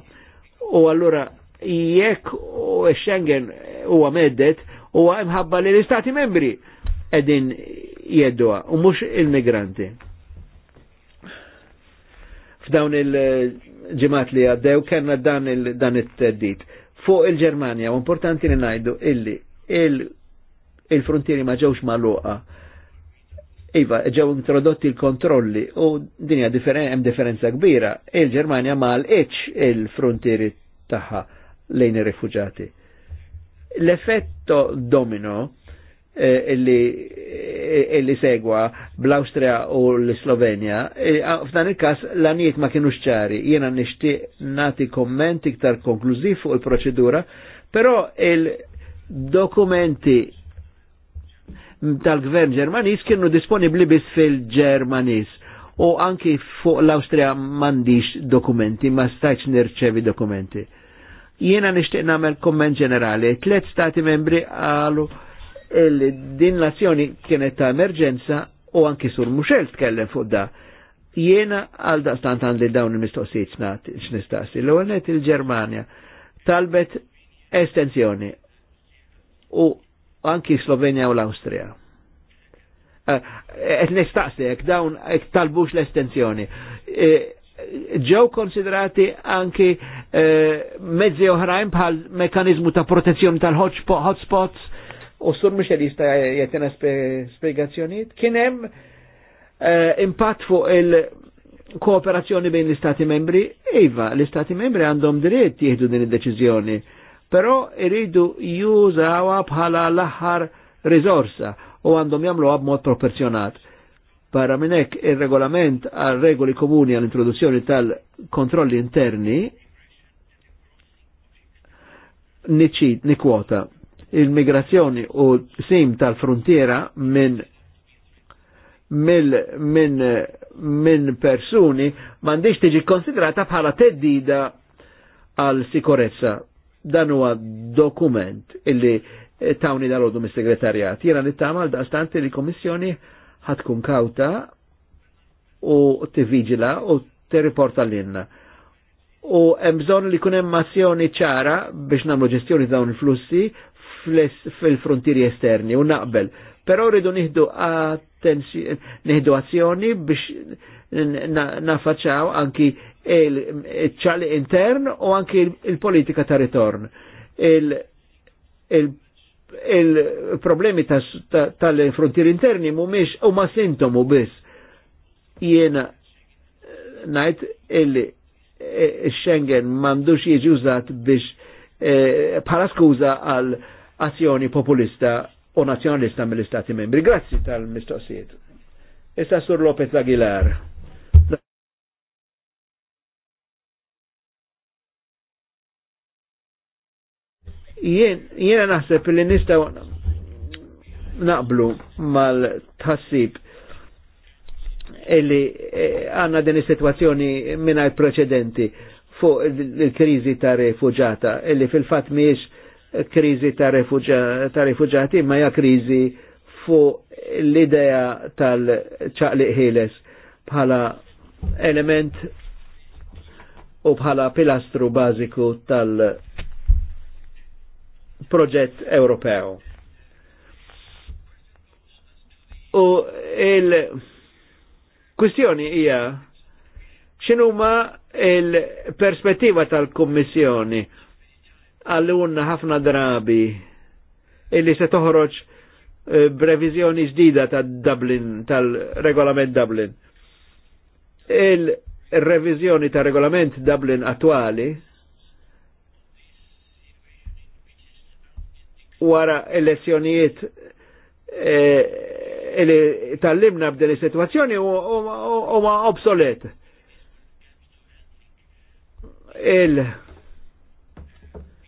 U allura jekk u Schengen huwa meddet u imħabba li l-Istati membri edin jeddua u mux il-migranti f'dawn il-ġemat li għaddew kena dan il-teddit. Fuq il germania u importanti li najdu illi il-frontieri ma ġewx maluqa. Iva, ġew introdotti l-kontrolli u dinja hemm differenza kbira. il germania mal eċ il-frontieri tagħha lejn ir-rifuġati. L-effetto domino Eh, eh, illi segwa bl-Austria u l slovenia e, F'dan il-kas l-anijiet ma kienu ċari, jena nishtiq nati komment iktar konklużiv fuq il-proċedura, però il-dokumenti tal-gvern ġermanis kienu disponibli bis fil-ġermanis u anki fuq l-Austria mandiċ dokumenti, ma staċ nirċevi dokumenti. Jiena nishtiq namel komment ġenerali, tlet stati membri għalu din l-azzjoni kienet ta' emerġenza u anki sur Muxel tkellem fuq da. Jiena għal stant għandi dawn il-mistoqsijiet x'nistaqsi. L-ewwel il-Ġermanja talbet estensjoni u anki Slovenja u l-Awstrija. Et eh, nistaqsi jekk dawn jekk talbux l-estensjoni. Eh, ġew konsiderati anki eh, mezzi oħrajn bħal mekanizmu ta' protezzjoni tal-hotspots u sur mux Michel jista jatina spiegazzjoniet, kienem uh, eh, impatt fuq il-kooperazzjoni bejn l-Istati membri, iva, l-Istati membri għandhom dritt jihdu din id-deċizjoni, però iridu jużawa bħala l-aħħar risorsa u għandhom jagħmluha b'mod proporzjonat. Barra minn hekk ir-regolament għal regoli komuni għall introduzzjoni tal-kontrolli interni niċċid nikwota il-migrazzjoni u sim tal-frontiera minn min, min persuni mandiġ tiġi konsidrata bħala teddida għal sikurezza. Dan huwa dokument illi tawni dal-għodu mis-segretarjat. Jena nittamal daqstant li komissjoni ħatkun kauta u tivigila u t-riporta l-inna. U emżon li kunem mazzjoni ċara biex namlu ġestjoni dawn il-flussi fil-frontieri esterni u naqbel. Però rridu nieħdu nieħdu azzjoni biex nafaċaw anki il-ċali intern u anki il-politika ta' ritorn. Il-problemi tal-frontieri interni mumiex u ma sintomu biss. Jiena eh, najt illi eh, Schengen mandux jiġi użat biex eh, bħala skuża għal azzjoni populista u nazjonalista mill-Istati membri. Grazzi tal-mistoqsijiet. Issa Sur Lopez Aguilar. Jiena naħseb li nistaw naqblu mal-tħassib illi eh, għanna din is-sitwazzjoni mingħajr preċedenti fuq il-kriżi ta' refuġata illi fil-fatt miex kriżi ta' rifuġati ma ja kriżi fuq l-idea tal-ċaqliq ħieles bħala element u bħala pilastru bażiku tal-proġett Ewropew. U il-kwistjoni hija x'inhuma il-perspettiva tal-Kummissjoni għallunna ħafna drabi illi se toħroġ eh, brevizjoni ġdida ta' Dublin, tal-regolament Dublin. Il-revizjoni ta' regolament Dublin attuali wara elezzjonijiet e, tal-limna b'din is-sitwazzjoni huma obsolet. Il-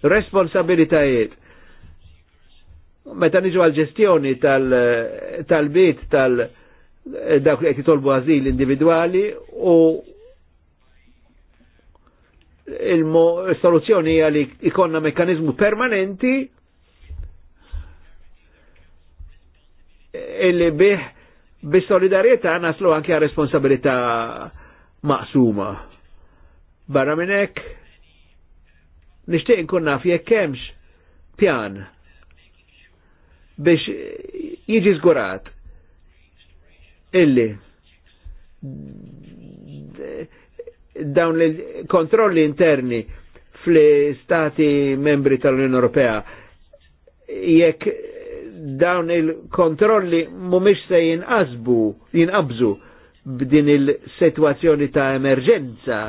responsabilitajiet. Meta niġu għal-ġestjoni tal-bit tal, dak li qed jitolbu għażil individwali u il-soluzzjoni hija li ikonna mekkanizmu permanenti illi biħ bi solidarieta naslu anke għal responsabilità maqsuma. Barra minnek, Nixtieq nkun naf jekk hemmx pjan biex jiġi żgurat illi dawn li kontrolli interni fl-stati membri tal-Unjoni Ewropea jekk dawn il-kontrolli mhumiex se jinqasbu, jinqabżu b'din il-sitwazzjoni ta' emerġenza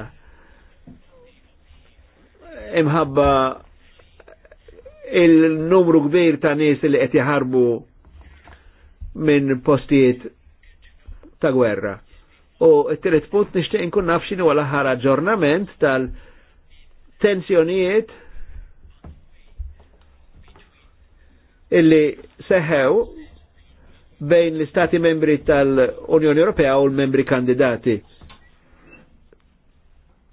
imħabba il-numru kbir ta' nies li qed jaħarbu minn postijiet ta' gwerra. U t-tret punt nixtieq inkun naf xini l ħar aġġornament tal-tensjonijiet illi seħew bejn l-Istati membri tal-Unjoni Ewropea u l-membri kandidati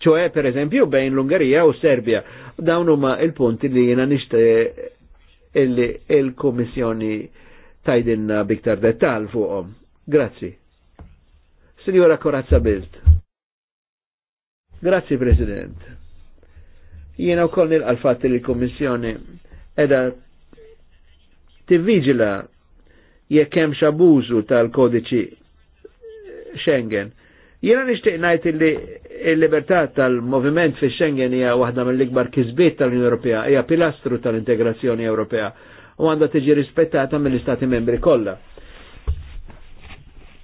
ċoħe per eżempju bejn l-Ungarija u Serbia. Dawn huma il-punti li jena nishte il-Komissjoni tajdinna biktar dettal fuqom. Grazzi. Signora Corazza Bilt. Grazzi President. Jiena u koll nil-għalfat li l-Komissjoni edha t jekk hemm xabużu tal-kodiċi Schengen Jena nishtiq najt li il-libertà tal-moviment fi Schengen hija waħda mill-ikbar kisbiet tal-Unjoni Ewropea, hija pilastru tal-integrazzjoni Ewropea u għandha tiġi rispettata mill-Istati membri kollha.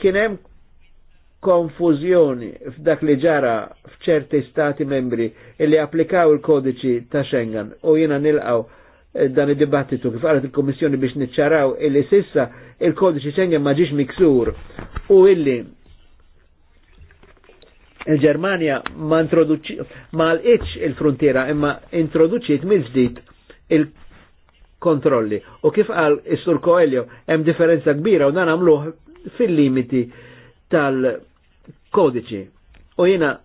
Kien hemm konfużjoni f'dak li ġara f'ċerti stati membri li applikaw il-kodiċi ta' Schengen u jiena nilqgħu eh, dan id-dibattitu kif qalet il-Kommissjoni biex niċċaraw illi sissa il-kodiċi Schengen ma ġiex miksur u illi Il-Germania ma l-iċ il-frontiera imma introduċiet mill-ġdid il-kontrolli. U kif għal is-Sur hemm differenza kbira u dan għamluh fil-limiti tal-kodiċi. U jiena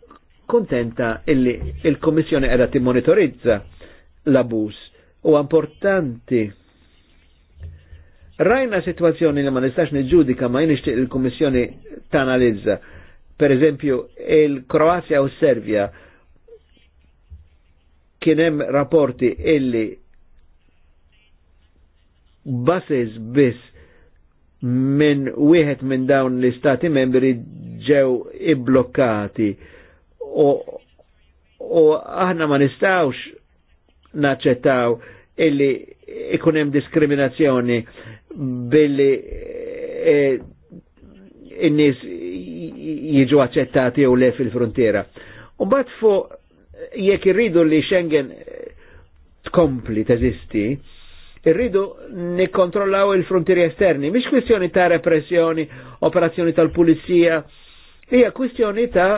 kontenta illi il komissjoni qiegħda timmonitorizza l abus u importanti Rajna situazzjoni li ma nistax niġġudika ma jinixtieq il-Kummissjoni tanalizza Per eżempju, il-Kroazja u Serbia kienem rapporti illi bases biss minn wieħed minn dawn l-istati membri ġew ibblokkati u, u aħna ma nistawx naċċettaw illi ikun hemm diskriminazzjoni billi e, n-nis jiġu accettati u le fil-frontiera. U bat fuq jekk irridu li Schengen eh, tkompli teżisti, irridu nikkontrollaw il-frontieri esterni. Mhix kwistjoni ta' repressjoni, operazzjoni tal-pulizija, hija kwistjoni ta'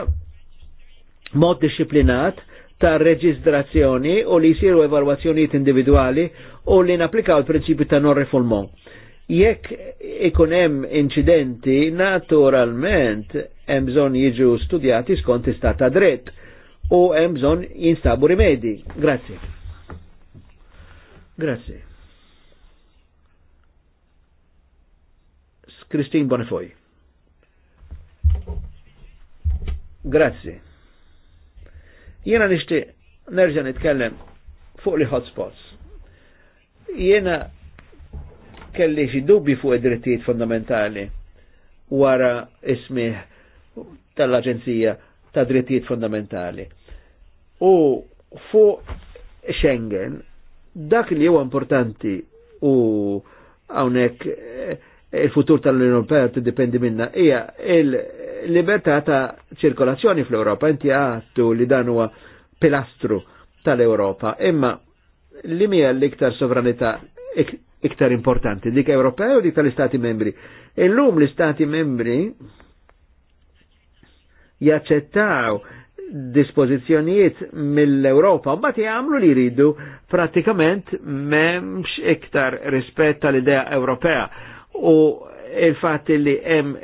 mod disciplinat ta' reġistrazzjoni u li jisiru evalwazzjonijiet individuali u li naplikaw il-prinċipju ta' non-refoulement Jekk ikun hemm incidenti, naturalment hemm bżonn jiġu studjati skont istat ta' dritt u hemm bżonn jinstabu rimedi. Grazzi. Grazzi. Kristin Bonifoy. Grazzi. Jena nishti nerġa nitkellem fuq li hotspots. Jena kelli xi dubbi fuq id-drittijiet fondamentali wara ismih tal-Aġenzija ta' drittijiet fondamentali. U fuq Schengen, dak li huwa importanti u hawnhekk eh, il-futur tal-Unjoni Ewropea tiddependi minna hija il-libertà ta' ċirkolazzjoni fl-Ewropa. Inti għattu li dan huwa pilastru tal-Ewropa, imma li mija l-iktar sovranità iktar importanti, dik Ewropea u dik tal-Istati membri. Illum l-Istati membri jaċċettaw dispozizjonijiet mill-Europa, ma jagħmlu li jridu pratikament memx iktar rispett tal-idea Ewropea u il-fatt li hemm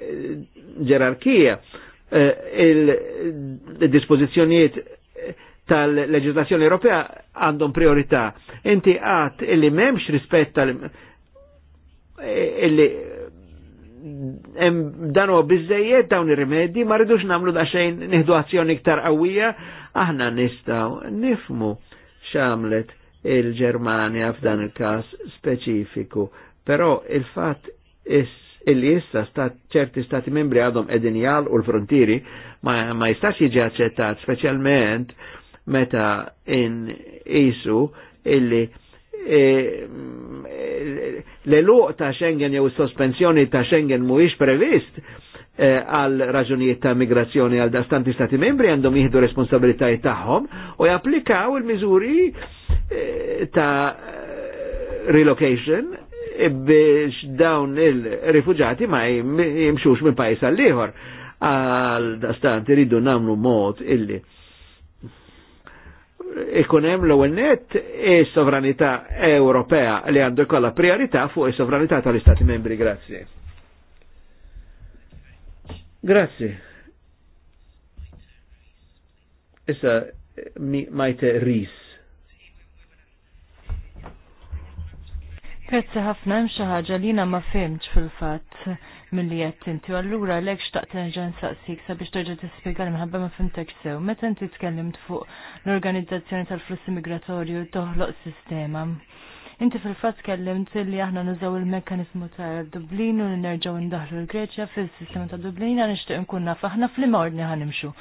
ġerarkija eh, il dispozizjonijiet tal-leġislazzjoni Ewropea għandhom priorità. Inti għat illi memx rispett tal- eh, illi dan huwa biżejjed dawn ir-rimedji ma rridux nagħmlu daqsxejn nieħdu azzjoni iktar qawwija, aħna nistgħu nifmu x'għamlet il-Ġermanja f'dan il-każ speċifiku. Però il-fatt illi issa stat, ċerti stati membri għadhom edin jal u l-frontieri ma, ma jistax jiġi aċċettat specialment meta in isu illi e, l-eluq ta' Schengen jew sospensjoni ta' Schengen mhuwiex previst e, għal raġunijiet ta' migrazzjoni għal dastanti stati membri għandhom jihdu responsabilitajiet tagħhom u japplikaw il-miżuri e, ta' relocation biex dawn il-rifugjati ma jimxux minn pajis għall ieħor għal dastanti ridu namlu mod illi ikunem l net e sovranità europea li għandu kolla priorità fuq e sovranità tal-Istati membri. Grazie. Grazie. Issa mi majte ris. Grazie ħafna mxaħġa xi li ma fimċ fil fat Milli li inti, inti allura lek xtaqt nerġa' nsaqsik sabiex terġa' tispjega minħabba ma fimtek sew. Meta inti tkellimt fuq l-organizzazzjoni tal-flussi migratorju toħloq sistema. Inti fil-fatt kellimt li aħna nużaw il-mekkanizmu ta' Dublin u nerġaw ndaħlu l-Greċja fil-sistema ta' Dublin għan ixtiq nkunna faħna fil ima ordni għan imxu.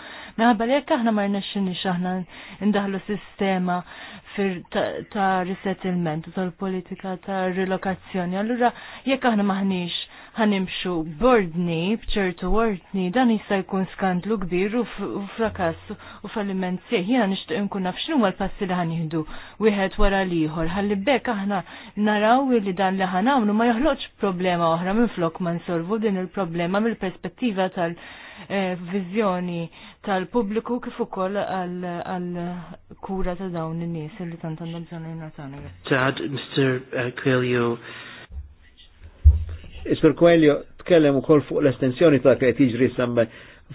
Meħabba li jekk aħna marna xinni xaħna ndaħlu sistema ta' resettlement u tal-politika ta' relokazzjoni. Allura jekk aħna maħnix ħanimxu bordni bċertu ordni dan jista' jkun skandlu kbir u frakas u falliment seħ, Jiena nixtieq nkun naf għal passi li ħanieħdu wieħed wara l-ieħor. Ħalli bekk aħna naraw li dan li ħanamlu ma joħloġ problema oħra minflok ma nsolvu din il-problema mill-perspettiva tal- vizjoni tal-pubbliku kif ukoll għal-kura ta' dawn in-nies li tant għandhom bżonn jingħatawna. Mr. Quilio, eh, Isper Coelho tkellem u ukoll fuq l-estensjoni ta' qed iġri samba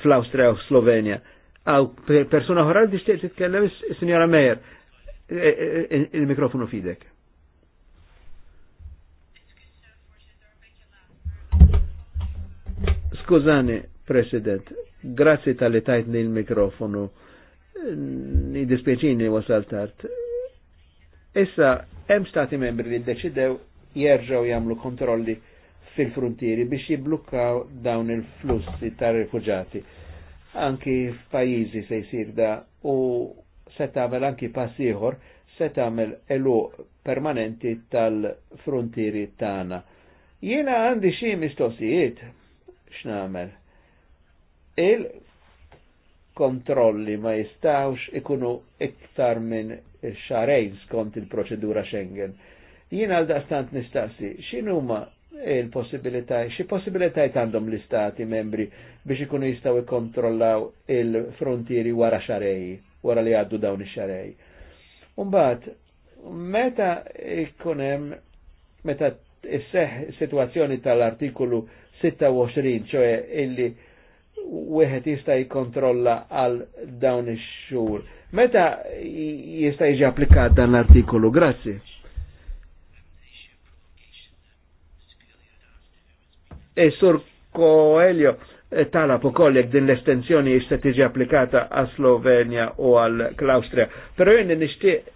fl austria u Slovenia. Aw persona persuna oħra tixtieq titkellem is-Sinjora Mejer. E- e- e- il-mikrofonu fidek. Skużani, President, grazzi tal-li tajtni il-mikrofonu. Nidispieċini wasaltart. Issa, hemm stati membri li ddeċidew jerġgħu jagħmlu kontrolli fil-frontieri biex jiblukkaw dawn il-flussi ta' rifugjati. Anki f'pajjiżi se jsir da u se tagħmel anki pass ieħor se tagħmel elu permanenti tal-frontieri tagħna. Jiena għandi xi mistoqsijiet x'nagħmel. Il kontrolli ma jistawx ikunu iktar minn xarejn skont il-proċedura Schengen. Jiena għal daqstant nistaqsi, x'inhuma il possibilitaj xi possibilitaj għandhom l-istati membri biex ikunu jistaw ikontrollaw il-frontieri wara xarej, wara li għaddu dawn ix-xarej. Umbat, meta ikunem, meta isseħ situazzjoni tal-artikolu 26, ċoħe illi wieħed jista' jikkontrolla għal dawn ix-xhur. Meta jista' jiġi applikat dan l-artikolu? Grazzi. E Sur Coelho eh, talab ukoll jekk din l-estensjoni jista' tiġi applikata għal Slovenja u għal Klaustria. Però jien nixtieq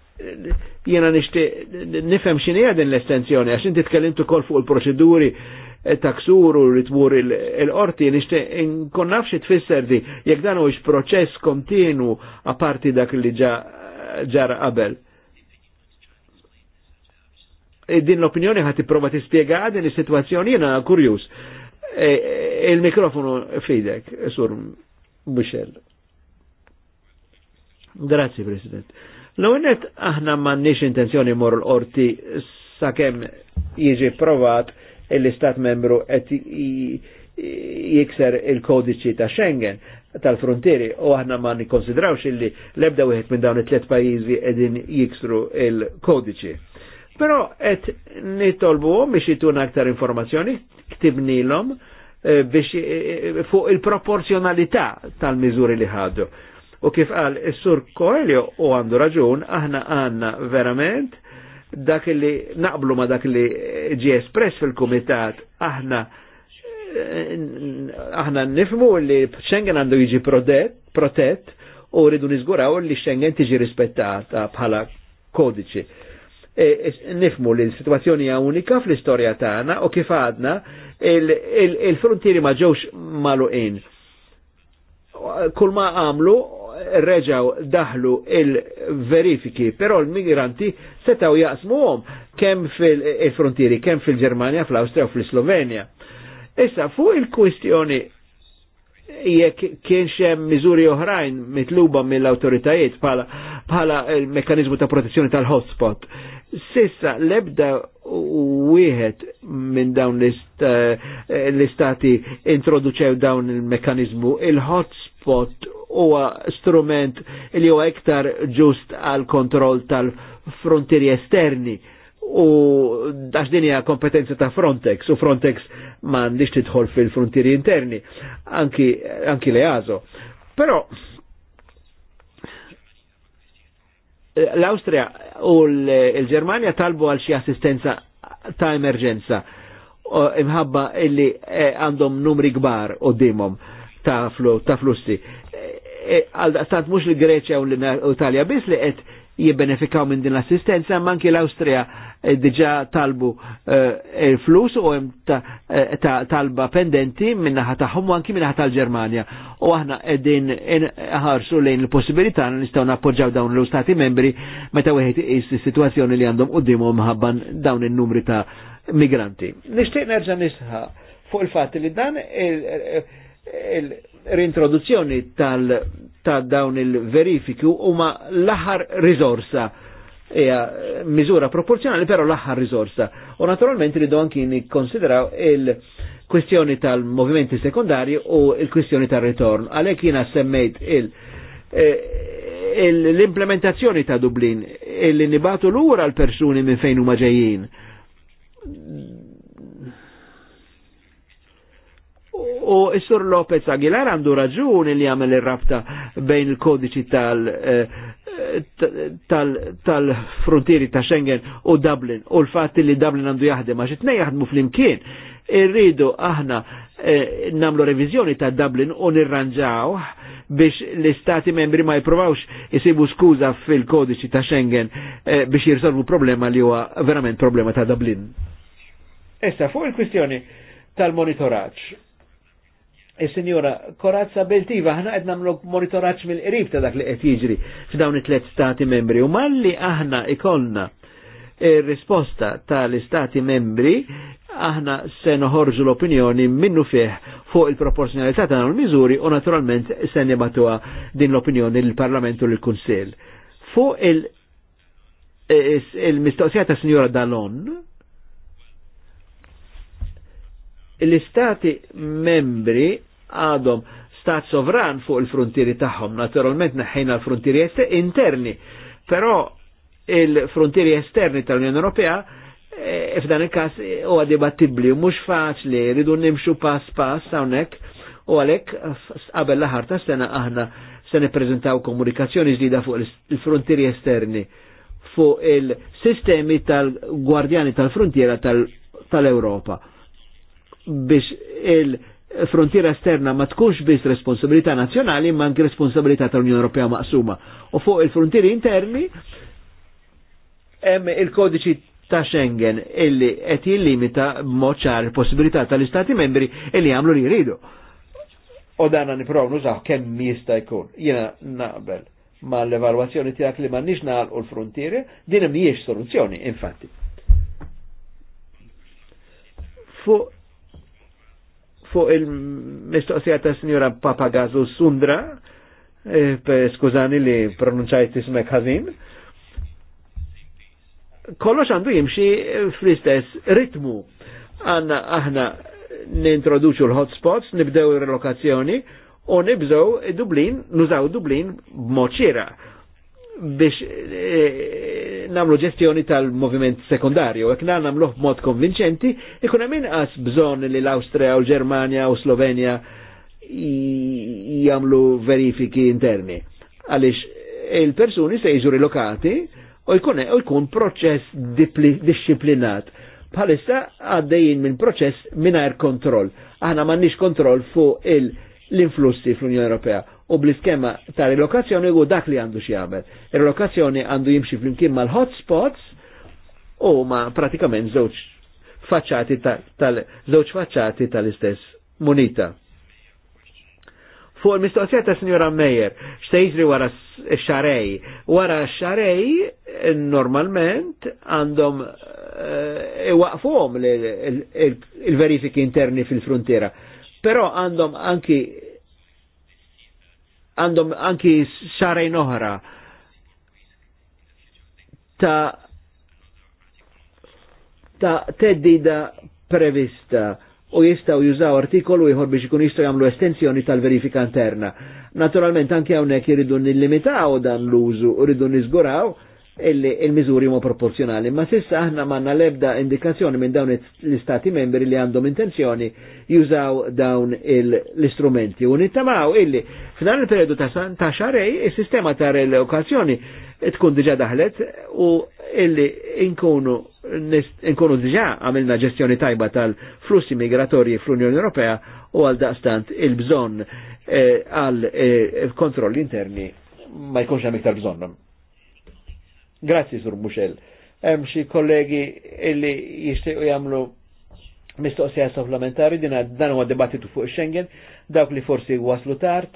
jiena nixtieq nifhem x'inhi din l-estensjoni għax inti tkellimt ukoll fuq il-proċeduri eh, taksuru li tmur il-qorti nixtieq nkun nafx xi tfisser di jekk dan huwiex proċess kontinu aparti dak li ġara qabel. E din l-opinjoni ħati prova tispiega din is-sitwazzjoni jiena kurjus. E, e, il-mikrofonu fidek, sur Bushel. Grazzi, President. L-għonet aħna nix intenzjoni mor l-orti sakemm jiġi provat l-istat membru et jikser il-kodiċi ta' Schengen tal-frontieri u aħna ma nikonsidrawx illi lebda wieħed minn dawn it-tliet pajjiżi qegħdin jiksru il-kodiċi. il kodici il kodiċi Però et nitolbu biex jituna aktar informazzjoni, ktibnilom eh, biex eh, eh, fuq il-proporzjonalità tal-miżuri li ħadu. U kif qal il sur Koelio u għandu raġun, aħna għanna verament dak li naqblu ma dak li ġi espress fil-kumitat, aħna aħna nifmu li Schengen għandu jiġi protett u rridu nizguraw li Schengen tiġi rispettata bħala kodiċi E, e, nifmu li l-situazzjoni hija unika fl-istorja tagħna u kif għadna il-frontieri ma ġewx maluqin. Kull ma għamlu reġaw daħlu il-verifiki, però l-migranti setaw jaqsmuhom kemm fil-frontieri, kemm fil-Ġermanja, fl austria u fl slovenia Issa fuq il-kwistjoni jekk kien xem miżuri oħrajn mitluba mill-autoritajiet bħala il mekanizmu ta' protezzjoni tal-hotspot. Sissa lebda wieħed minn dawn eh, l-istati introduċew dawn il-mekanizmu il-hotspot huwa strument li huwa iktar ġust għal kontroll tal-frontieri esterni u għax din hija kompetenza ta' Frontex u Frontex m'għandix tidħol fil-frontieri interni anki, anki le jazo. Però l-Austria u l-Germania talbu għal xi assistenza ta' emerġenza imħabba illi eh, għandhom numri kbar u dimom ta' flussi. Eh, eh, Għal-stant mux l-Greċja u l-Italja bis li għed jibbenefikaw minn din l-assistenza, manki l-Austria diġa talbu il-flus u hemm talba pendenti minnaħa tagħhom u anki minnaħa tal-Ġermanja. U aħna qegħdin ħarsu lejn il-possibilità li nistgħu nappoġġaw dawn l ustati membri meta wieħed is situazzjoni li għandhom qudiemhom ħabban dawn in-numri ta' migranti. Nixtieq nerġa' nisħa fuq il fat li dan il-rintroduzzjoni tal- ta' dawn il-verifiku huma l-aħħar risorsa Eja, miżura proporzjonali però l-aħħar U naturalment ridu anki nikkonsidraw il-kwestjoni tal-movimenti sekundarji u il-kwestjoni tal-ritorn. Għalhekk jiena semmejt il- eh, l-implementazzjoni ta' Dublin l nibatu l-ura l-persuni minn fejn huma ġejjin U Sur Lopez Aguilar għandu raġuni li għamel ir-rabta bejn il-kodiċi tal-frontieri eh, ta' Schengen u Dublin u l-fatti li Dublin għandu jaħdem għax it-nej jaħdmu fl-imkien. Irridu aħna eh, namlu revizjoni ta' Dublin u nirranġaw biex l-istati membri ma jiprovawx jisibu skuza fil-kodiċi ta' Schengen eh, biex jirsolvu problema li huwa verament problema ta' Dublin. Issa fuq il-kwistjoni tal-monitoraċ E Signora Korazza Beltiva aħna qed nagħmlu monitoraġġ mill-qrib ta' dak li qed jiġri f'dawn it-tliet stati membri u malli aħna ikollna e, risposta tal-istati membri aħna se noħorġu l-opinjoni minnu fih fuq il-proporzjonalità ta' l-miżuri u naturalment se nibatuha din l-opinjoni l-Parlament u l-Kunsill. Fuq e, il-mistoqsija ta' Sinjora Dallon, l-istati membri għadhom stat sovran fuq il-frontieri tagħhom. Naturalment naħħejna l-frontieri interni, però il-frontieri esterni tal-Unjoni Ewropea e, f'dan il-każ eh, huwa debattibbli, u mhux faċli, rridu nimxu pass pass hawnhekk u għalhekk qabel l-aħħar ta' sena aħna se nippreżentaw komunikazzjoni ġdida fuq il-frontieri esterni fuq il-sistemi tal-gwardjani tal-frontiera tal-Europa tal europa biex il- frontiera esterna ma tkunx biss responsabilità nazzjonali ma anke responsabilità tal-Unjoni Ewropea maqsuma. U fuq il-frontieri interni hemm il-kodiċi ta' Schengen illi qed jillimita b'mod ċar il-possibilità tal-Istati membri illi jagħmlu li jridu. U dan nipprovu nużaw kemm jista' jkun. Jiena naqbel ma l-evalwazzjoni tiegħek li m'għandniex nagħlqu l-frontieri, din mhijiex soluzzjoni, infatti. Fuq fuq il-mistoqsija ta' signora Papagazu Sundra, e, skużani li pronunċajt ismek ħażin, kollox għandu jimxi fl-istess ritmu. Għanna aħna nintroduċu l-hotspots, nibdew il-relokazzjoni u nibżow Dublin, nużaw Dublin b'moċira biex eh, namlu ġestjoni tal-moviment sekundarju. Ek na namluħ mod konvinċenti, ikun hemm għas bżonn li l austria u l germania u Slovenia jamlu verifiki interni. Għaliex il-persuni se jiġu rilokati u jkun u jkun proċess disciplinat. Bħalissa għaddejjin minn proċess mingħajr kontroll. Aħna m'għandniex kontroll fuq l-influssi fl-Unjoni Ewropea u bl-iskema ta' relokazzjoni u dak li għandu xjabel. Relokazzjoni għandu jimxi flimkien mal hotspots u ma pratikament żewġ faċċati tal-żewġ facċati faċċati tal-istess munita. Fuq il-mistoqsija ta' Sinjora Meyer, xtejżri wara xarej. Wara xarej, normalment, għandhom eh, iwaqfuhom il-verifiki interni fil-frontiera. Però għandhom anki għandhom anki xarajn oħra ta' ta' teddida prevista u jistaw jużaw u jħor biex ikun jistaw jamlu estensjoni tal-verifika interna. Naturalment anki hawnhekk jiridu nillimitaw dan l-użu u rridu nizguraw il mizuri mu proporzjonali. Ma sissa aħna manna lebda indikazzjoni minn dawn l-istati membri li għandhom intenzjoni jużaw dawn l-istrumenti. U illi f'dan il-periodu ta' xarej il-sistema ta' relokazzjoni tkun diġa daħlet u illi inkunu inkunu diġa għamilna ġestjoni tajba tal-flussi migratorji fl-Unjoni Ewropea u għal daqstant il-bżon eh, għal eh, kontrolli interni ma jkunx hemm tal bżonnhom. Grazzi, Sur Buxel. Hemm xi kollegi illi jixtiequ jagħmlu mistoqsija supplementari din dan huwa dibattitu fuq Schengen, dawk li forsi waslu tard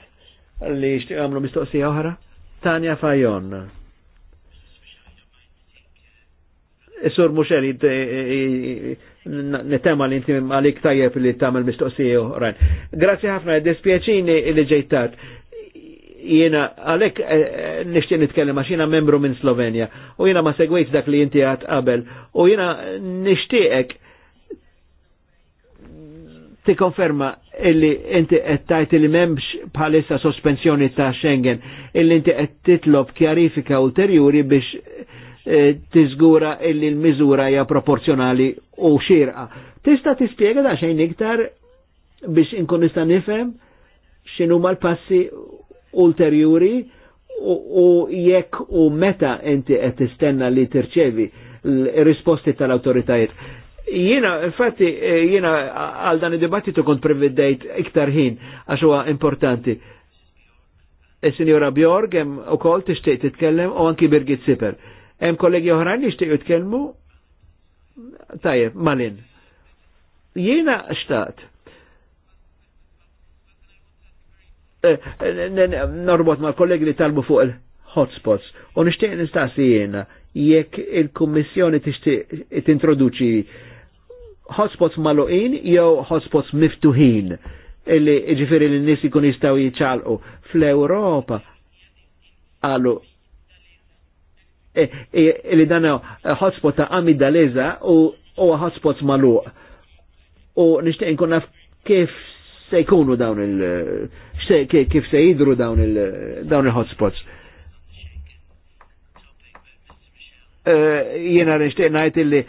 li jixtiequ jagħmlu mistoqsija oħra. Tanja Fajon. E, Sur Muxel, nitema li inti għalik tajjeb li tamel mistoqsija oħrajn. Grazzi ħafna, dispjaċini li ġejtat jiena għalek eh, eh, nishtiq nitkellem għax jiena membru minn Slovenja u jiena ma segwejt dak li inti għat qabel u jiena nishtiqek ti konferma illi inti qed li m'hemmx bħalissa sospensjoni ta' Schengen illi inti qed titlob kjarifika ulterjuri biex eh, tiżgura illi l-miżura hija proporzjonali u xirqa. Tista' tispjega da xejn iktar biex inkun nista' nifhem x'inhuma l-passi ulterjuri u jekk u meta inti qed tistenna li tirċevi l-risposti tal-autoritajiet. Jiena, infatti, eh, jiena għal dan id-dibattitu kont prevedejt iktar ħin għax huwa importanti. il e, sinjora Bjorg hemm ukoll tixtieq titkellem u anki Birgit Siper. Hemm kollegi oħrajn li jixtiequ jitkellmu? Tajjeb, malin. Jiena xtaqt Eh, norbot ma' kollegi li talbu fuq il-hotspots. U nishtiq nistaqsi jena, jekk il-Kummissjoni tixtieq tintroduċi hotspots maluqin jew hotspots miftuħin illi ġifiri li n-nis ikun jistaw jiċalqu fl-Europa għallu illi eh, eh, dan hotspot ta' amidaleza u hotspots maluq. U nishtiq nkun naf kif se jkunu dawn il- kif se jidru dawn il-hotspots. dawn il eh, Jiena nishtiq ngħid illi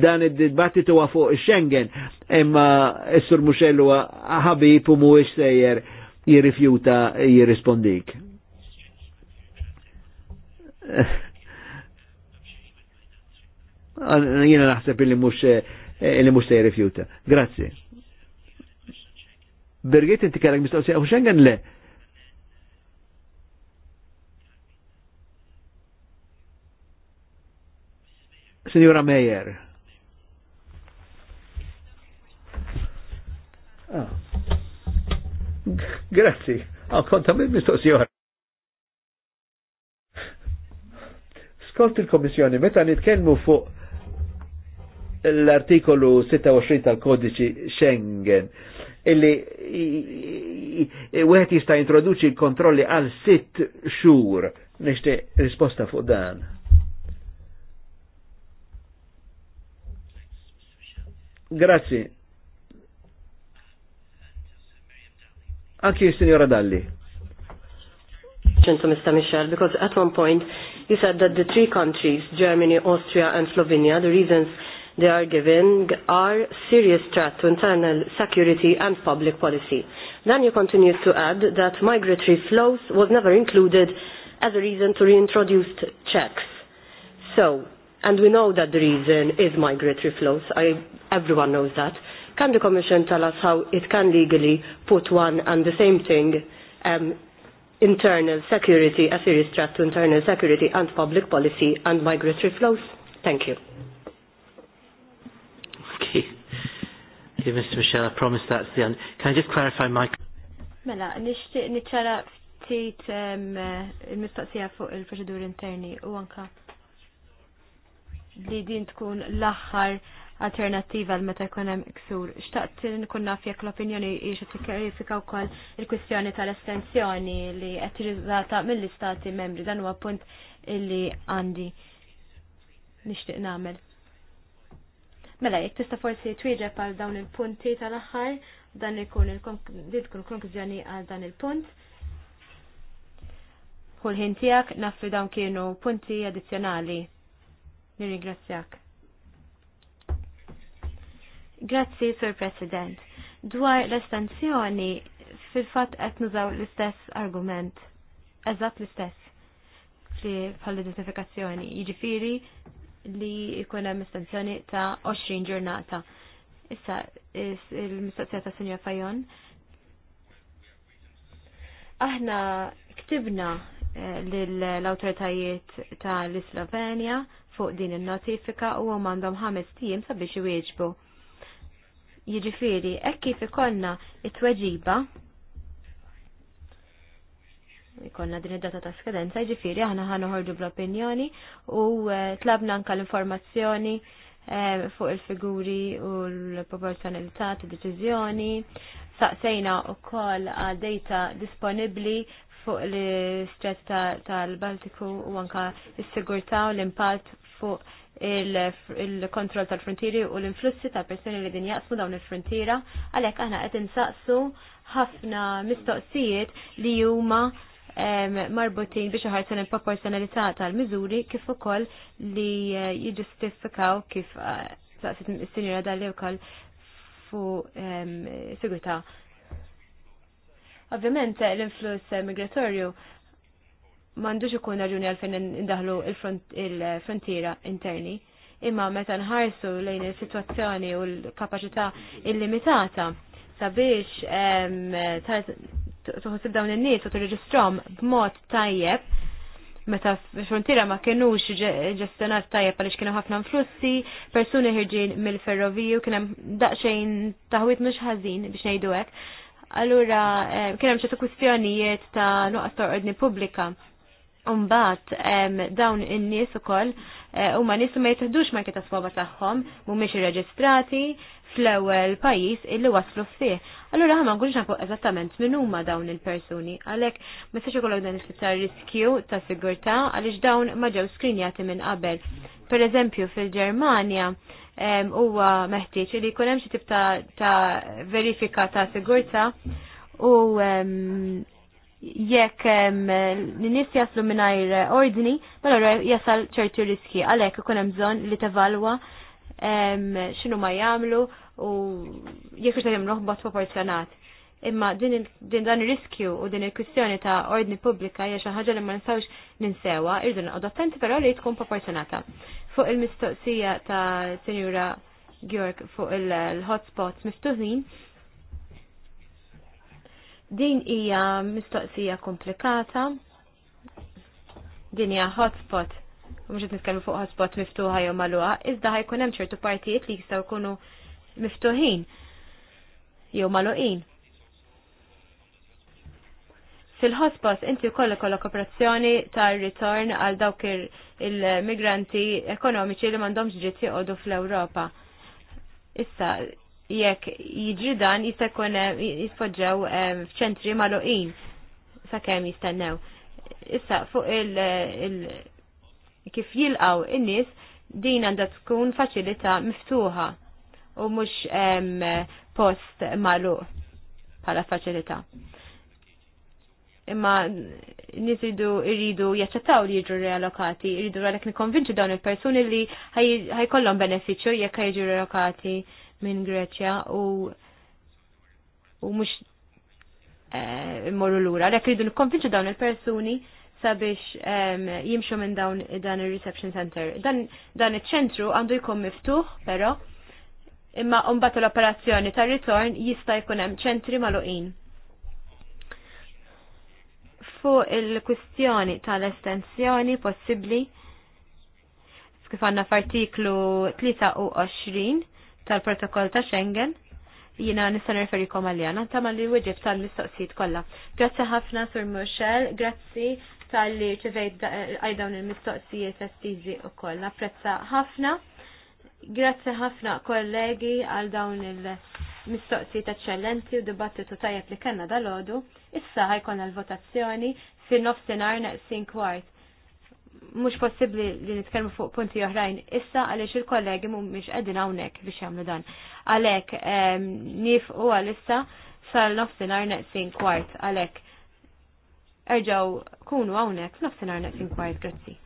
dan id-dibattitu huwa fuq Schengen, imma s-Sur Muxell huwa ħabib u mhuwiex sejjer jirrifjuta jirrispondik. Jiena naħseb illi mhux eh, illi mhux se jirrifjuta. Grazzi. Birgit inti kellek mistoqsija u Schengen le. Signora Meyer. Ah. Grazzi, għan konta minn mistoqsija. Skont il-Komissjoni, meta nitkellmu fuq l-artikolu 26 tal-kodiċi Schengen, illi wieħed jista' introduċi l-kontrolli għal sitt xhur. Nixtieq risposta fuq dan. Grazzi. Anki Signora Dalli. Mr. Michel, because at one point you said that the three countries, Germany, Austria and Slovenia, the reasons they are given are serious threat to internal security and public policy. Then you continues to add that migratory flows was never included as a reason to reintroduce checks. So, and we know that the reason is migratory flows. I, everyone knows that. Can the Commission tell us how it can legally put one and the same thing, um, internal security, a serious threat to internal security and public policy and migratory flows? Thank you. Thank Mr. Michel. I promise that's the end. Can I just clarify my... Mela, nishtiq niċċara ftit il-mistoqsija fuq il-proċeduri interni u anka li din tkun l-aħħar alternativa l-meta jkun hemm iksur. Xtaqt nkun naf jekk l-opinjoni jiexu tikkarifika wkoll il-kwistjoni tal-estensjoni li qed tiżata mill-istati membri dan huwa punt illi għandi nixtieq nagħmel. Mela, jek tista forsi twieġeb għal dawn il-punti tal-axħar, dan ikun il-konklużjoni għal dan il-punt. Kulħin tijak, nafri dawn kienu punti addizjonali. Nirringrazzjak. Grazzi, Sir President. Dwar l-estensjoni, fil-fat qed nużaw l-istess argument. Eżatt l-istess. Fli bħal-identifikazzjoni. Jiġifieri, li jkun hemm estensjoni ta' 20 ġurnata. Issa il mistazzjoni ta' Sinja Fajon. Aħna ktibna eh, l-autoritajiet ta' l-Slovenja fuq din il-notifika u għandhom ħames tim sabiex jwieġbu. Jiġifieri, hekk kif ikollna it-tweġiba ikonna din id-data ta' skadenza, ġifiri aħna ħanuħorġu bl-opinjoni u eh, tlabna anka l-informazzjoni eh, fuq il-figuri u l-proporzjonalità ta' deċizjoni. Saqsejna u koll data disponibli fuq l-istret tal-Baltiku u anka s-sigurta u l-impatt fuq il-kontroll tal-frontieri u l-influssi ta' persuni li din jaqsmu dawn il-frontiera, għalhekk aħna qed insaqsu ħafna mistoqsijiet li huma marbutin biex iħarsu il-proporzjonalità tal-miżuri kif ukoll li eh, jiġustifikaw kif eh, saqsit is-sinjura dalli wkoll fuq sigurtà. Ovvjament eh, l-influss migratorju m'għandux ikun raġuni għalfejn indaħlu il-frontiera interni imma meta nħarsu lejn is-sitwazzjoni u l-kapaċità illimitata sabiex tuħosib dawn in-nies u b b'mod tajjeb meta fil-frontira ma kienux ġestjonat tajjeb għaliex kienu ħafna influssi, persuni ħirġin mill-ferroviju, kien hemm daqsxejn taħwit mhux ħażin biex ngħidu hekk. Allura eh, kien hemm kustjonijiet kwistjonijiet ta' nuqqas ta' ordni publika. Umbat, dawn in-nies ukoll eh, huma u ma jitħdux marki ta' swoba tagħhom, mhumiex irreġistrati fl-ewwel pajjiż illi waslu fih. Allura ma nkunx nafu eżattament minn huma dawn il-persuni, għalhekk ma sex ikollok dan is riskju ta' sigurtà għaliex dawn ma ġew skrinjati minn qabel. Pereżempju fil-Ġermanja huwa meħtieġ li jkun hemm xi tip ta' verifika ta' sigurtà u jekk n-nis jaslu minnajr ordni, mal mela jasal ċertu riski, għalek ikun hemm bżonn li tevalwa xinu ma jagħmlu u jekk ix tajem noħbot proporzjonat. Imma din, dan dan riskju u din il-kwistjoni ta' ordni pubblika hija xi ħaġa li ma nistgħux ninsewa, irdu nqogħdu attenti però li tkun proporzjonata. Fuq il-mistoqsija ta' Sinjura Gjork fuq il-hotspots miftuħin, din hija mistoqsija komplikata, din hija hotspot mhux qed nitkellmu fuq hotspot miftuħa jew magħluqa, iżda ħajkun hemm ċertu partijiet li jistgħu jkunu miftuħin jew maluqin. Fil-ħosbos inti kollha kollok operazzjoni tar ritorn għal dawk il-migranti ekonomiċi li m'għandhomx ġiet joqogħdu fl-Ewropa. Issa jekk jiġri dan jista' jkun eh, jisfoġġew eh, f'ċentri maluqin sakemm jistennew. Issa fuq il- kif jilqaw in-nies din għandha tkun faċilità miftuħa u mhux post magħluq bħala faċilità. Imma nies irridu jaċċettaw li jiġu realokati, irridu għalek nikkonvinċu dawn il-persuni li ħajkollhom benefiċċju jekk jiġu realokati minn Greċja u u mhux e, immorru lura. Għalhekk iridu nikkonvinċu dawn il-persuni sabiex um, jimxu minn dawn dan il-reception center. Dan, dan il-ċentru għandu jkun miftuħ, pero imma mbagħad l-operazzjoni tar ritorn jista' jkun hemm ċentri magħluqin. Fuq il-kwistjoni tal-estensjoni possibbli kif għandna f'artiklu 23 tal-protokoll ta' Schengen jina nistan referikom għaljana, tama li wieġib tal-mistoqsijiet kollha. Grazzi ħafna Sur Mushel, grazzi tal-li ċevejt għajdawn il-mistoqsijiet estizi u koll. Prezza ħafna. Grazzi ħafna kollegi għal dawn il-mistoqsi ta' ċellenti u dibattitu tajjeb li kanna dal-ħodu. Issa ħajkon l-votazzjoni fin nofsenar naqsin kwart. Mux possibli li nitkellmu fuq punti oħrajn issa għaliex il-kollegi mhumiex qegħdin hawnhekk biex jagħmlu dan. Għalhekk ehm, nifqu għalissa sal-nofsinhar naqsin kwart għalhekk. Erġgħu kunu hawnhekk nofsinhar naqsin kwart, grazzi.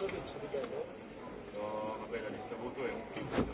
Oh vabbè, la lista voto è un film.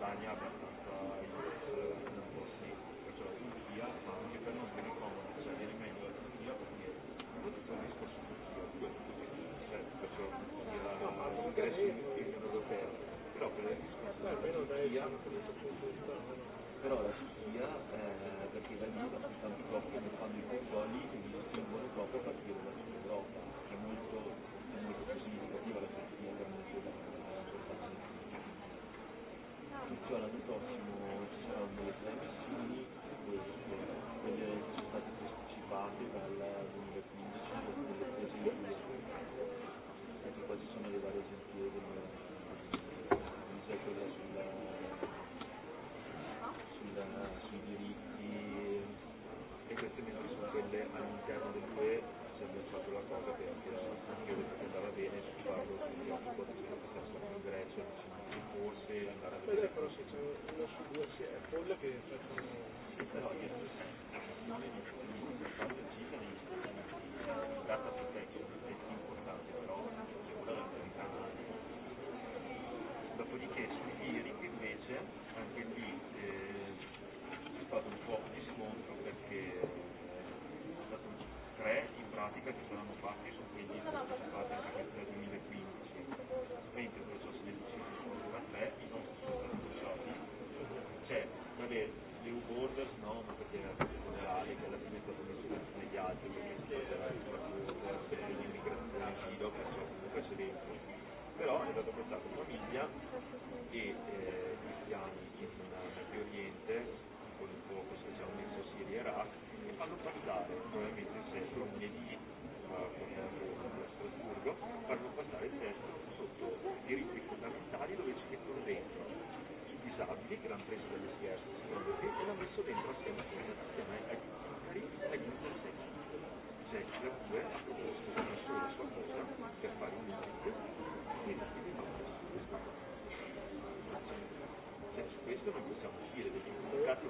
Albania abbastanza eh, posti, perciò Turchia, ma anche per non stare comodo, cioè viene meglio la perché non tutto il discorso Turchia, perciò l'ingresso in Unione Europea, però per il discorso però la Turchia, eh, perché fanno i controlli, quindi si muore proprio a partire da U l-lekin, stata adottata in famiglia e eh, i cristiani in Medio Oriente, con il fuoco specialmente Siria e Iraq, e fanno passare probabilmente il testo lunedì a eh, Strasburgo, fanno passare il testo sotto i diritti fondamentali dove ci mettono dentro i disabili che l'hanno preso dagli scherzi secondo e l'hanno messo dentro assieme, assieme ai Zuccari e agli Intersecchi. Cioè, la UE ha proposto una sola sua cosa per fare un limite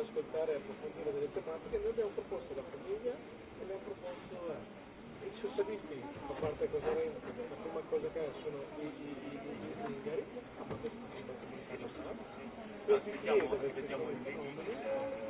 ascoltare e approfondire delle tematiche, noi abbiamo proposto la famiglia e abbiamo proposto i socialisti, a parte cosa rende, la prima cosa che sono i, i, i, i zingari, questi chiedono, questi chiedono,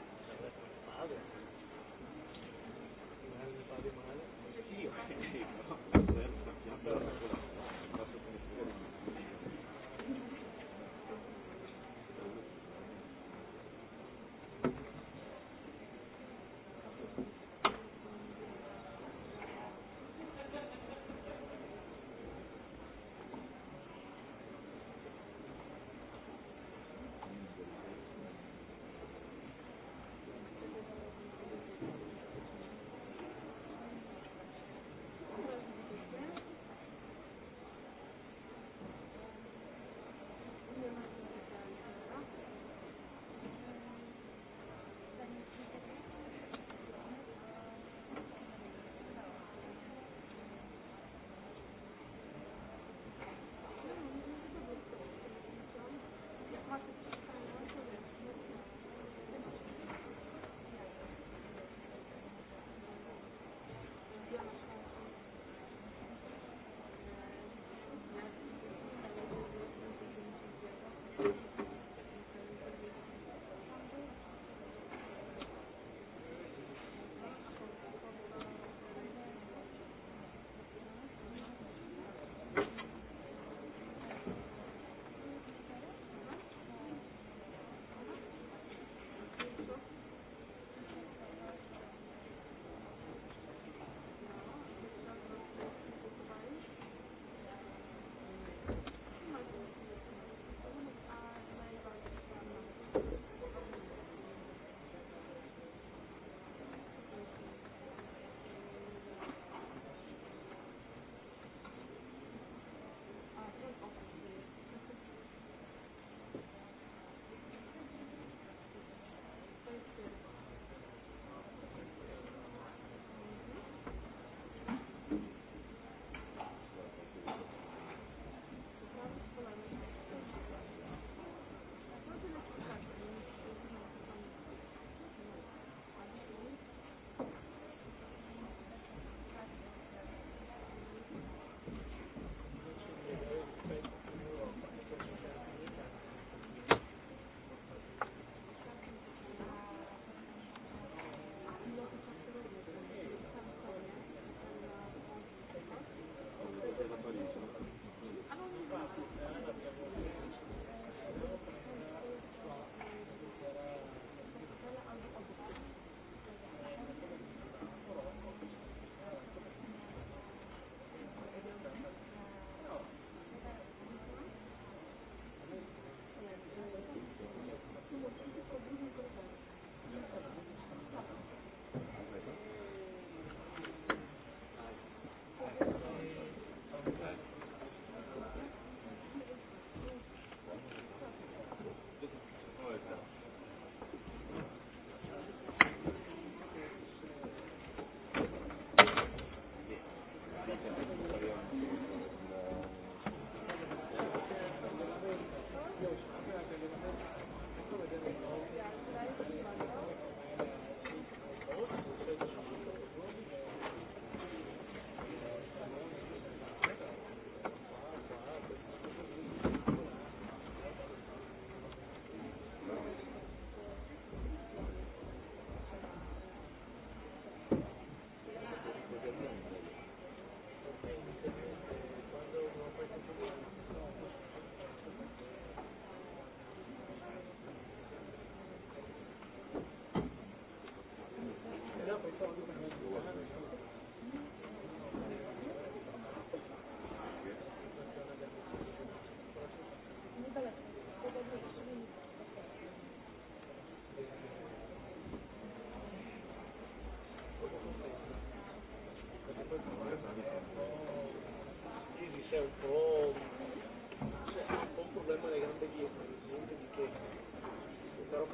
un problema de grande belleza, de que la ropa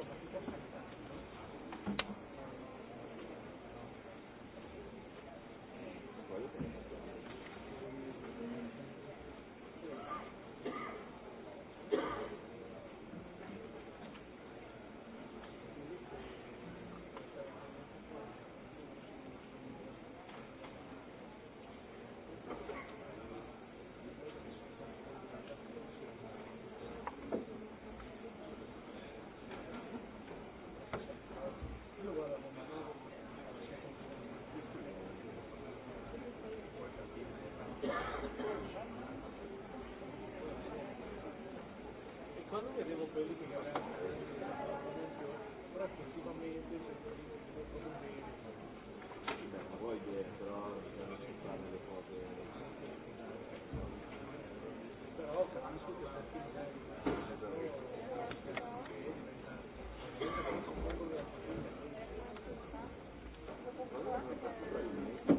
Ma noi abbiamo quelli che garantiscono, per esempio, prospettivamente c'è un po' di Ma poi dietro bisogna accettare le cose. Però capisco che per chi magari Thank you.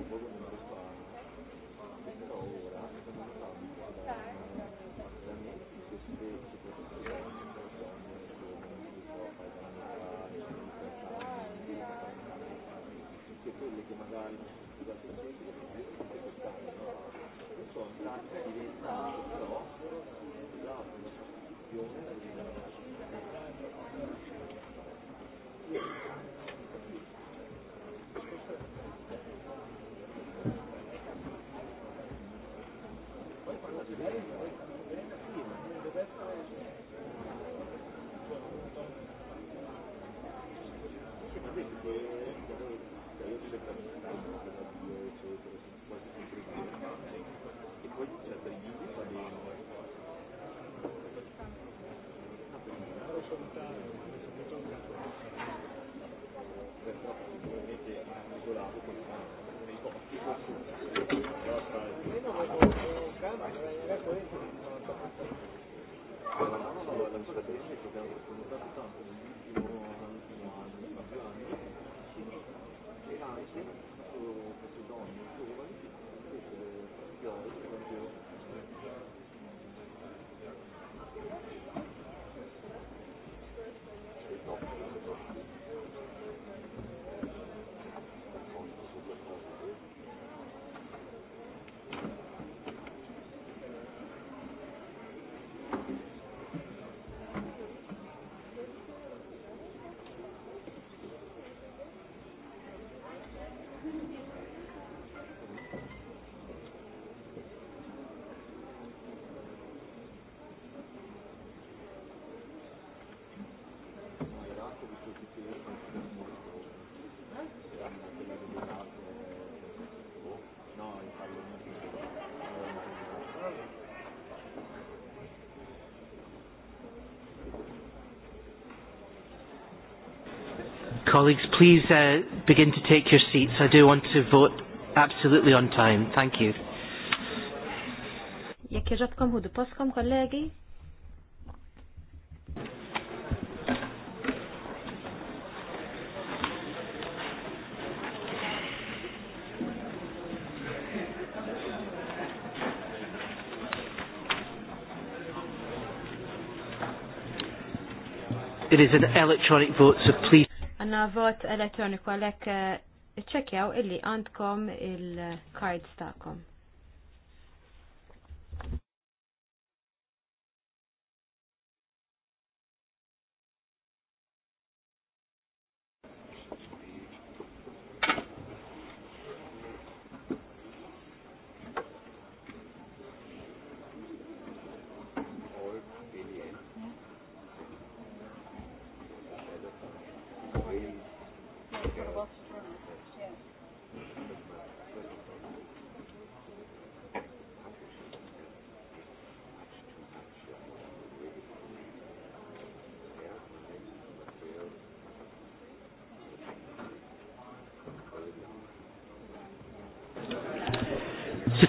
Colleagues, please uh, begin to take your seats. I do want to vote absolutely on time. Thank you. It is an electronic vote, so please Għanna vot elettroniku għalek eh, ċekjaw illi għandkom il-cards ta'kom.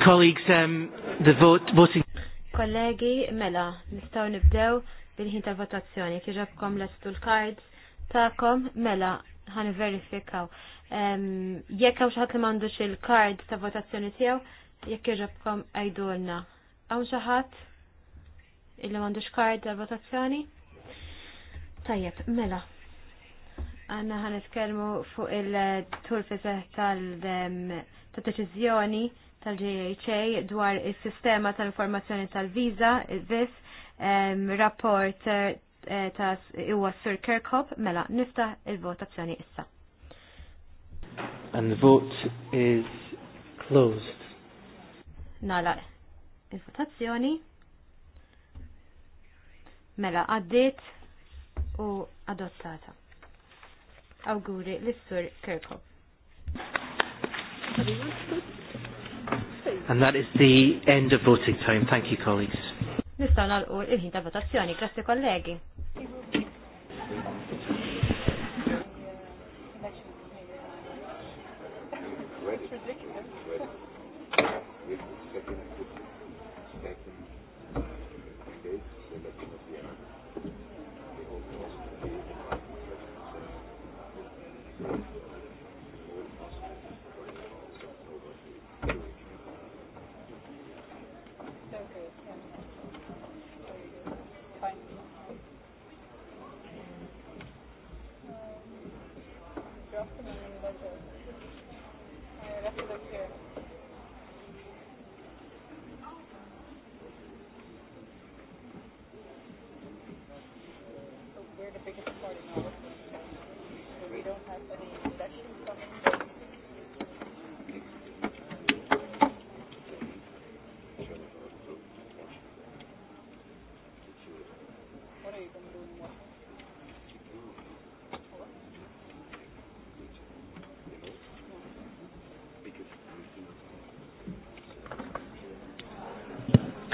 colleagues, um, the vote, voting. Kollegi, mela, nistaw nibdew bil-ħin ta' votazzjoni. Kieġabkom l-estu l-cards ta'kom, mela, ħan verifikaw. Um, jekk għaw xaħat li mandux il-card ta' votazzjoni tijaw, jekk kieġabkom għajdulna. Għaw xaħat illi mandux card ta' votazzjoni? Tajjeb, mela. Għanna ħan fuq il-tur tal- um, ta' deċizjoni tal-GHA dwar il-sistema tal-informazzjoni tal-viza, il-VIS, um, rapport uh, ta' iwa Sir Kirkhop, mela niftaħ il-votazzjoni issa. And the vote is closed. Nala il-votazzjoni. Mela għaddit u adottata. Auguri l-Sur Kirkhop. And that is the end of voting time. Thank you, colleagues. Nistaw nalqu il-ħin ta' votazzjoni. Grazie, kollegi.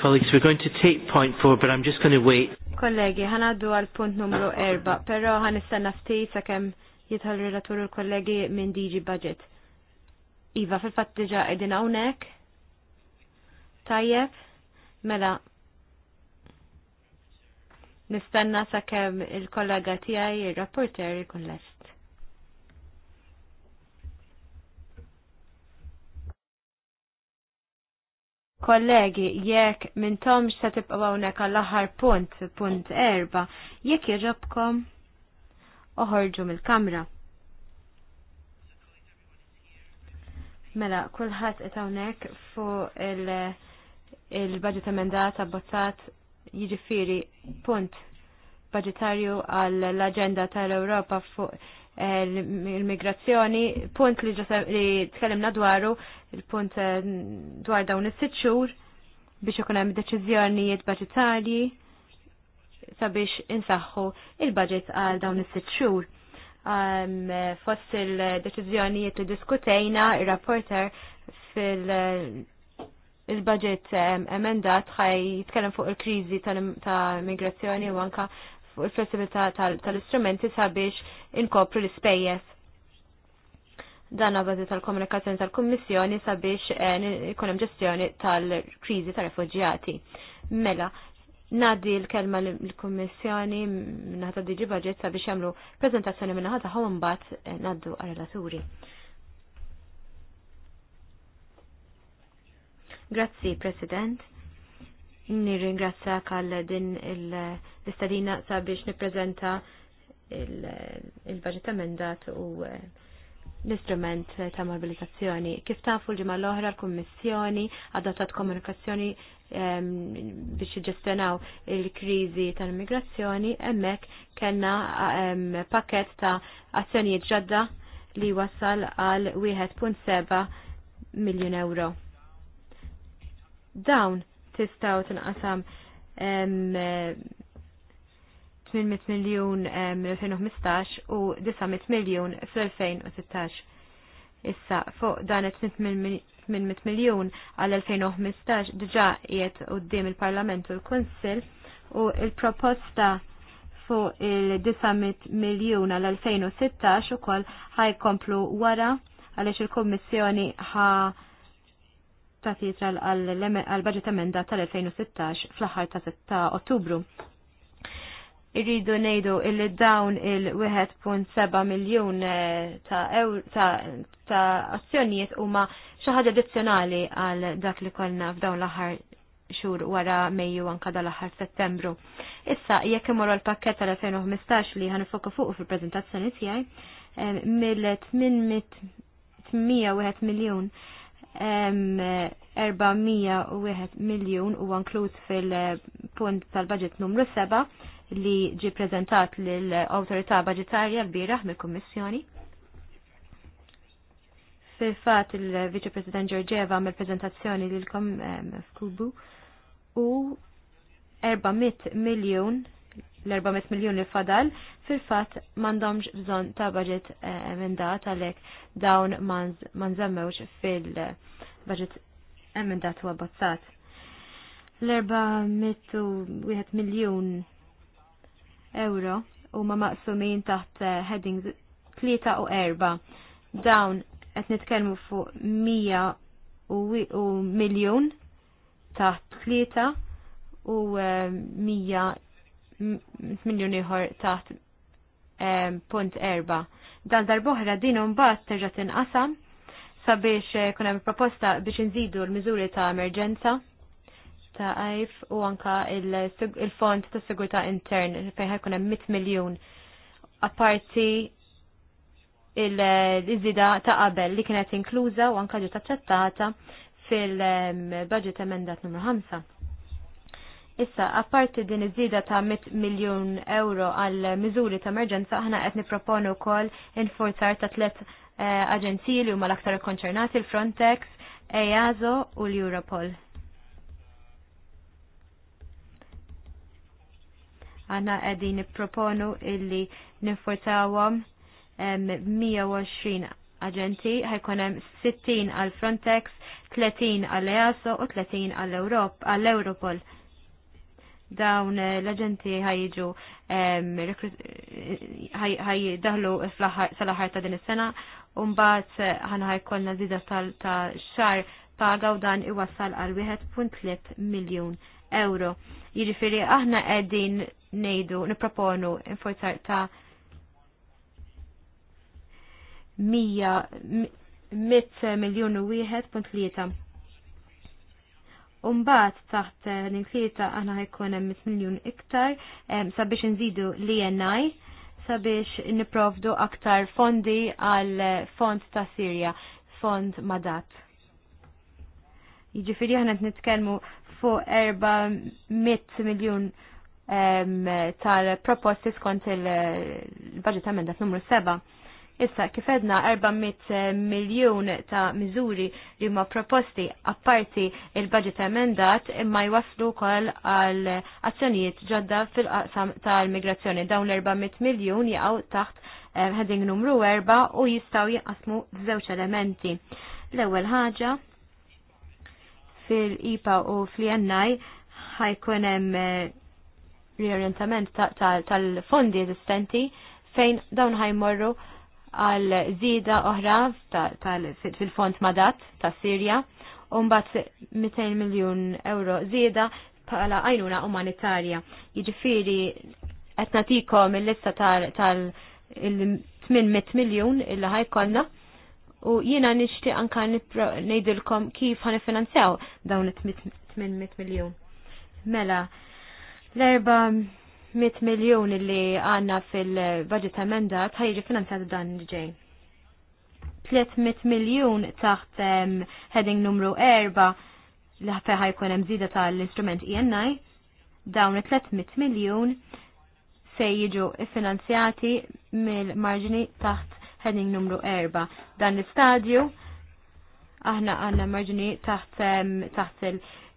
colleagues, we're going to take point four, but I'm just going to wait. Kollegi, ħanaddu għal punt numru ah. erba, pero ħanistanna ftit sakemm jitħal relatur il-kollegi minn DG Budget. Iva, fil-fat diġa edin hawnhekk. Tajjeb, mela nistanna sakemm il-kollega tiegħi il rapporter kun lest. Kollegi, jekk mintom se tibqgħu hawnhekk għall-aħħar punt, punt erba, jekk jogħġobkom oħorġu mill-kamra. Mela, kulħadd qed hawnhekk fuq il-budget il emendat abbozzat jiġifieri punt budgetarju għall-aġenda tal-Ewropa fuq l-immigrazzjoni, punt li tkellimna dwaru, il-punt eh, dwar dawn is-sitt xhur biex ikun hemm deċiżjonijiet budġetarji sabiex insaħħu il-budget għal dawn is-sitt xhur. Fost il-deċiżjonijiet li diskutejna, ir-rapporter fil- il-budget eh, emendat ħaj jitkellem fuq il-krizi tal migrazzjoni u anka l il tal-istrumenti sabiex inkopru l-ispejjeż. Dan bażi tal-komunikazzjoni tal-Kummissjoni sabiex eh, ikun hemm ġestjoni tal-kriżi tar-refuġjati. Mela, nadi l-kelma l-Kummissjoni minnaħa ta' diġi Budget sabiex jagħmlu preżentazzjoni minnaħa tagħhom imbagħad eh, naddu għal-relaturi. Grazzi, President nirringrazzjak għal din l-istadina sabiex niprezenta il-budget emendat u eh, l-istrument ta' mobilizzazzjoni. Kif tafu l-ġimgħa l-oħra l-Kummissjoni adottat komunikazzjoni ehm, biex ġestjonaw il-kriżi tal-immigrazzjoni, hemmhekk kellna ehm, pakket ta' azzjonijiet ġodda li wassal għal 1.7 miljun euro. Dawn tistaw tinqasam 800 miljon mill-2015 u 900 miljon fl-2016. Issa fuq dan 800 miljon għal-2015 diġa qiegħed qudiem il-Parlament u l-Kunsill u il-proposta fuq il-900 miljon għal-2016 u koll ħajkomplu wara għaliex il-Kommissjoni ħa' ta' titral għal-budget emenda tal-2016 fl-ħar ta' ottubru. Irridu nejdu illi dawn il-1.7 miljon eh, ta' azzjonijiet huma xi ħaġa addizzjonali għal dak li konna f'dawn l-aħħar xur wara Mejju anka dal-aħħar Settembru. Issa jekk imorru l-pakket tal-2015 li ħanifoka fuq fil-preżentazzjoni tiegħi eh, mill-800 miljun 401 miljon u inkluż fil-punt tal-budget numru 7 li ġi prezentat l-autorità budgetarja l-biraħ mill-Kommissjoni. Fil-fat il-Vice President Giorgieva mill prezentazzjoni li l-kom f'Kubu u 400 miljon l-400 miljoni fadal fil-fat mandomġ bżon ta' budget eh, emendat għalek dawn manżammewġ fil-budget emendat u abbozzat. l 400 miljon euro u ma maqsumin taħt eh, headings 3 u 4 dawn qed nitkellmu fuq 100 u miljon taħt 3 u 100 eh, miljoni ieħor taħt punt erba. Dan darboħra din mbagħad terġa' tinqasam sabiex eh, kun hemm proposta biex inżidu l-miżuri ta' emerġenza ta' għajf u anka il-fond ta' sigurta' intern fejn ħajkun hemm 100 miljun apparti il-iżida ta' qabel li kienet inkluża u anka ġiet aċċettata fil-budget emendat numru 5. Issa, apparti din iż-żieda ta' 100 miljun euro għal miżuri ta' emerġenza, aħna qed nipproponu wkoll infurzar ta' tliet eh, aġenziji li huma l-aktar konċernati l-Frontex, EASO u l-Europol. Aħna qegħdin nipproponu illi ninforzawhom 120 aġenti ħajkun hemm 60 għal Frontex, 30 għal EASO u 30 għal Europol dawn l-aġenti ħajġu ħajdaħlu sal-aħar ta' din is-sena u mbagħad eh, ħana ħajkollna zida ta' xar paga u dan iwassal għal 1.3 miljun euro. Jiġifieri aħna qegħdin ngħidu nipproponu infurzar ta' 100 miljun u 1.3 Umbat taħt eh, l-inklieta aħna jkun hemm 8 miljun iktar sabiex nżidu l-INI sabiex niprovdu aktar fondi għal eh, fond ta' Sirja, fond madat. Jiġifieri aħna qed nitkellmu fuq 400 miljun tal-proposti skont eh, il-budget amenda numru 7. Issa, kif edna 400 eh, miljon ta' miżuri li ma' proposti apparti il-budget emendat imma jwaslu kol għal azzjonijiet ġodda fil-qasam tal-migrazzjoni. Dawn l-400 miljon jgħaw taħt eh, heading numru 4 u jistaw jgħasmu f'żewġ elementi. L-ewwel ħaġa fil-IPA u fil ini ħajkunem hemm eh, riorientament tal-fondi eżistenti fejn dawn ħajmorru għal zida oħra fil-fond madat ta' Sirja u mbagħad 200 miljun euro zida bħala għajnuna umanitarja. Jiġifieri qed nagħtikom il-lista tal-800 miljun illa ħajkonna, u jiena nixtieq anka ngħidilkom kif finanzjaw dawn it-800 miljun. Mela, l-erba' 100 miljon li għanna fil-budget emendat ħajġi finanzjat dan ġej. 300 miljon taħt heading numru 4 li ħafeħ ħajkun hemm żieda tal-instrument INI. E dawn 300 miljon se jiġu finanzjati mill-marġini taħt heading numru 4. Dan l-istadju aħna għanna marġini taħt taħt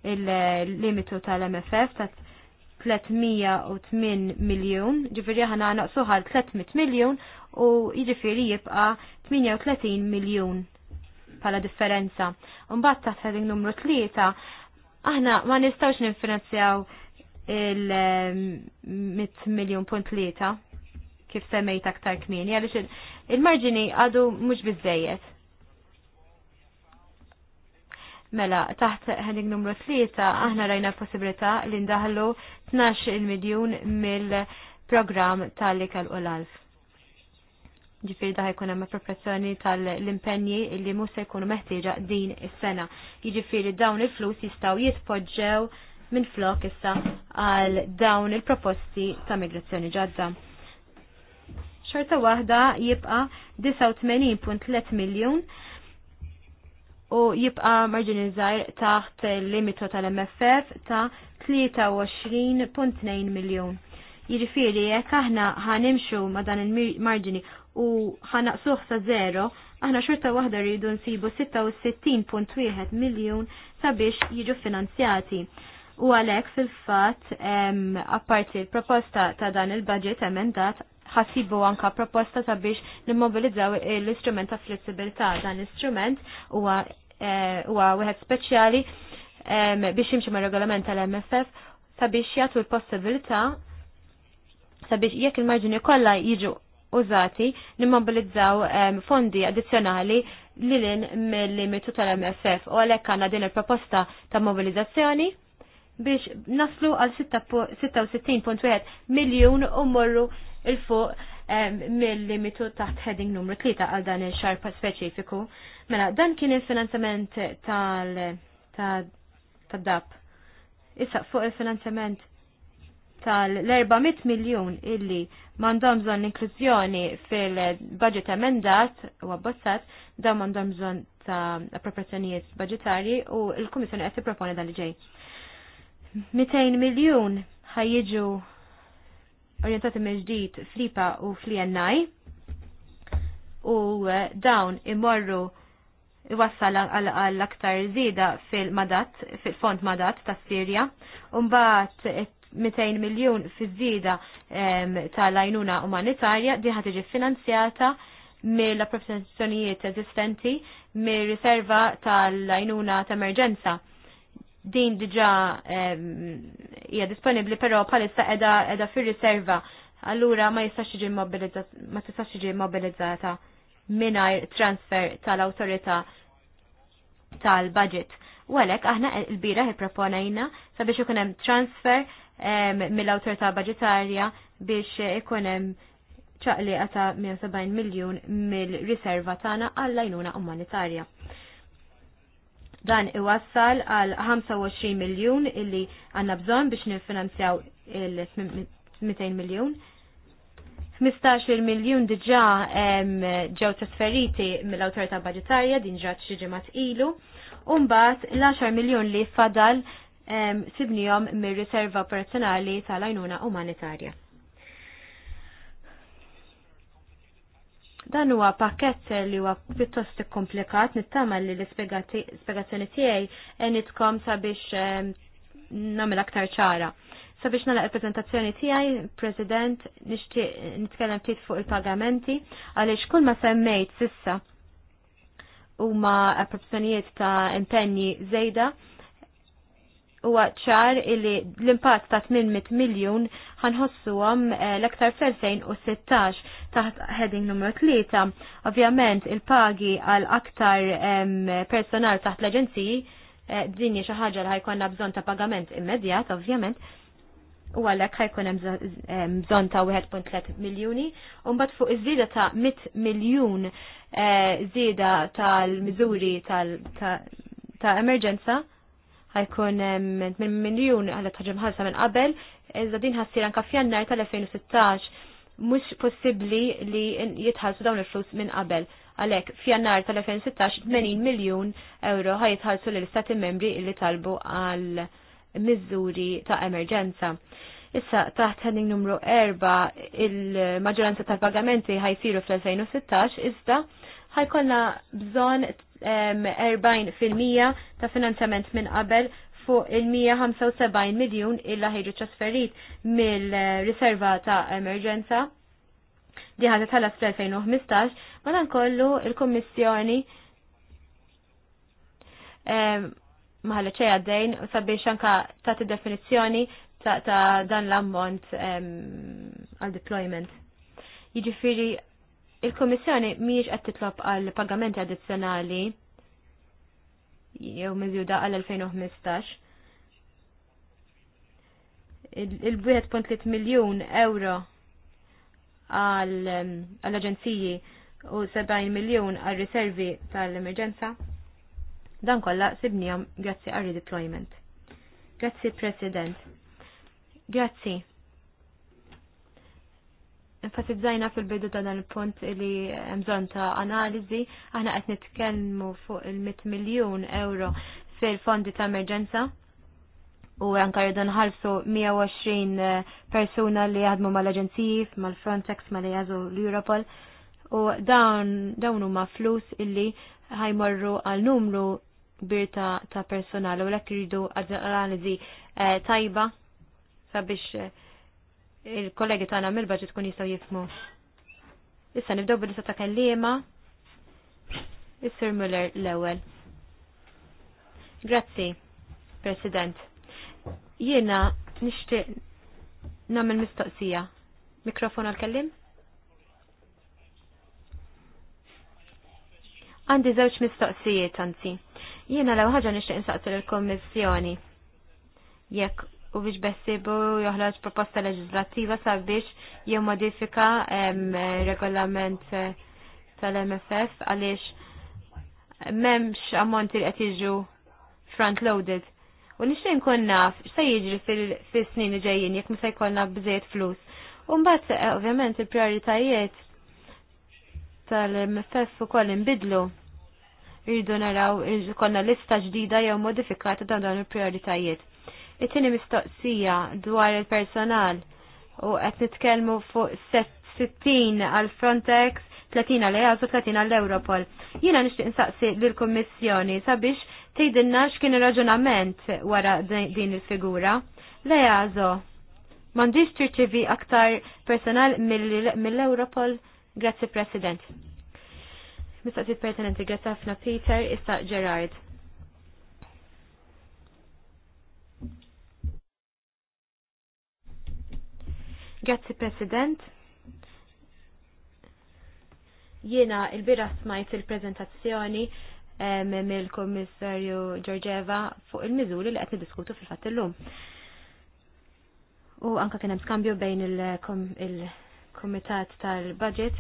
il-limitu tal-MFF taħt 308 miljon, ġifiri ħana naqsuħal 300 miljon u ġifiri jibqa 38 miljon pala differenza. Unbat taħt heading numru 3, aħna ma nistawx ninfinanzjaw il-100 ehm, miljon punt 3 kif semmejt aktar kmin, għalix il-marġini għadu mux bizzejiet. Mela, taħt heading numru 3, aħna rajna possibilità li ndaħlu 12 miljun mill-programm tal-ikel u l-alf. Ġifiri daħi kuna hemm professjoni tal-impenji li mhux se jkunu meħtieġa din is-sena. Jiġifieri dawn il-flus jistgħu jitpoġġew minn flok issa għal dawn il-proposti ta' migrazzjoni ġadda. Xorta waħda jibqa' 89.3 miljun u jibqa' marġin taħt il-limitu tal-MFF ta' 23.2 miljun. Jiġifieri jekk aħna ħanimxu ma' dan il-marġini u ħan'aqsuħ sa' zero, aħna xorta waħda rridu nsibu 66.1 miljun sabiex jiġu finanzjati. U għalhekk fil-fatt apparti proposta ta' dan il-budget emendat ħassibu anka proposta sabiex nimmobilizzaw l-istrument ta' flessibilità. Dan l-istrument huwa Eh, huwa wieħed speċjali biex jimxi mar-regolament tal-MFF sabiex jagħtu l-possibilità sabiex jekk il-marġini kollha jiġu użati nimmobilizzaw fondi addizzjonali lilin mill-limitu tal-MFF u għalhekk għandna din il-proposta ta' mobilizzazzjoni biex naslu għal 66.1 miljon u morru il-fuq mill-limitu taħt heading numru 3 għal dan il-xar speċifiku. Mela, dan kien il finanzament tal-DAP. Issa fuq il finanzament tal-400 miljon illi mandom l inklużjoni fil-budget emendat u abbozzat, da mandom zon ta' appropriazzjonijiet budgetari u il-Komissjoni qed tipproponi dan li ġej. 200 miljun ħajjiġu orientati mill-ġdid flipa u fl u eh, dawn imorru iwassal għal aktar zida fil-madat, fil-fond madat ta' Sirja, unbat 200 miljon fil-zida tal-ajnuna umanitarja diħat iġi finanzjata mill-appropriazzjonijiet eżistenti mir-riserva tal-ajnuna ta' emerġenza. Din diġa hija disponibli però palissa edha fir-riserva allura ma jistax ma tistax iġi mobilizzata mingħajr transfer tal-awtorità tal-budget. U għalhekk aħna l-bira ipproponajna sabiex ikun hemm transfer mill-awtorità budgetarja biex ikun hemm ċaqli ta' 170 miljun mill-riserva tagħna għall-għajnuna umanitarja. Dan iwassal għal 25 miljun illi għandna bżonn biex nifinanzjaw il-200 miljun. 15 miljun diġa ġew trasferiti mill-autorità budgetarja din ġat xi ġimgħat ilu, u mbagħad l-10 miljun li fadal sibnihom mir-riserva operazzjonali tal-għajnuna umanitarja. Dan huwa pakket li huwa pjuttost komplikat, nittama li l-ispjegazzjoni tiegħi e nitkom sabiex nagħmel aktar ċara. Sabiex nagħlaq il prezentazzjoni tiegħi, President, nixtieq nitkellem ftit fuq il-pagamenti għaliex kull ma semmejt sissa ma professjonijiet ta' impenji żejda huwa ċar illi l-impatt ta' 800 miljun għam eh, l-aktar 2016 taħt heading numru 3. Ovvjament il-pagi għal aktar personal taħt l-aġenziji eh, din xi ħaġa li ħajkonna bżonn ta' pagament immedjat, ovvjament u għalhekk ħajkun hemm bżonn ta' 1.3 miljuni u mbagħad fuq iż-żieda ta' 100 miljun eh, żieda tal-miżuri ta' emerġenza ħajkun minn miljun għal taġim ħalsa minn qabel, iżda din ħassir anka f'jannar tal-2016 mhux possibbli li jitħallsu dawn il-flus minn qabel. Għalhekk f'jannar tal-2016 80 miljun euro ħajitħallsu lill istati membri li talbu għal miżuri ta' emerġenza. Issa taħt heading numru 4 il-maġġoranza tal-pagamenti ħajsiru fl-2016 iżda ħajkolna bżon 40% ta' finanzjament minn qabel fuq il-175 miljun illa ħejġu ċasferit mill-riserva ta' emerġenza. Di ħadet tal fl-2015, ma dan kollu il-Kommissjoni maħalli ċeja u sabiex anka ta' definizzjoni ta', ta dan l-ammont għal deployment. Jiġifieri il-Komissjoni mhijiex qed titlob għal pagamenti addizzjonali jew miżjuda għal 2015 il-1.3 miljon euro għall-aġenziji u 70 miljon għal riservi tal-emerġenza. Dan kollha sibnihom grazzi għal redeployment. Grazzi President. Grazzi. Enfatizzajna fil-bidu ta' dan il-punt li mżon ta' analizi, aħna qed nitkellmu fuq il-100 miljun euro fil-fondi ta' emerġenza u anka rridu nħalsu 120 eh, persuna li jaħdmu mal-aġenziji, mal-Frontex, mal jazu l-Europol u dawn huma flus illi ħajmorru għal numru Birta' ta', ta personal u l rridu analizi eh, tajba sabiex eh, il-kollegi tagħna mill-baġit tkun jistgħu jifmu. Issa nibdew bil-lista ta' kellima. Is-Sir Muller l-ewwel. Grazzi, President. Jiena nixtieq nagħmel mistoqsija. Mikrofon għal-kellim? Għandi żewġ mistoqsijiet anzi. Jiena l ħaġa nixtieq insaqsi lill-Kummissjoni. Jekk u biex bessibu joħloġ proposta leġislattiva sabiex jimmodifika regolament eh, tal-MFF għaliex memx ammonti li qed jiġu front-loaded. U nixtieq nkun naf x'se jiġri fis-snin li ġejjin jekk ma se jkollna bżejjed flus. U mbagħad eh, ovvjament il-prijoritajiet tal-MFF ukoll inbidlu irridu naraw konna lista ġdida jew modifikata ta' dawn il-prioritajiet. It-tieni mistoqsija dwar il-personal u qed nitkellmu fuq 60 għal Frontex, 30 għal EASO, 30 għal Europol. Jiena nixtieq insaqsi lill-Kummissjoni sabiex tgħidilna x'kien ir-raġunament wara din il-figura. L-EASO m'għandix tirċivi aktar personal mill-Europol. Grazie Grazzi President. Mistaqsijiet pertinenti grazzi ħafna Peter, issa Gerard. Grazzi President. Jiena il-bira smajt il-prezentazzjoni mill-Kommissarju Giorgeva fuq il-miżuri li qed niddiskutu fil-fatt illum. U anka kien hemm skambju bejn il-Komitat tal-Budget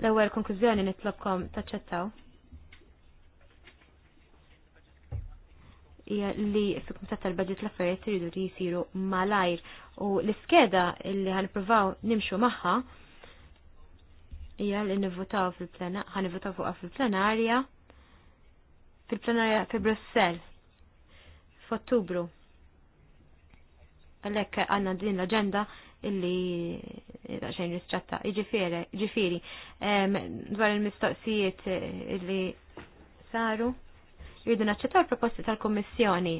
L-ewwel konklużjoni nitlobkom taċċettaw. hija li fil-Kumitat tal-Budget l-affarijiet iridu li jisiru malajr u l-iskeda li ħanipruvaw nimxu magħha hija li nivvotaw fil-plena ħanivvotaw fuqha fil-plenarja fil-plenarja fi Brussell f'Ottubru. Għalhekk għandna din l-aġenda illi xejn ristratta. Ġifiri, jiġifieri, dwar il-mistoqsijiet eh, illi saru, jridu naċċettaw il-proposti tal-Kommissjoni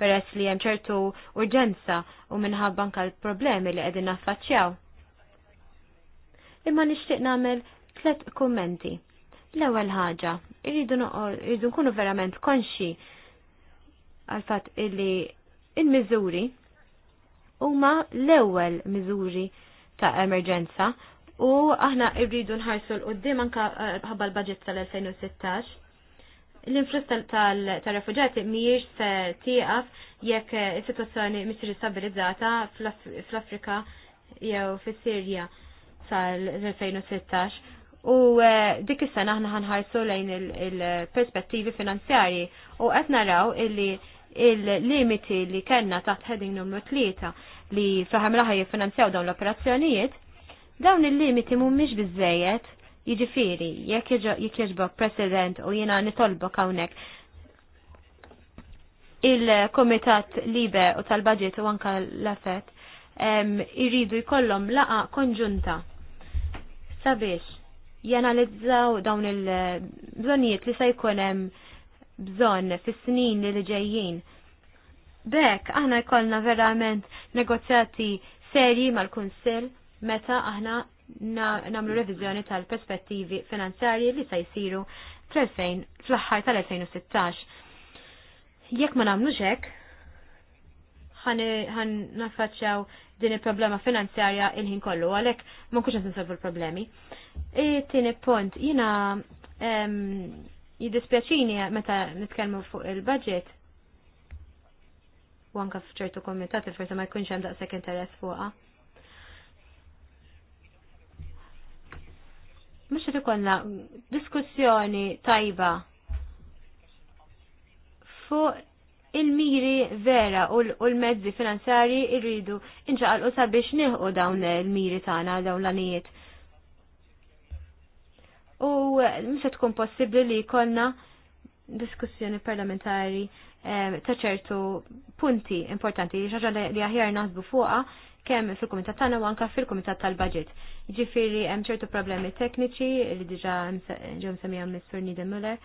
peress li hemm ċertu urġenza u minħabba anke l-problemi li qegħdin naffaċċjaw. Imma nixtieq nagħmel tliet kummenti. L-ewwel ħaġa, irridu nkunu verament konxi għal fatt illi il-miżuri huma l-ewwel miżuri ta' emerġenza u aħna rridu nħarsu l qudiem anke eh, ħabba l-budget tal-2016. L-infrust tal-refuġati mhijiex se tieqaf jekk eh, is-sitwazzjoni mhix stabilizzata fl-Afrika jew fis-Sirja sal-2016. U eh, dik is-sena aħna ħanħarsu lejn il-perspettivi finanzjarji u qed naraw illi il-limiti li kellna taħt heading numru 3 li fl-ħar mill jiffinanzjaw dawn l-operazzjonijiet, dawn il-limiti mhumiex bizzejet, jiġifieri jekk jġbok President u jiena nitolbok hawnhekk il-Komitat Libe u tal-Budget u anka l-Afet irridu jkollhom laqa konġunta sabiex janalizzaw dawn il-bżonijiet li se jkun hemm bżonn fis-snin li ġejjin Bek, aħna jkollna verament negozjati serji mal-Kunsill meta aħna namlu revizjoni tal-perspettivi finanzjarji li se jsiru fl-aħħar tal-2016. Jekk ma nagħmlux hekk, ħan naffaċċjaw din il-problema finanzjarja il-ħin kollu, għalek ma nkunx nsolvu l-problemi. E, tieni punt, jina jiddispjaċini meta nitkellmu fuq il-budget u anka f'ċertu komitat il forsi ma jkunx hemm daqshekk interess fuqha. Mhux qed ikollna diskussjoni tajba fuq il-miri vera u l-mezzi finanzjari irridu inċaqalqu sabiex nieħu dawn il-miri tagħna dawn l-anijiet. U mhux tkun possibbli li jkollna diskussjoni parlamentari ta' ċertu punti importanti li xaġa li aħjar naħsbu fuqha kemm fil-kumitat tagħna u anke fil-kumitat tal-budget. Ġifiri, hemm ċertu problemi tekniċi li diġa' ġew semija Mr. Muller.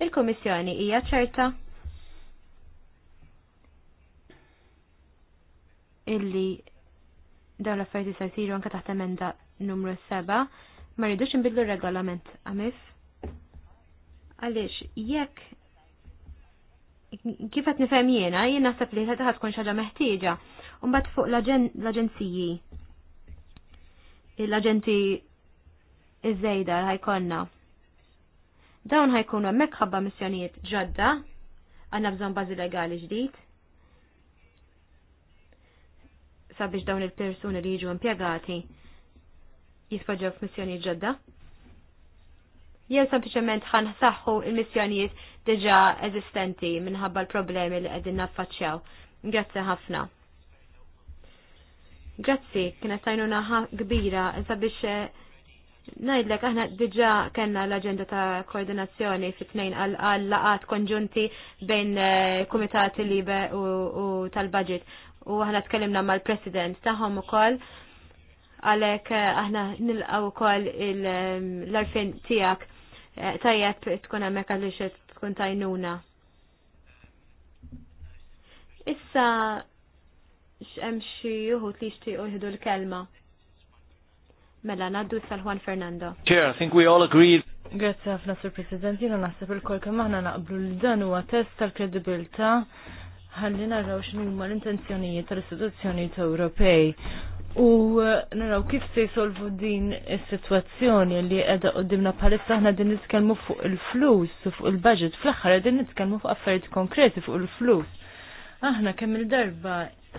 Il-Kummissjoni hija ċerta illi dawn l-affarijiet se jsiru anke taħt emenda numru 7 ma rridux nbidlu regolament għamif Għaliex jekk kif qed nifhem jiena, jien naħseb li ħadd tkun xaġa ħaġa meħtieġa. Mbagħad fuq l-aġenziji. L-aġenti iż-żejda ħajkonna. Dawn ħajkunu hemmhekk ħabba missjonijiet ġodda, għandna bżonn bażi legali ġdid. Sabiex dawn il-persuni li jiġu impjegati jispoġġew f'missjonijiet ġodda jew sempliċement saħħu il-missjonijiet diġa eżistenti minħabba l-problemi li qegħdin naffaċċjaw. Grazzi ħafna. Grazzi, kienet tajnuna kbira, sabiex biex eh, ngħidlek aħna diġa kellna l-aġenda ta' koordinazzjoni fit tnejn għal laqat konġunti bejn eh, kumitati libe u tal-budget u aħna tkellimna mal-president tagħhom ukoll għalek eh, aħna nilqaw ukoll l-arfin tijak Eh, tajjeb tkun hemmhekk għaliex tkun tajnuna. Issa x'hemm xi wħud li jixtiequ jieħdu l-kelma. Mela ngħaddu issa Juan Fernando. Chair, I think we all agree. Grazie ħafna Sur President, jiena naħseb il-kol kemm aħna naqblu li dan huwa test tal-kredibilità ħalli naraw x'inhuma l-intenzjonijiet tal-istituzzjonijiet Ewropej U eh, naraw kif se jisolvu din is-sitwazzjoni li qiegħda qudiemna bħalissa aħna din nitkellmu fuq il-flus, fuq il-budget, fl-aħħar qegħdin nitkellmu fuq affarijiet konkreti fuq il-flus. Aħna kemm il-darba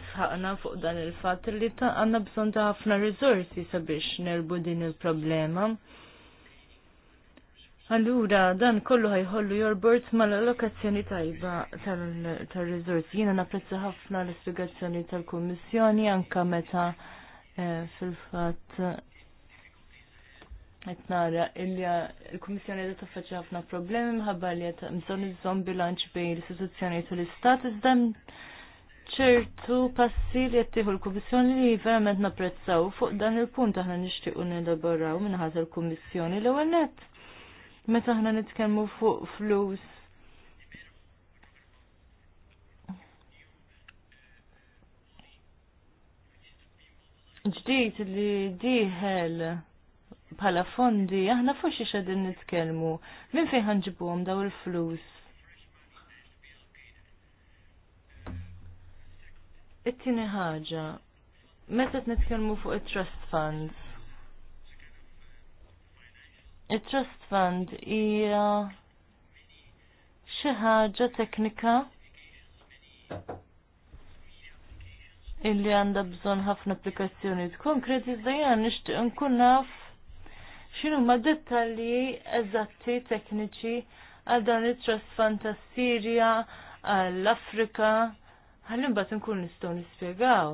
sħaqna fuq dan il-fatt li għandna bżonn ta' ħafna riżorsi sabiex nerbu din il-problema. Allura, dan kollu ħajħollu jorbort mal-allokazzjoni tajba tal-rizorsi. Jiena napprezza ħafna l-ispiegazzjoni tal-Kummissjoni anka meta Eh, fil-fatt qed nara illi l-Kummissjoni qed tiffaċċja ħafna problemi minħabba li qed bżonn iżżomm bilanċ bejn l-istituzzjonijiet u l-Istat iżda ċertu passi li qed tieħu l-Kummissjoni li verament napprezzaw fuq dan il-punt aħna nixtiequ nilaboraw minħata l-Kummissjoni l-ewwel nett. Meta aħna nitkellmu fuq flus ġdijt li diħel bħala fondi, aħna fuq xie xedin nitkelmu, minn fejn ħanġibuhom daw il-flus? It-tieni ħaġa, meta nitkellmu fuq it-trust funds. It-trust fund hija xi ħaġa teknika illi għandha bżonn ħafna applikazzjoni konkreti iżda jiena nixtieq nkun naf x'inhu ma dettalji eżatti tekniċi għal dan it-trust fund tas-Sirja għall-Afrika ħalli mbagħad nkun nistgħu nispjegaw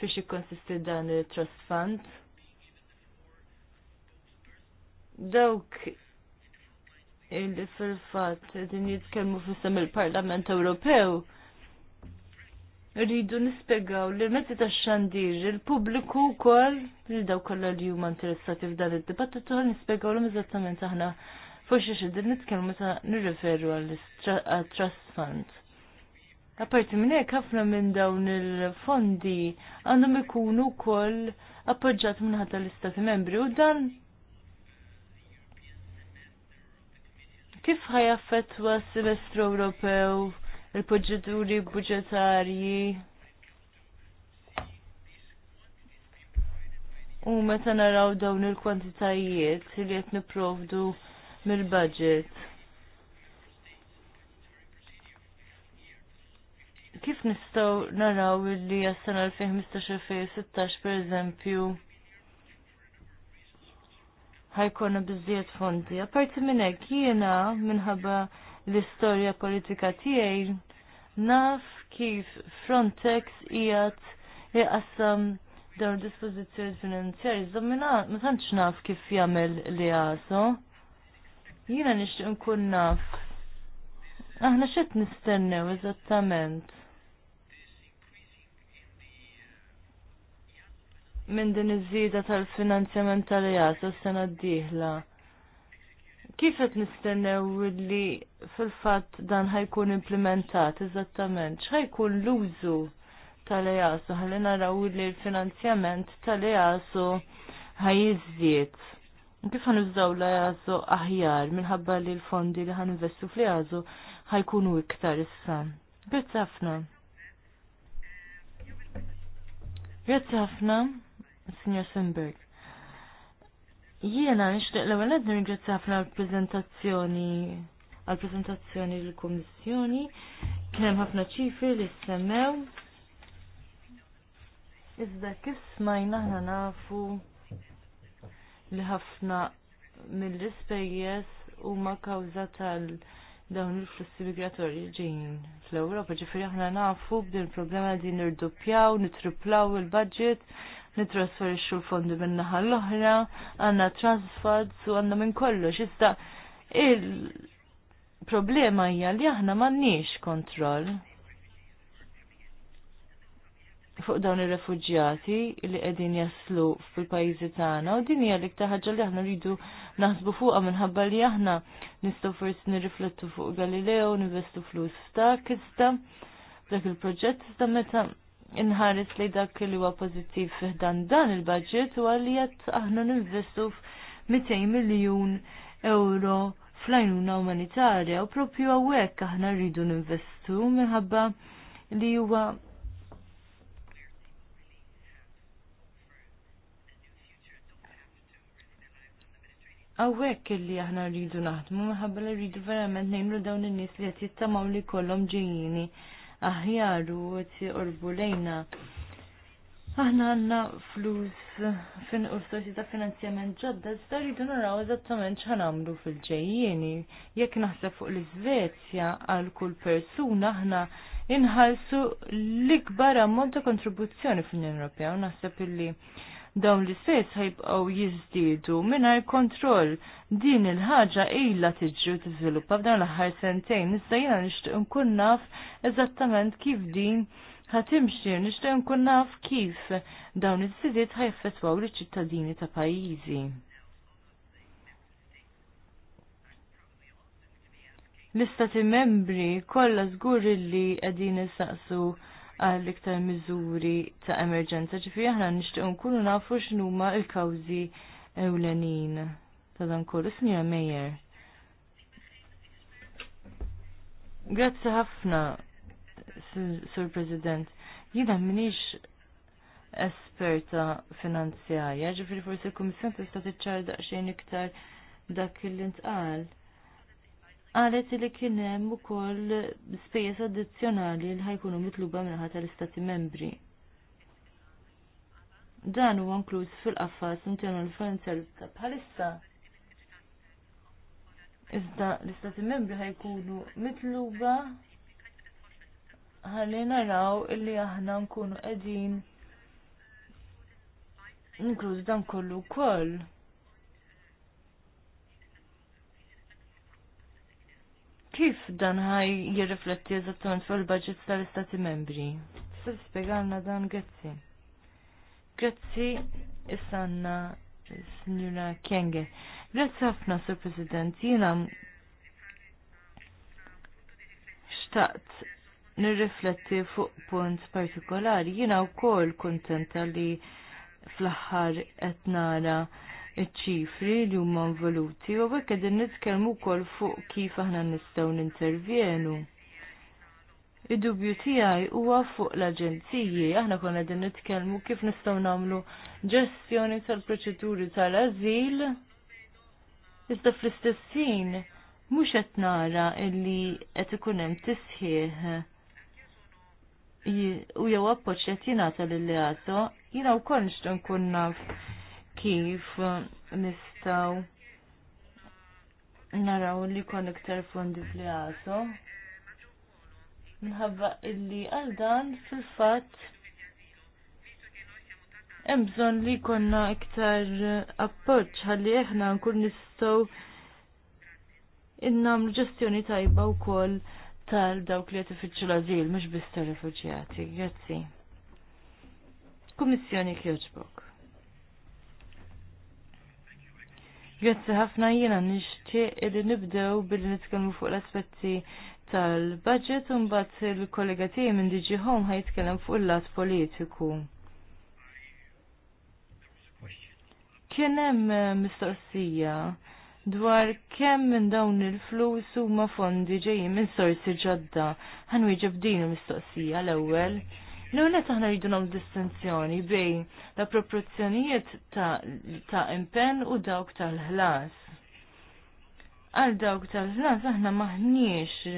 fiex ikkonsisti dan il-trust fund. Dawk illi fil-fat din jitkellmu fisem il-Parlament Ewropew rridu nispjegaw li mezzi ta' xandir il-pubbliku wkoll li daw kollha li huma interessati f'dan id-dibattitu ħan l eżattament aħna fuxi xi xidin nitkellmu meta nirriferu għall-trust fund. Apparti minn hekk ħafna minn dawn il-fondi għandhom ikunu wkoll appoġġat minn ħadd l-Istati Membri u dan kif ħajaffet s-semestru Ewropew il-proċeduri budġetarji. U meta naraw dawn il-kwantitajiet li qed niprovdu mill-budget. Kif nistgħu naraw li għas-sena 2015-2016 pereżempju ħajkonna bizziet fondi. Aparti minnek, jiena minħabba l-istorja politika tiegħi naf kif Frontex qiegħed jaqassam dawn dispożizzjoni finanzjarji, iżda ma tantx naf kif jagħmel li għasu. Jiena nixtieq nkun naf. Aħna x'qed nistennew eżattament. Minn din iż-żieda tal-finanzjament tal-jasa s-sena d-dieħla kif qed nistennew li fil-fatt dan ħajkun implementat eżattament? X'ħajkun l-użu tal-EASO ħalli naraw li l-finanzjament tal-EASO ħajjiżdied. Kif ħanużaw l-EASO aħjar minħabba li l-fondi li ħaninvestu fl-EASO ħajkunu iktar issa. Grazzi ħafna. Grazzi ħafna, Signor Simberg. Jiena nishtiq l-ewwel qed nirringrazzja ħafna għall-preżentazzjoni għall-preżentazzjoni lill-Kummissjoni. Kien hemm ħafna ċifri li semmew. Iżda kif smajna aħna nafu li ħafna mill-ispejjeż huma kawża tal- dawn il-flussi migratorji ġejjin fl-Ewropa, ġifieri aħna nafu b'din il-problema li nirduppjaw, nitriplaw il-budget nitrasferixxu l-fondi minn naħa l-oħra, għandna transfads u għandna minn kollox. iżda il-problema hija li aħna m'għandniex kontroll fuq dawn ir-refuġjati li qegħdin jaslu fil-pajjiżi tagħna u din hija l-iktar ħaġa li aħna rridu naħsbu fuqha minħabba li aħna nistgħu forsi nirriflettu fuq Galileo, nivestu flus f'dak iżda dak il-proġett iżda meta inħares li dak li huwa pozittiv fiħdan dan il-budget u għalli jett aħna ninvestu f'200 miljun euro fl-għajnuna umanitarja u propju għawek aħna rridu ninvestu minħabba li huwa Għawek li aħna rridu naħdmu, minħabba li rridu verament nejmlu dawn in-nies li qed jittamaw li kollom ġejjini aħjar u t-orbu lejna. Aħna għanna flus fin u soċi ta' finanzjament ġodda, zda rridu naraw eżattament ċanamlu fil ġejjeni Jekk naħseb fuq l-Svezja għal kull persuna aħna inħalsu l-ikbar ammont ta' kontribuzzjoni fl-Unjoni Ewropea u naħseb illi dawn l-istess ħajbqaw jizdidu mingħajr kontroll. Din il-ħaġa illa tiġġu u tiżviluppa f'dan l-aħħar sentejn, issa jiena nixtieq nkun naf eżattament kif din ħatimxi, nixtieq nkun naf kif dawn is-sidiet ħajfetwaw liċ-ċittadini ta' pajjiżi. l-istati membri kollha żgur li qegħdin saqsu għal iktar miżuri ta' emerġenza ġifiri aħna nixtieq nkunu nafu x'numa l-kawżi ewlenin ta' dan kollu. Ismija Mejer. Grazzi ħafna, Sur President. Jiena minix esperta finanzjarja, ġifiri forsi l-Kummissjoni tista' tiċċar daqsxejn iktar dak li ntqal qalet li kien hemm ukoll spejjeż addizzjonali li ħajkunu mitluba minħa tal-Istati Membri. Dan huwa għanklus fil-qafas l referenzjal bħalissa. Iżda l-Istati Membri ħajkunu mitluba ħalli naraw illi aħna nkunu qegħdin inkluż dan kollu wkoll. Kif dan ħaj jirrifletti eżattament fil-budget tal-Istati membri? Tista' tispjegana dan grazzi. Grazzi issa għandna Signora Kenge. Grazzi ħafna, Sur President. Jiena xtaqt nirrifletti fuq punt partikolari. Jiena wkoll kuntenta li fl-aħħar qed nara iċ-ċifri li huma involuti u hekk qegħdin nitkellmu wkoll fuq kif aħna nistgħu nintervjenu. Id-dubju tiegħi huwa fuq l-aġenziji, aħna konna qegħdin nitkellmu kif nistgħu nagħmlu ġestjoni tal-proċeduri tal-ażil. Iżda fl-istess ħin mhux qed nara illi qed ikun hemm tisħieħ u jew appoġġ qed jingħata lill-leato, jiena wkoll nixtieq nkun naf kif nistaw naraw li kon iktar fondi fli għaso Nħabba illi għal dan fil-fat Emżon li konna iktar appoċ għalli eħna nkun nistaw innam ġestjoni tajba u kol tal-dawk li jtifiċu l-azil, mux bista refugjati. Grazzi. Kommissjoni Kjoġbok. Grazzi ħafna jiena nixtieq li nibdew billi nitkellmu fuq l-aspetti tal-budget u mbagħad il-kollega tiegħi minn Diġi Home ħajtkellem fuq il-lat politiku. Kien hemm eh, mistoqsija dwar kemm minn dawn il-flus huma fondi ġejjin minn sorsi ġodda. Ħanwieġeb din il-mistoqsija l-ewwel. L-għuna taħna rridu nam distinzjoni bejn la proporzjonijiet ta' impen u dawk tal-ħlas. Għal dawk tal-ħlas aħna maħniex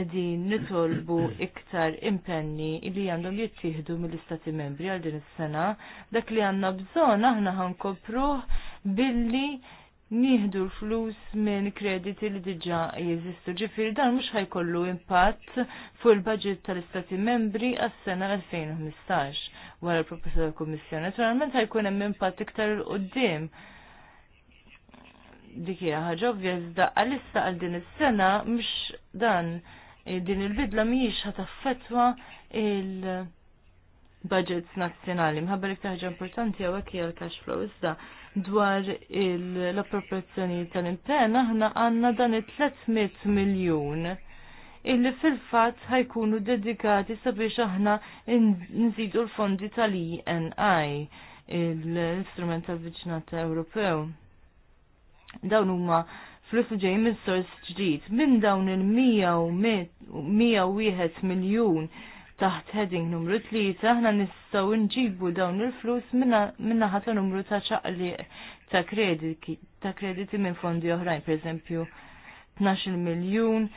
edin nitolbu iktar impenni li għandhom jittieħdu mill-istati membri għal din is-sena dak li għandna bżonn aħna ħankopruh billi nieħdu l-flus minn krediti li diġa jeżistu. Ġifiri dan mhux ħajkollu impatt fuq il-budget tal-Istati Membri għas-sena 2015 wara l-proposta tal-Kummissjoni. Naturalment ħajkun hemm impatt iktar il qudiem Dik hija ħaġa ovvja iżda għalissa għal din is-sena mhux dan din il-bidla mhijiex ħataffetwa il-, -il budgets nazzjonali. Mħabba li ktaħġa importanti għawek hija cash flow issa dwar l-appropriazzjoni tal-impen aħna għandna dan it-300 miljun illi fil fat ħajkunu dedikati sabiex aħna nżidu l-fondi tal-INI, l-Instrument tal-Viċinat Ewropew. Dawn huma flus ġej minn sors ġdid minn dawn il-101 miljun taħt heading numru 3 aħna nistgħu nġibu dawn il-flus minna ħata numru ta' ċaqli ta' krediti ta' krediti minn fondi oħrajn, pereżempju 12 miljun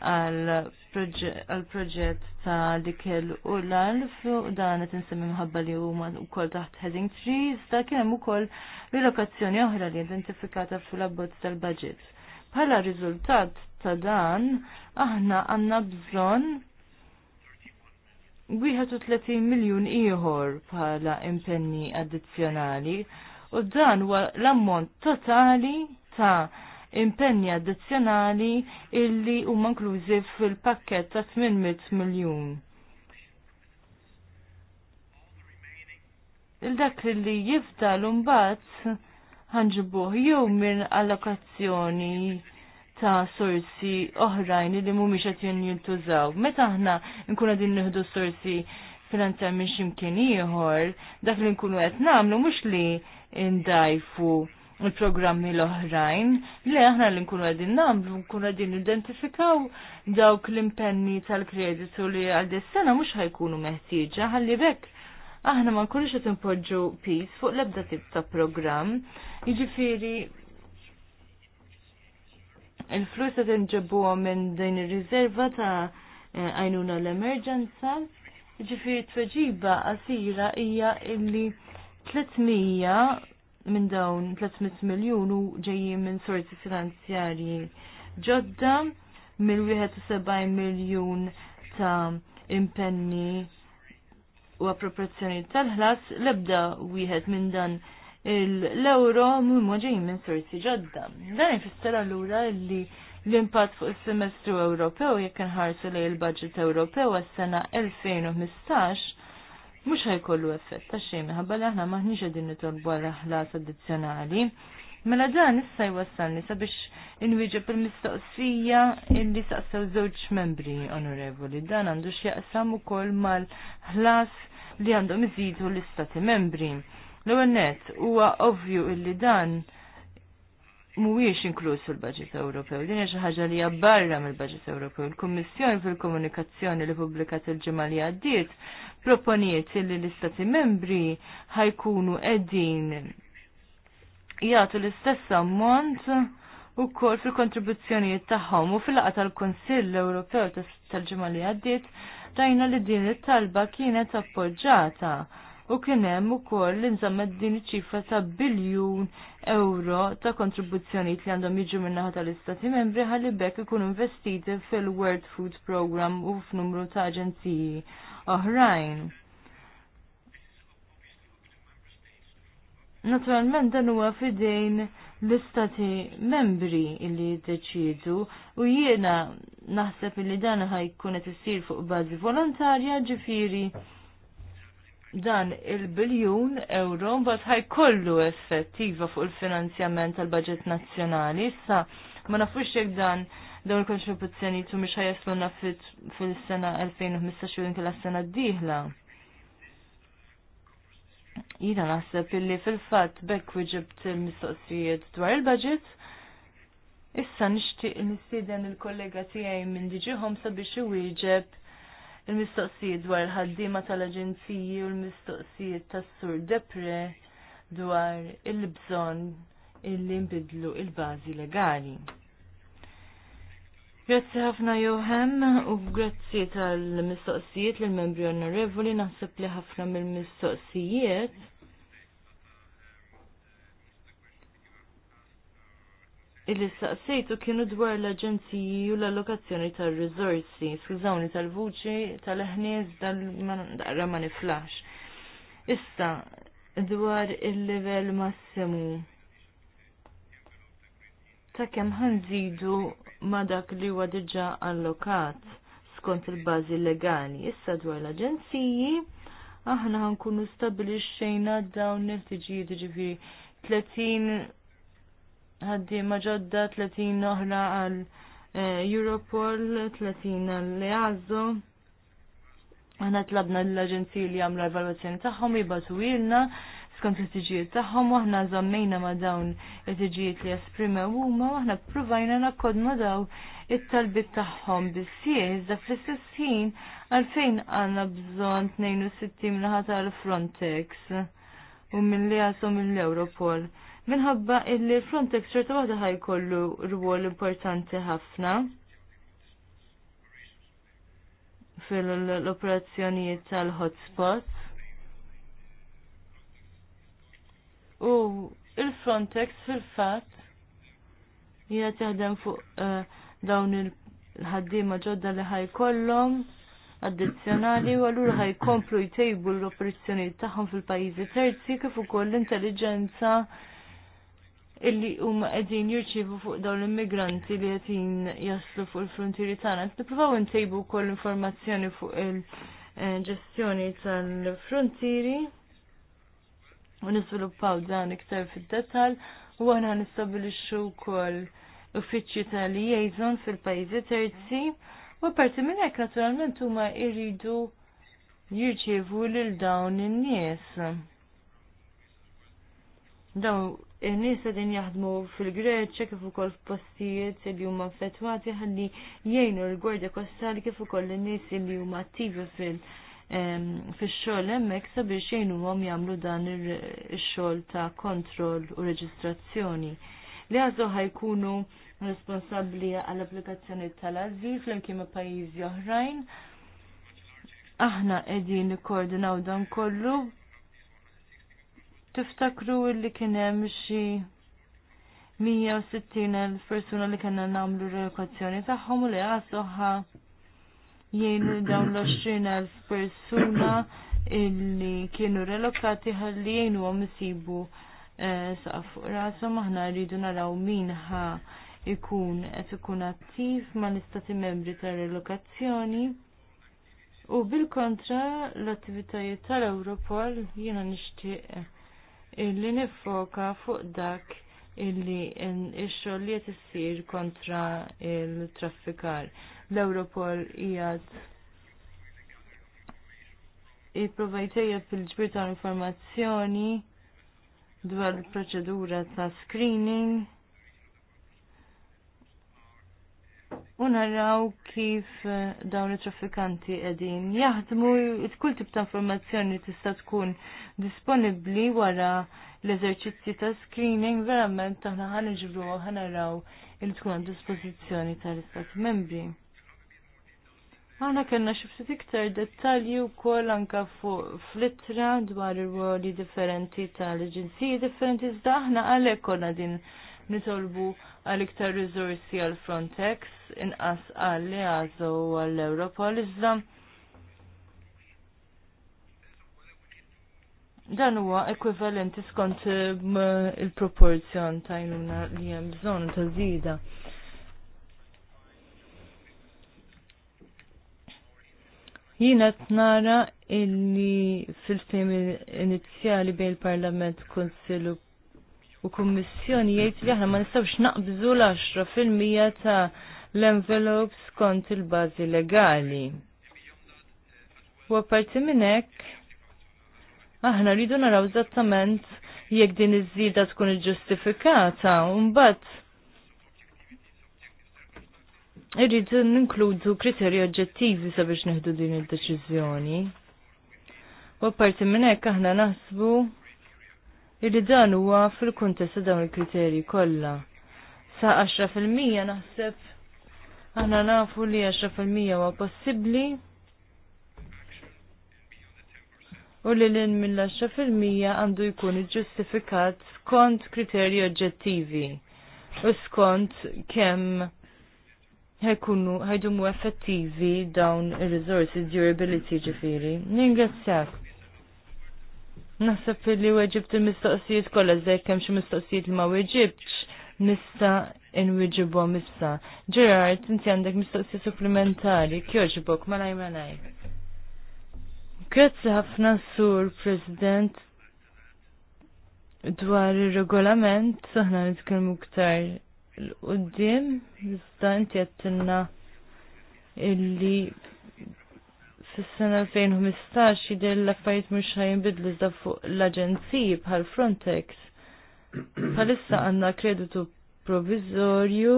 għal proġett ta' dikel u l-alf u dan qed insemmi mħabba li huma wkoll taħt heading trees ta' kien hemm ukoll rilokazzjoni oħra li identifikata fil-abbozz tal-budget. Bħala riżultat ta' dan aħna għandna bżonn 31 miljun ieħor bħala impenni addizzjonali u dan huwa l-ammont totali ta' impenni addizzjonali illi huma inklużi fil-pakket ta' 800 miljun. Il-dak li jifdal mbagħad ħanġibuh jew minn allokazzjoni ta' sorsi oħrajn li mhumiex qed jintużaw. Meta aħna nkun qegħdin nieħdu sorsi finanzja minn x'imkien ieħor, dak li nkunu qed nagħmlu mhux li ndajfu il-programmi l-oħrajn, li aħna li nkunu għadin namlu, nkunu għadin identifikaw dawk l-impenni tal-kreditu li għadis sena mux ħajkunu meħtieġa, ħalli bekk. Aħna ma nkunux qed impoġġu pis fuq l-ebda tip ta' programm, jiġifieri il-flus għet nġabu minn din ir-riserva ta' għajnuna l-emerġenza. Ġifieri tfeġiba qasira hija illi 300 minn dawn 300 miljun ġeji minn sorti finanzjarji ġodda mill-71 miljun ta' impenni u appropriazzjoni tal-ħlas lebda wieħed minn dan l-euro mummoġin minn sorsi ġodda. Dan l allura li l-impatt fuq is-semestru Ewropew jekk inħarsu lejn il-budget Ewropew għas-sena 2015 mhux ħajkollu effett ta' xejn minħabba li aħna maħniex qegħdin nitolbu għal ħlas addizzjonali. Mela dan issa jwassalni sabiex inwieġeb il-mistoqsija illi saqsew żewġ membri onorevoli. Dan għandu x'jaqsam ukoll mal-ħlas li għandhom iżidu l-istati membri l għonnet huwa ovvju illi dan mhuwiex inkluż fil-Baġit Ewropew. Din hija xi ħaġa li hija barra mill-Baġit Ewropew. Il-Kummissjoni fil-Komunikazzjoni li pubblikat il-ġimgħa li għaddiet proponiet li l-Istati membri ħajkunu qegħdin jagħtu l-istess ammont u kol fil-kontribuzzjonijiet tagħhom u fil laqgħa tal kunsill Ewropew tal-ġimgħa li għaddiet tajna li din it-talba kienet appoġġata u kien hemm ukoll li nżammet din iċ-ċifra ta' biljun euro ta' kontribuzzjonijiet li għandhom jiġu min-naħa tal-Istati Membri ħalli bekk ikunu investiti fil-World Food Program u f'numru ta' aġenziji oħrajn. Naturalment dan huwa fidejn l-istati membri illi deċidu u jiena naħseb illi dan ħajkun qed isir fuq bażi volontarja ġifiri dan il-biljun euro mbagħad ħajkollu effettiva fuq il-finanzjament tal-baġġett nazzjonali. Issa ma nafux jekk dan dawn il-kontribuzzjoni tu mhux ħajasluna fil-sena 2015 jew inkella sena d-dieħla. Jina naħseb illi fil-fatt bekk wieġibt il-mistoqsijiet dwar il-budget. Issa nixtieq nistieden il-kollega tiegħi minn diġihom sabiex iwieġeb il-mistoqsijiet dwar il-ħaddima tal-aġenziji u l-mistoqsijiet tas-sur depre dwar il-bżonn illi nbidlu il-bażi legali. Grazzi ħafna Johem u grazzi tal-mistoqsijiet lill membri onorevoli naħseb li ħafna mill-mistoqsijiet illi saqsejtu kienu dwar l-aġenziji u l-allokazzjoni tal-rizorsi, skużawni tal-vuċi, tal-ħnies, dal-ra ma niflax. Issa, dwar il-level massimu ta' kemm ħanżidu ma' dak li huwa diġà allokat skont il-bażi legali. Issa dwar l-aġenziji, aħna ħankunu stabilixxejna dawn il-tiġijiet 30 ħaddiema ġodda 30 oħra għal eh, Europol, 30 għal EASO. Aħna tlabna l-aġenziji li għamlu evalwazzjoni tagħhom jibatu ilna skont l tiġijiet tagħhom u aħna ma' dawn l tiġijiet li esprimew huma u aħna ppruvajna ma daw it-talbit tagħhom bis-sieħ fl-istess ħin għalfejn għandna bżonn 62 minnaħat għal Frontex u mill-li għasu mill-Europol minħabba illi Frontex ċerta waħda ħajkollu rwol importanti ħafna fil-operazzjonijiet tal hotspot U il-Frontex fil-fat hija teħdem fuq eh, dawn il-ħaddiema ġodda li ħajkollhom addizzjonali u ħaj ħajkomplu jtejbu l-operazzjonijiet tagħhom fil-pajjiżi terzi kif ukoll l-intelligenza illi huma qegħdin jirċievu fuq dawn l-immigranti li qed jaslu fuq il-frontieri tagħna. Nippruvaw intejbu wkoll informazzjoni fuq il-ġestjoni tal-frontieri u nisviluppaw dan iktar fid-dettall u aħna nistabilixxu wkoll uffiċċju tal-liaison fil-pajjiżi terzi u parti minn hekk naturalment huma jridu jirċievu lil dawn in-nies Dawn in-nies qegħdin jaħdmu fil-Greċja kif ukoll f'postijiet li huma affettwati ħalli jgħinu l-gwardja kostali kif ukoll in-nies li huma attivi fil- fix-xogħol hemmhekk sabiex għom jagħmlu dan ix-xogħol ta' kontroll u reġistrazzjoni. Li għażu ħajkunu responsabbli għall-applikazzjoni tal-azil flimkien ma' pajjiżi oħrajn. Aħna qegħdin nikkoordinaw dan kollu tiftakru li kien hemm xi 160.000 persuna li kena namlu relokazzjoni tagħhom u li għasoħħa jgħinu dawn l-20.000 persuna illi kienu relokati ħalli jgħinu għom jisibu eh, saqaf rasom aħna rridu naraw min ħa ikun qed ikun attiv ma l-istati membri ta' relokazzjoni u bil-kontra l-attivitajiet tal-Europol jiena nixtieq illi nifoka fuq dak illi ix-xogħol li qed issir kontra il-traffikar. L-Europol qiegħed jipprovajtejja fil-ġbir ta' informazzjoni dwar il-proċedura ta' screening u naraw kif eh, dawn it-traffikanti qegħdin jaħdmu kull tip ta' informazzjoni tista' tkun disponibbli wara l-eżerċizzji ta' screening verament aħna ħan iġbru ħan naraw il tkun għad dispożizzjoni tal-istat membri. Aħna kellna xi ftit iktar dettalji wkoll anke fuq flittra dwar ir-ruoli differenti tal-aġenziji differenti iżda aħna għalhekk din nitolbu għal iktar rizorsi għal Frontex, inqas għal għazo għal Europol, iżda dan huwa ekwivalenti skont il-proporzjon ta' jnuna li hemm bżonn ta' żida. t nara illi fil fem inizjali bejn il-Parlament Konsilu u kummissjoni jgħid li aħna ma nistgħux naqbżu l-10 fil-mija ta' l-envelopes kont il-bażi legali. U apparti minn hekk aħna rridu naraw eżattament jekk din iż-żieda tkun iġġustifikata u mbagħad irridu ninkludu kriterji oġġettivi sabiex neħdu din il-deċiżjoni. U apparti minn hekk aħna naħsbu illi dan huwa fil-kuntest dawn il-kriterji kollha. Sa 10% naħseb aħna nafu li 10% huwa possibbli u li l-in mill-10% għandu jkun iġġustifikat skont kriterji oġġettivi u skont kemm ħajkunu ħajdumu effettivi dawn il-resources durability ġifiri. Ningrazzjak. Naħseb li weġibt il-mistoqsijiet kollha żejk hemm xi mistoqsijiet li ma weġibx nista' inwiġibhom issa. Gerard, inti għandek mistoqsija supplementari, kjoġbok, ma laj ma laj. Grazzi ħafna sur President dwar ir-regolament, aħna nitkellmu ktar l-qudiem, iżda inti għattinna illi fis-sena 2015 jidher l-affarijiet mhux ħajinbidlu iżda fuq l-aġenziji bħal Frontex. Bħalissa għandna kreditu provizorju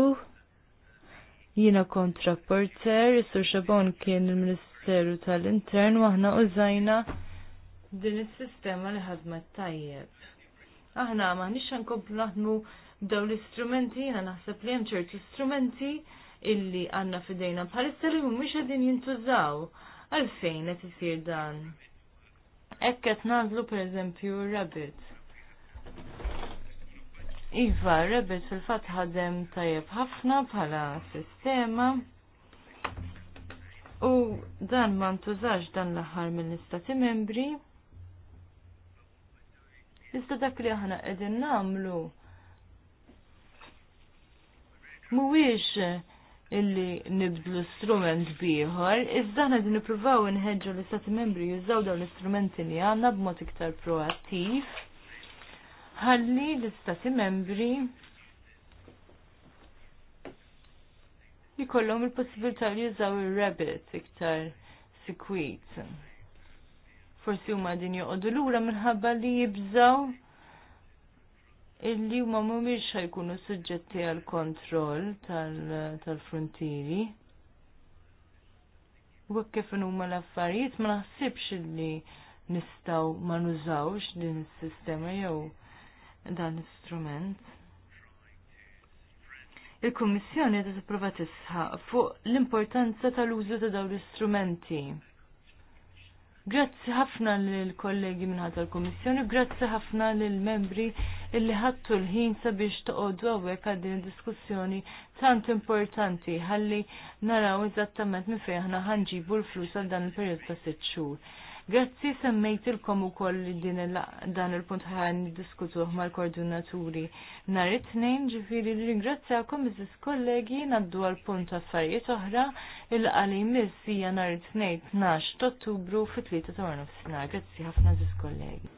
jiena kontra porter, sur Xabon kien il-Ministeru tal-Intern u aħna użajna din is-sistema li ħadma tajjeb. Aħna maħniex ħankomplu naħdmu b'daw l-istrumenti, jiena naħseb li hemm ċertu strumenti illi għandna fidejna bħalissa li mhumiex qegħdin jintużaw għalfejn qed isir dan. Hekk qed nagħżlu pereżempju rabbit. Iva, rabbit fil-fatt ħadem tajjeb ħafna bħala sistema. U dan ma ntużax dan l-aħħar mill-Istati Membri. Iżda dak li aħna qegħdin nagħmlu mhuwiex illi nibdlu strument bieħor, iżda ħna din nippruvaw inħeġġu l-istati membri jużaw dawn l-istrumenti li għandna b'mod iktar proattiv. Ħalli l-istati membri jikollhom il-possibilità li jużaw ir-rabbit iktar sikwit. Forsi huma din joqogħdu lura minħabba li jibżaw illi huma mhumiex ħajkunu suġġetti għal kontroll tal-frontieri. U kif huma l-affarijiet ma naħsibx illi nistgħu ma nużawx din is-sistema jew dan l-istrument. Il-Kummissjoni qed tipprova tisħaq fuq l-importanza tal-użu ta' dawn l-istrumenti. Grazzi ħafna l-kollegi minn ħadd l-Kummissjoni, grazzi ħafna l-membri illi ħattu l-ħin sabiex toqgħodu hawnhekk għal din diskussjoni tant importanti ħalli naraw eżattament minn fejn aħna ħanġibu l-flus għal dan il periodu ta' sitt xhur. Grazzi semmejtilkom ukoll li din dan il-punt ħan diskutuh mal-koordinaturi. Nhar it-tnejn ġifieri li ringrazzjakom iżis kollegi naddu għal punt affarijiet oħra il-qali miss hija nhar it-tnejn 12 Ottubru fit-3 ta' nofsinhar. Grazzi ħafna iżis kollegi.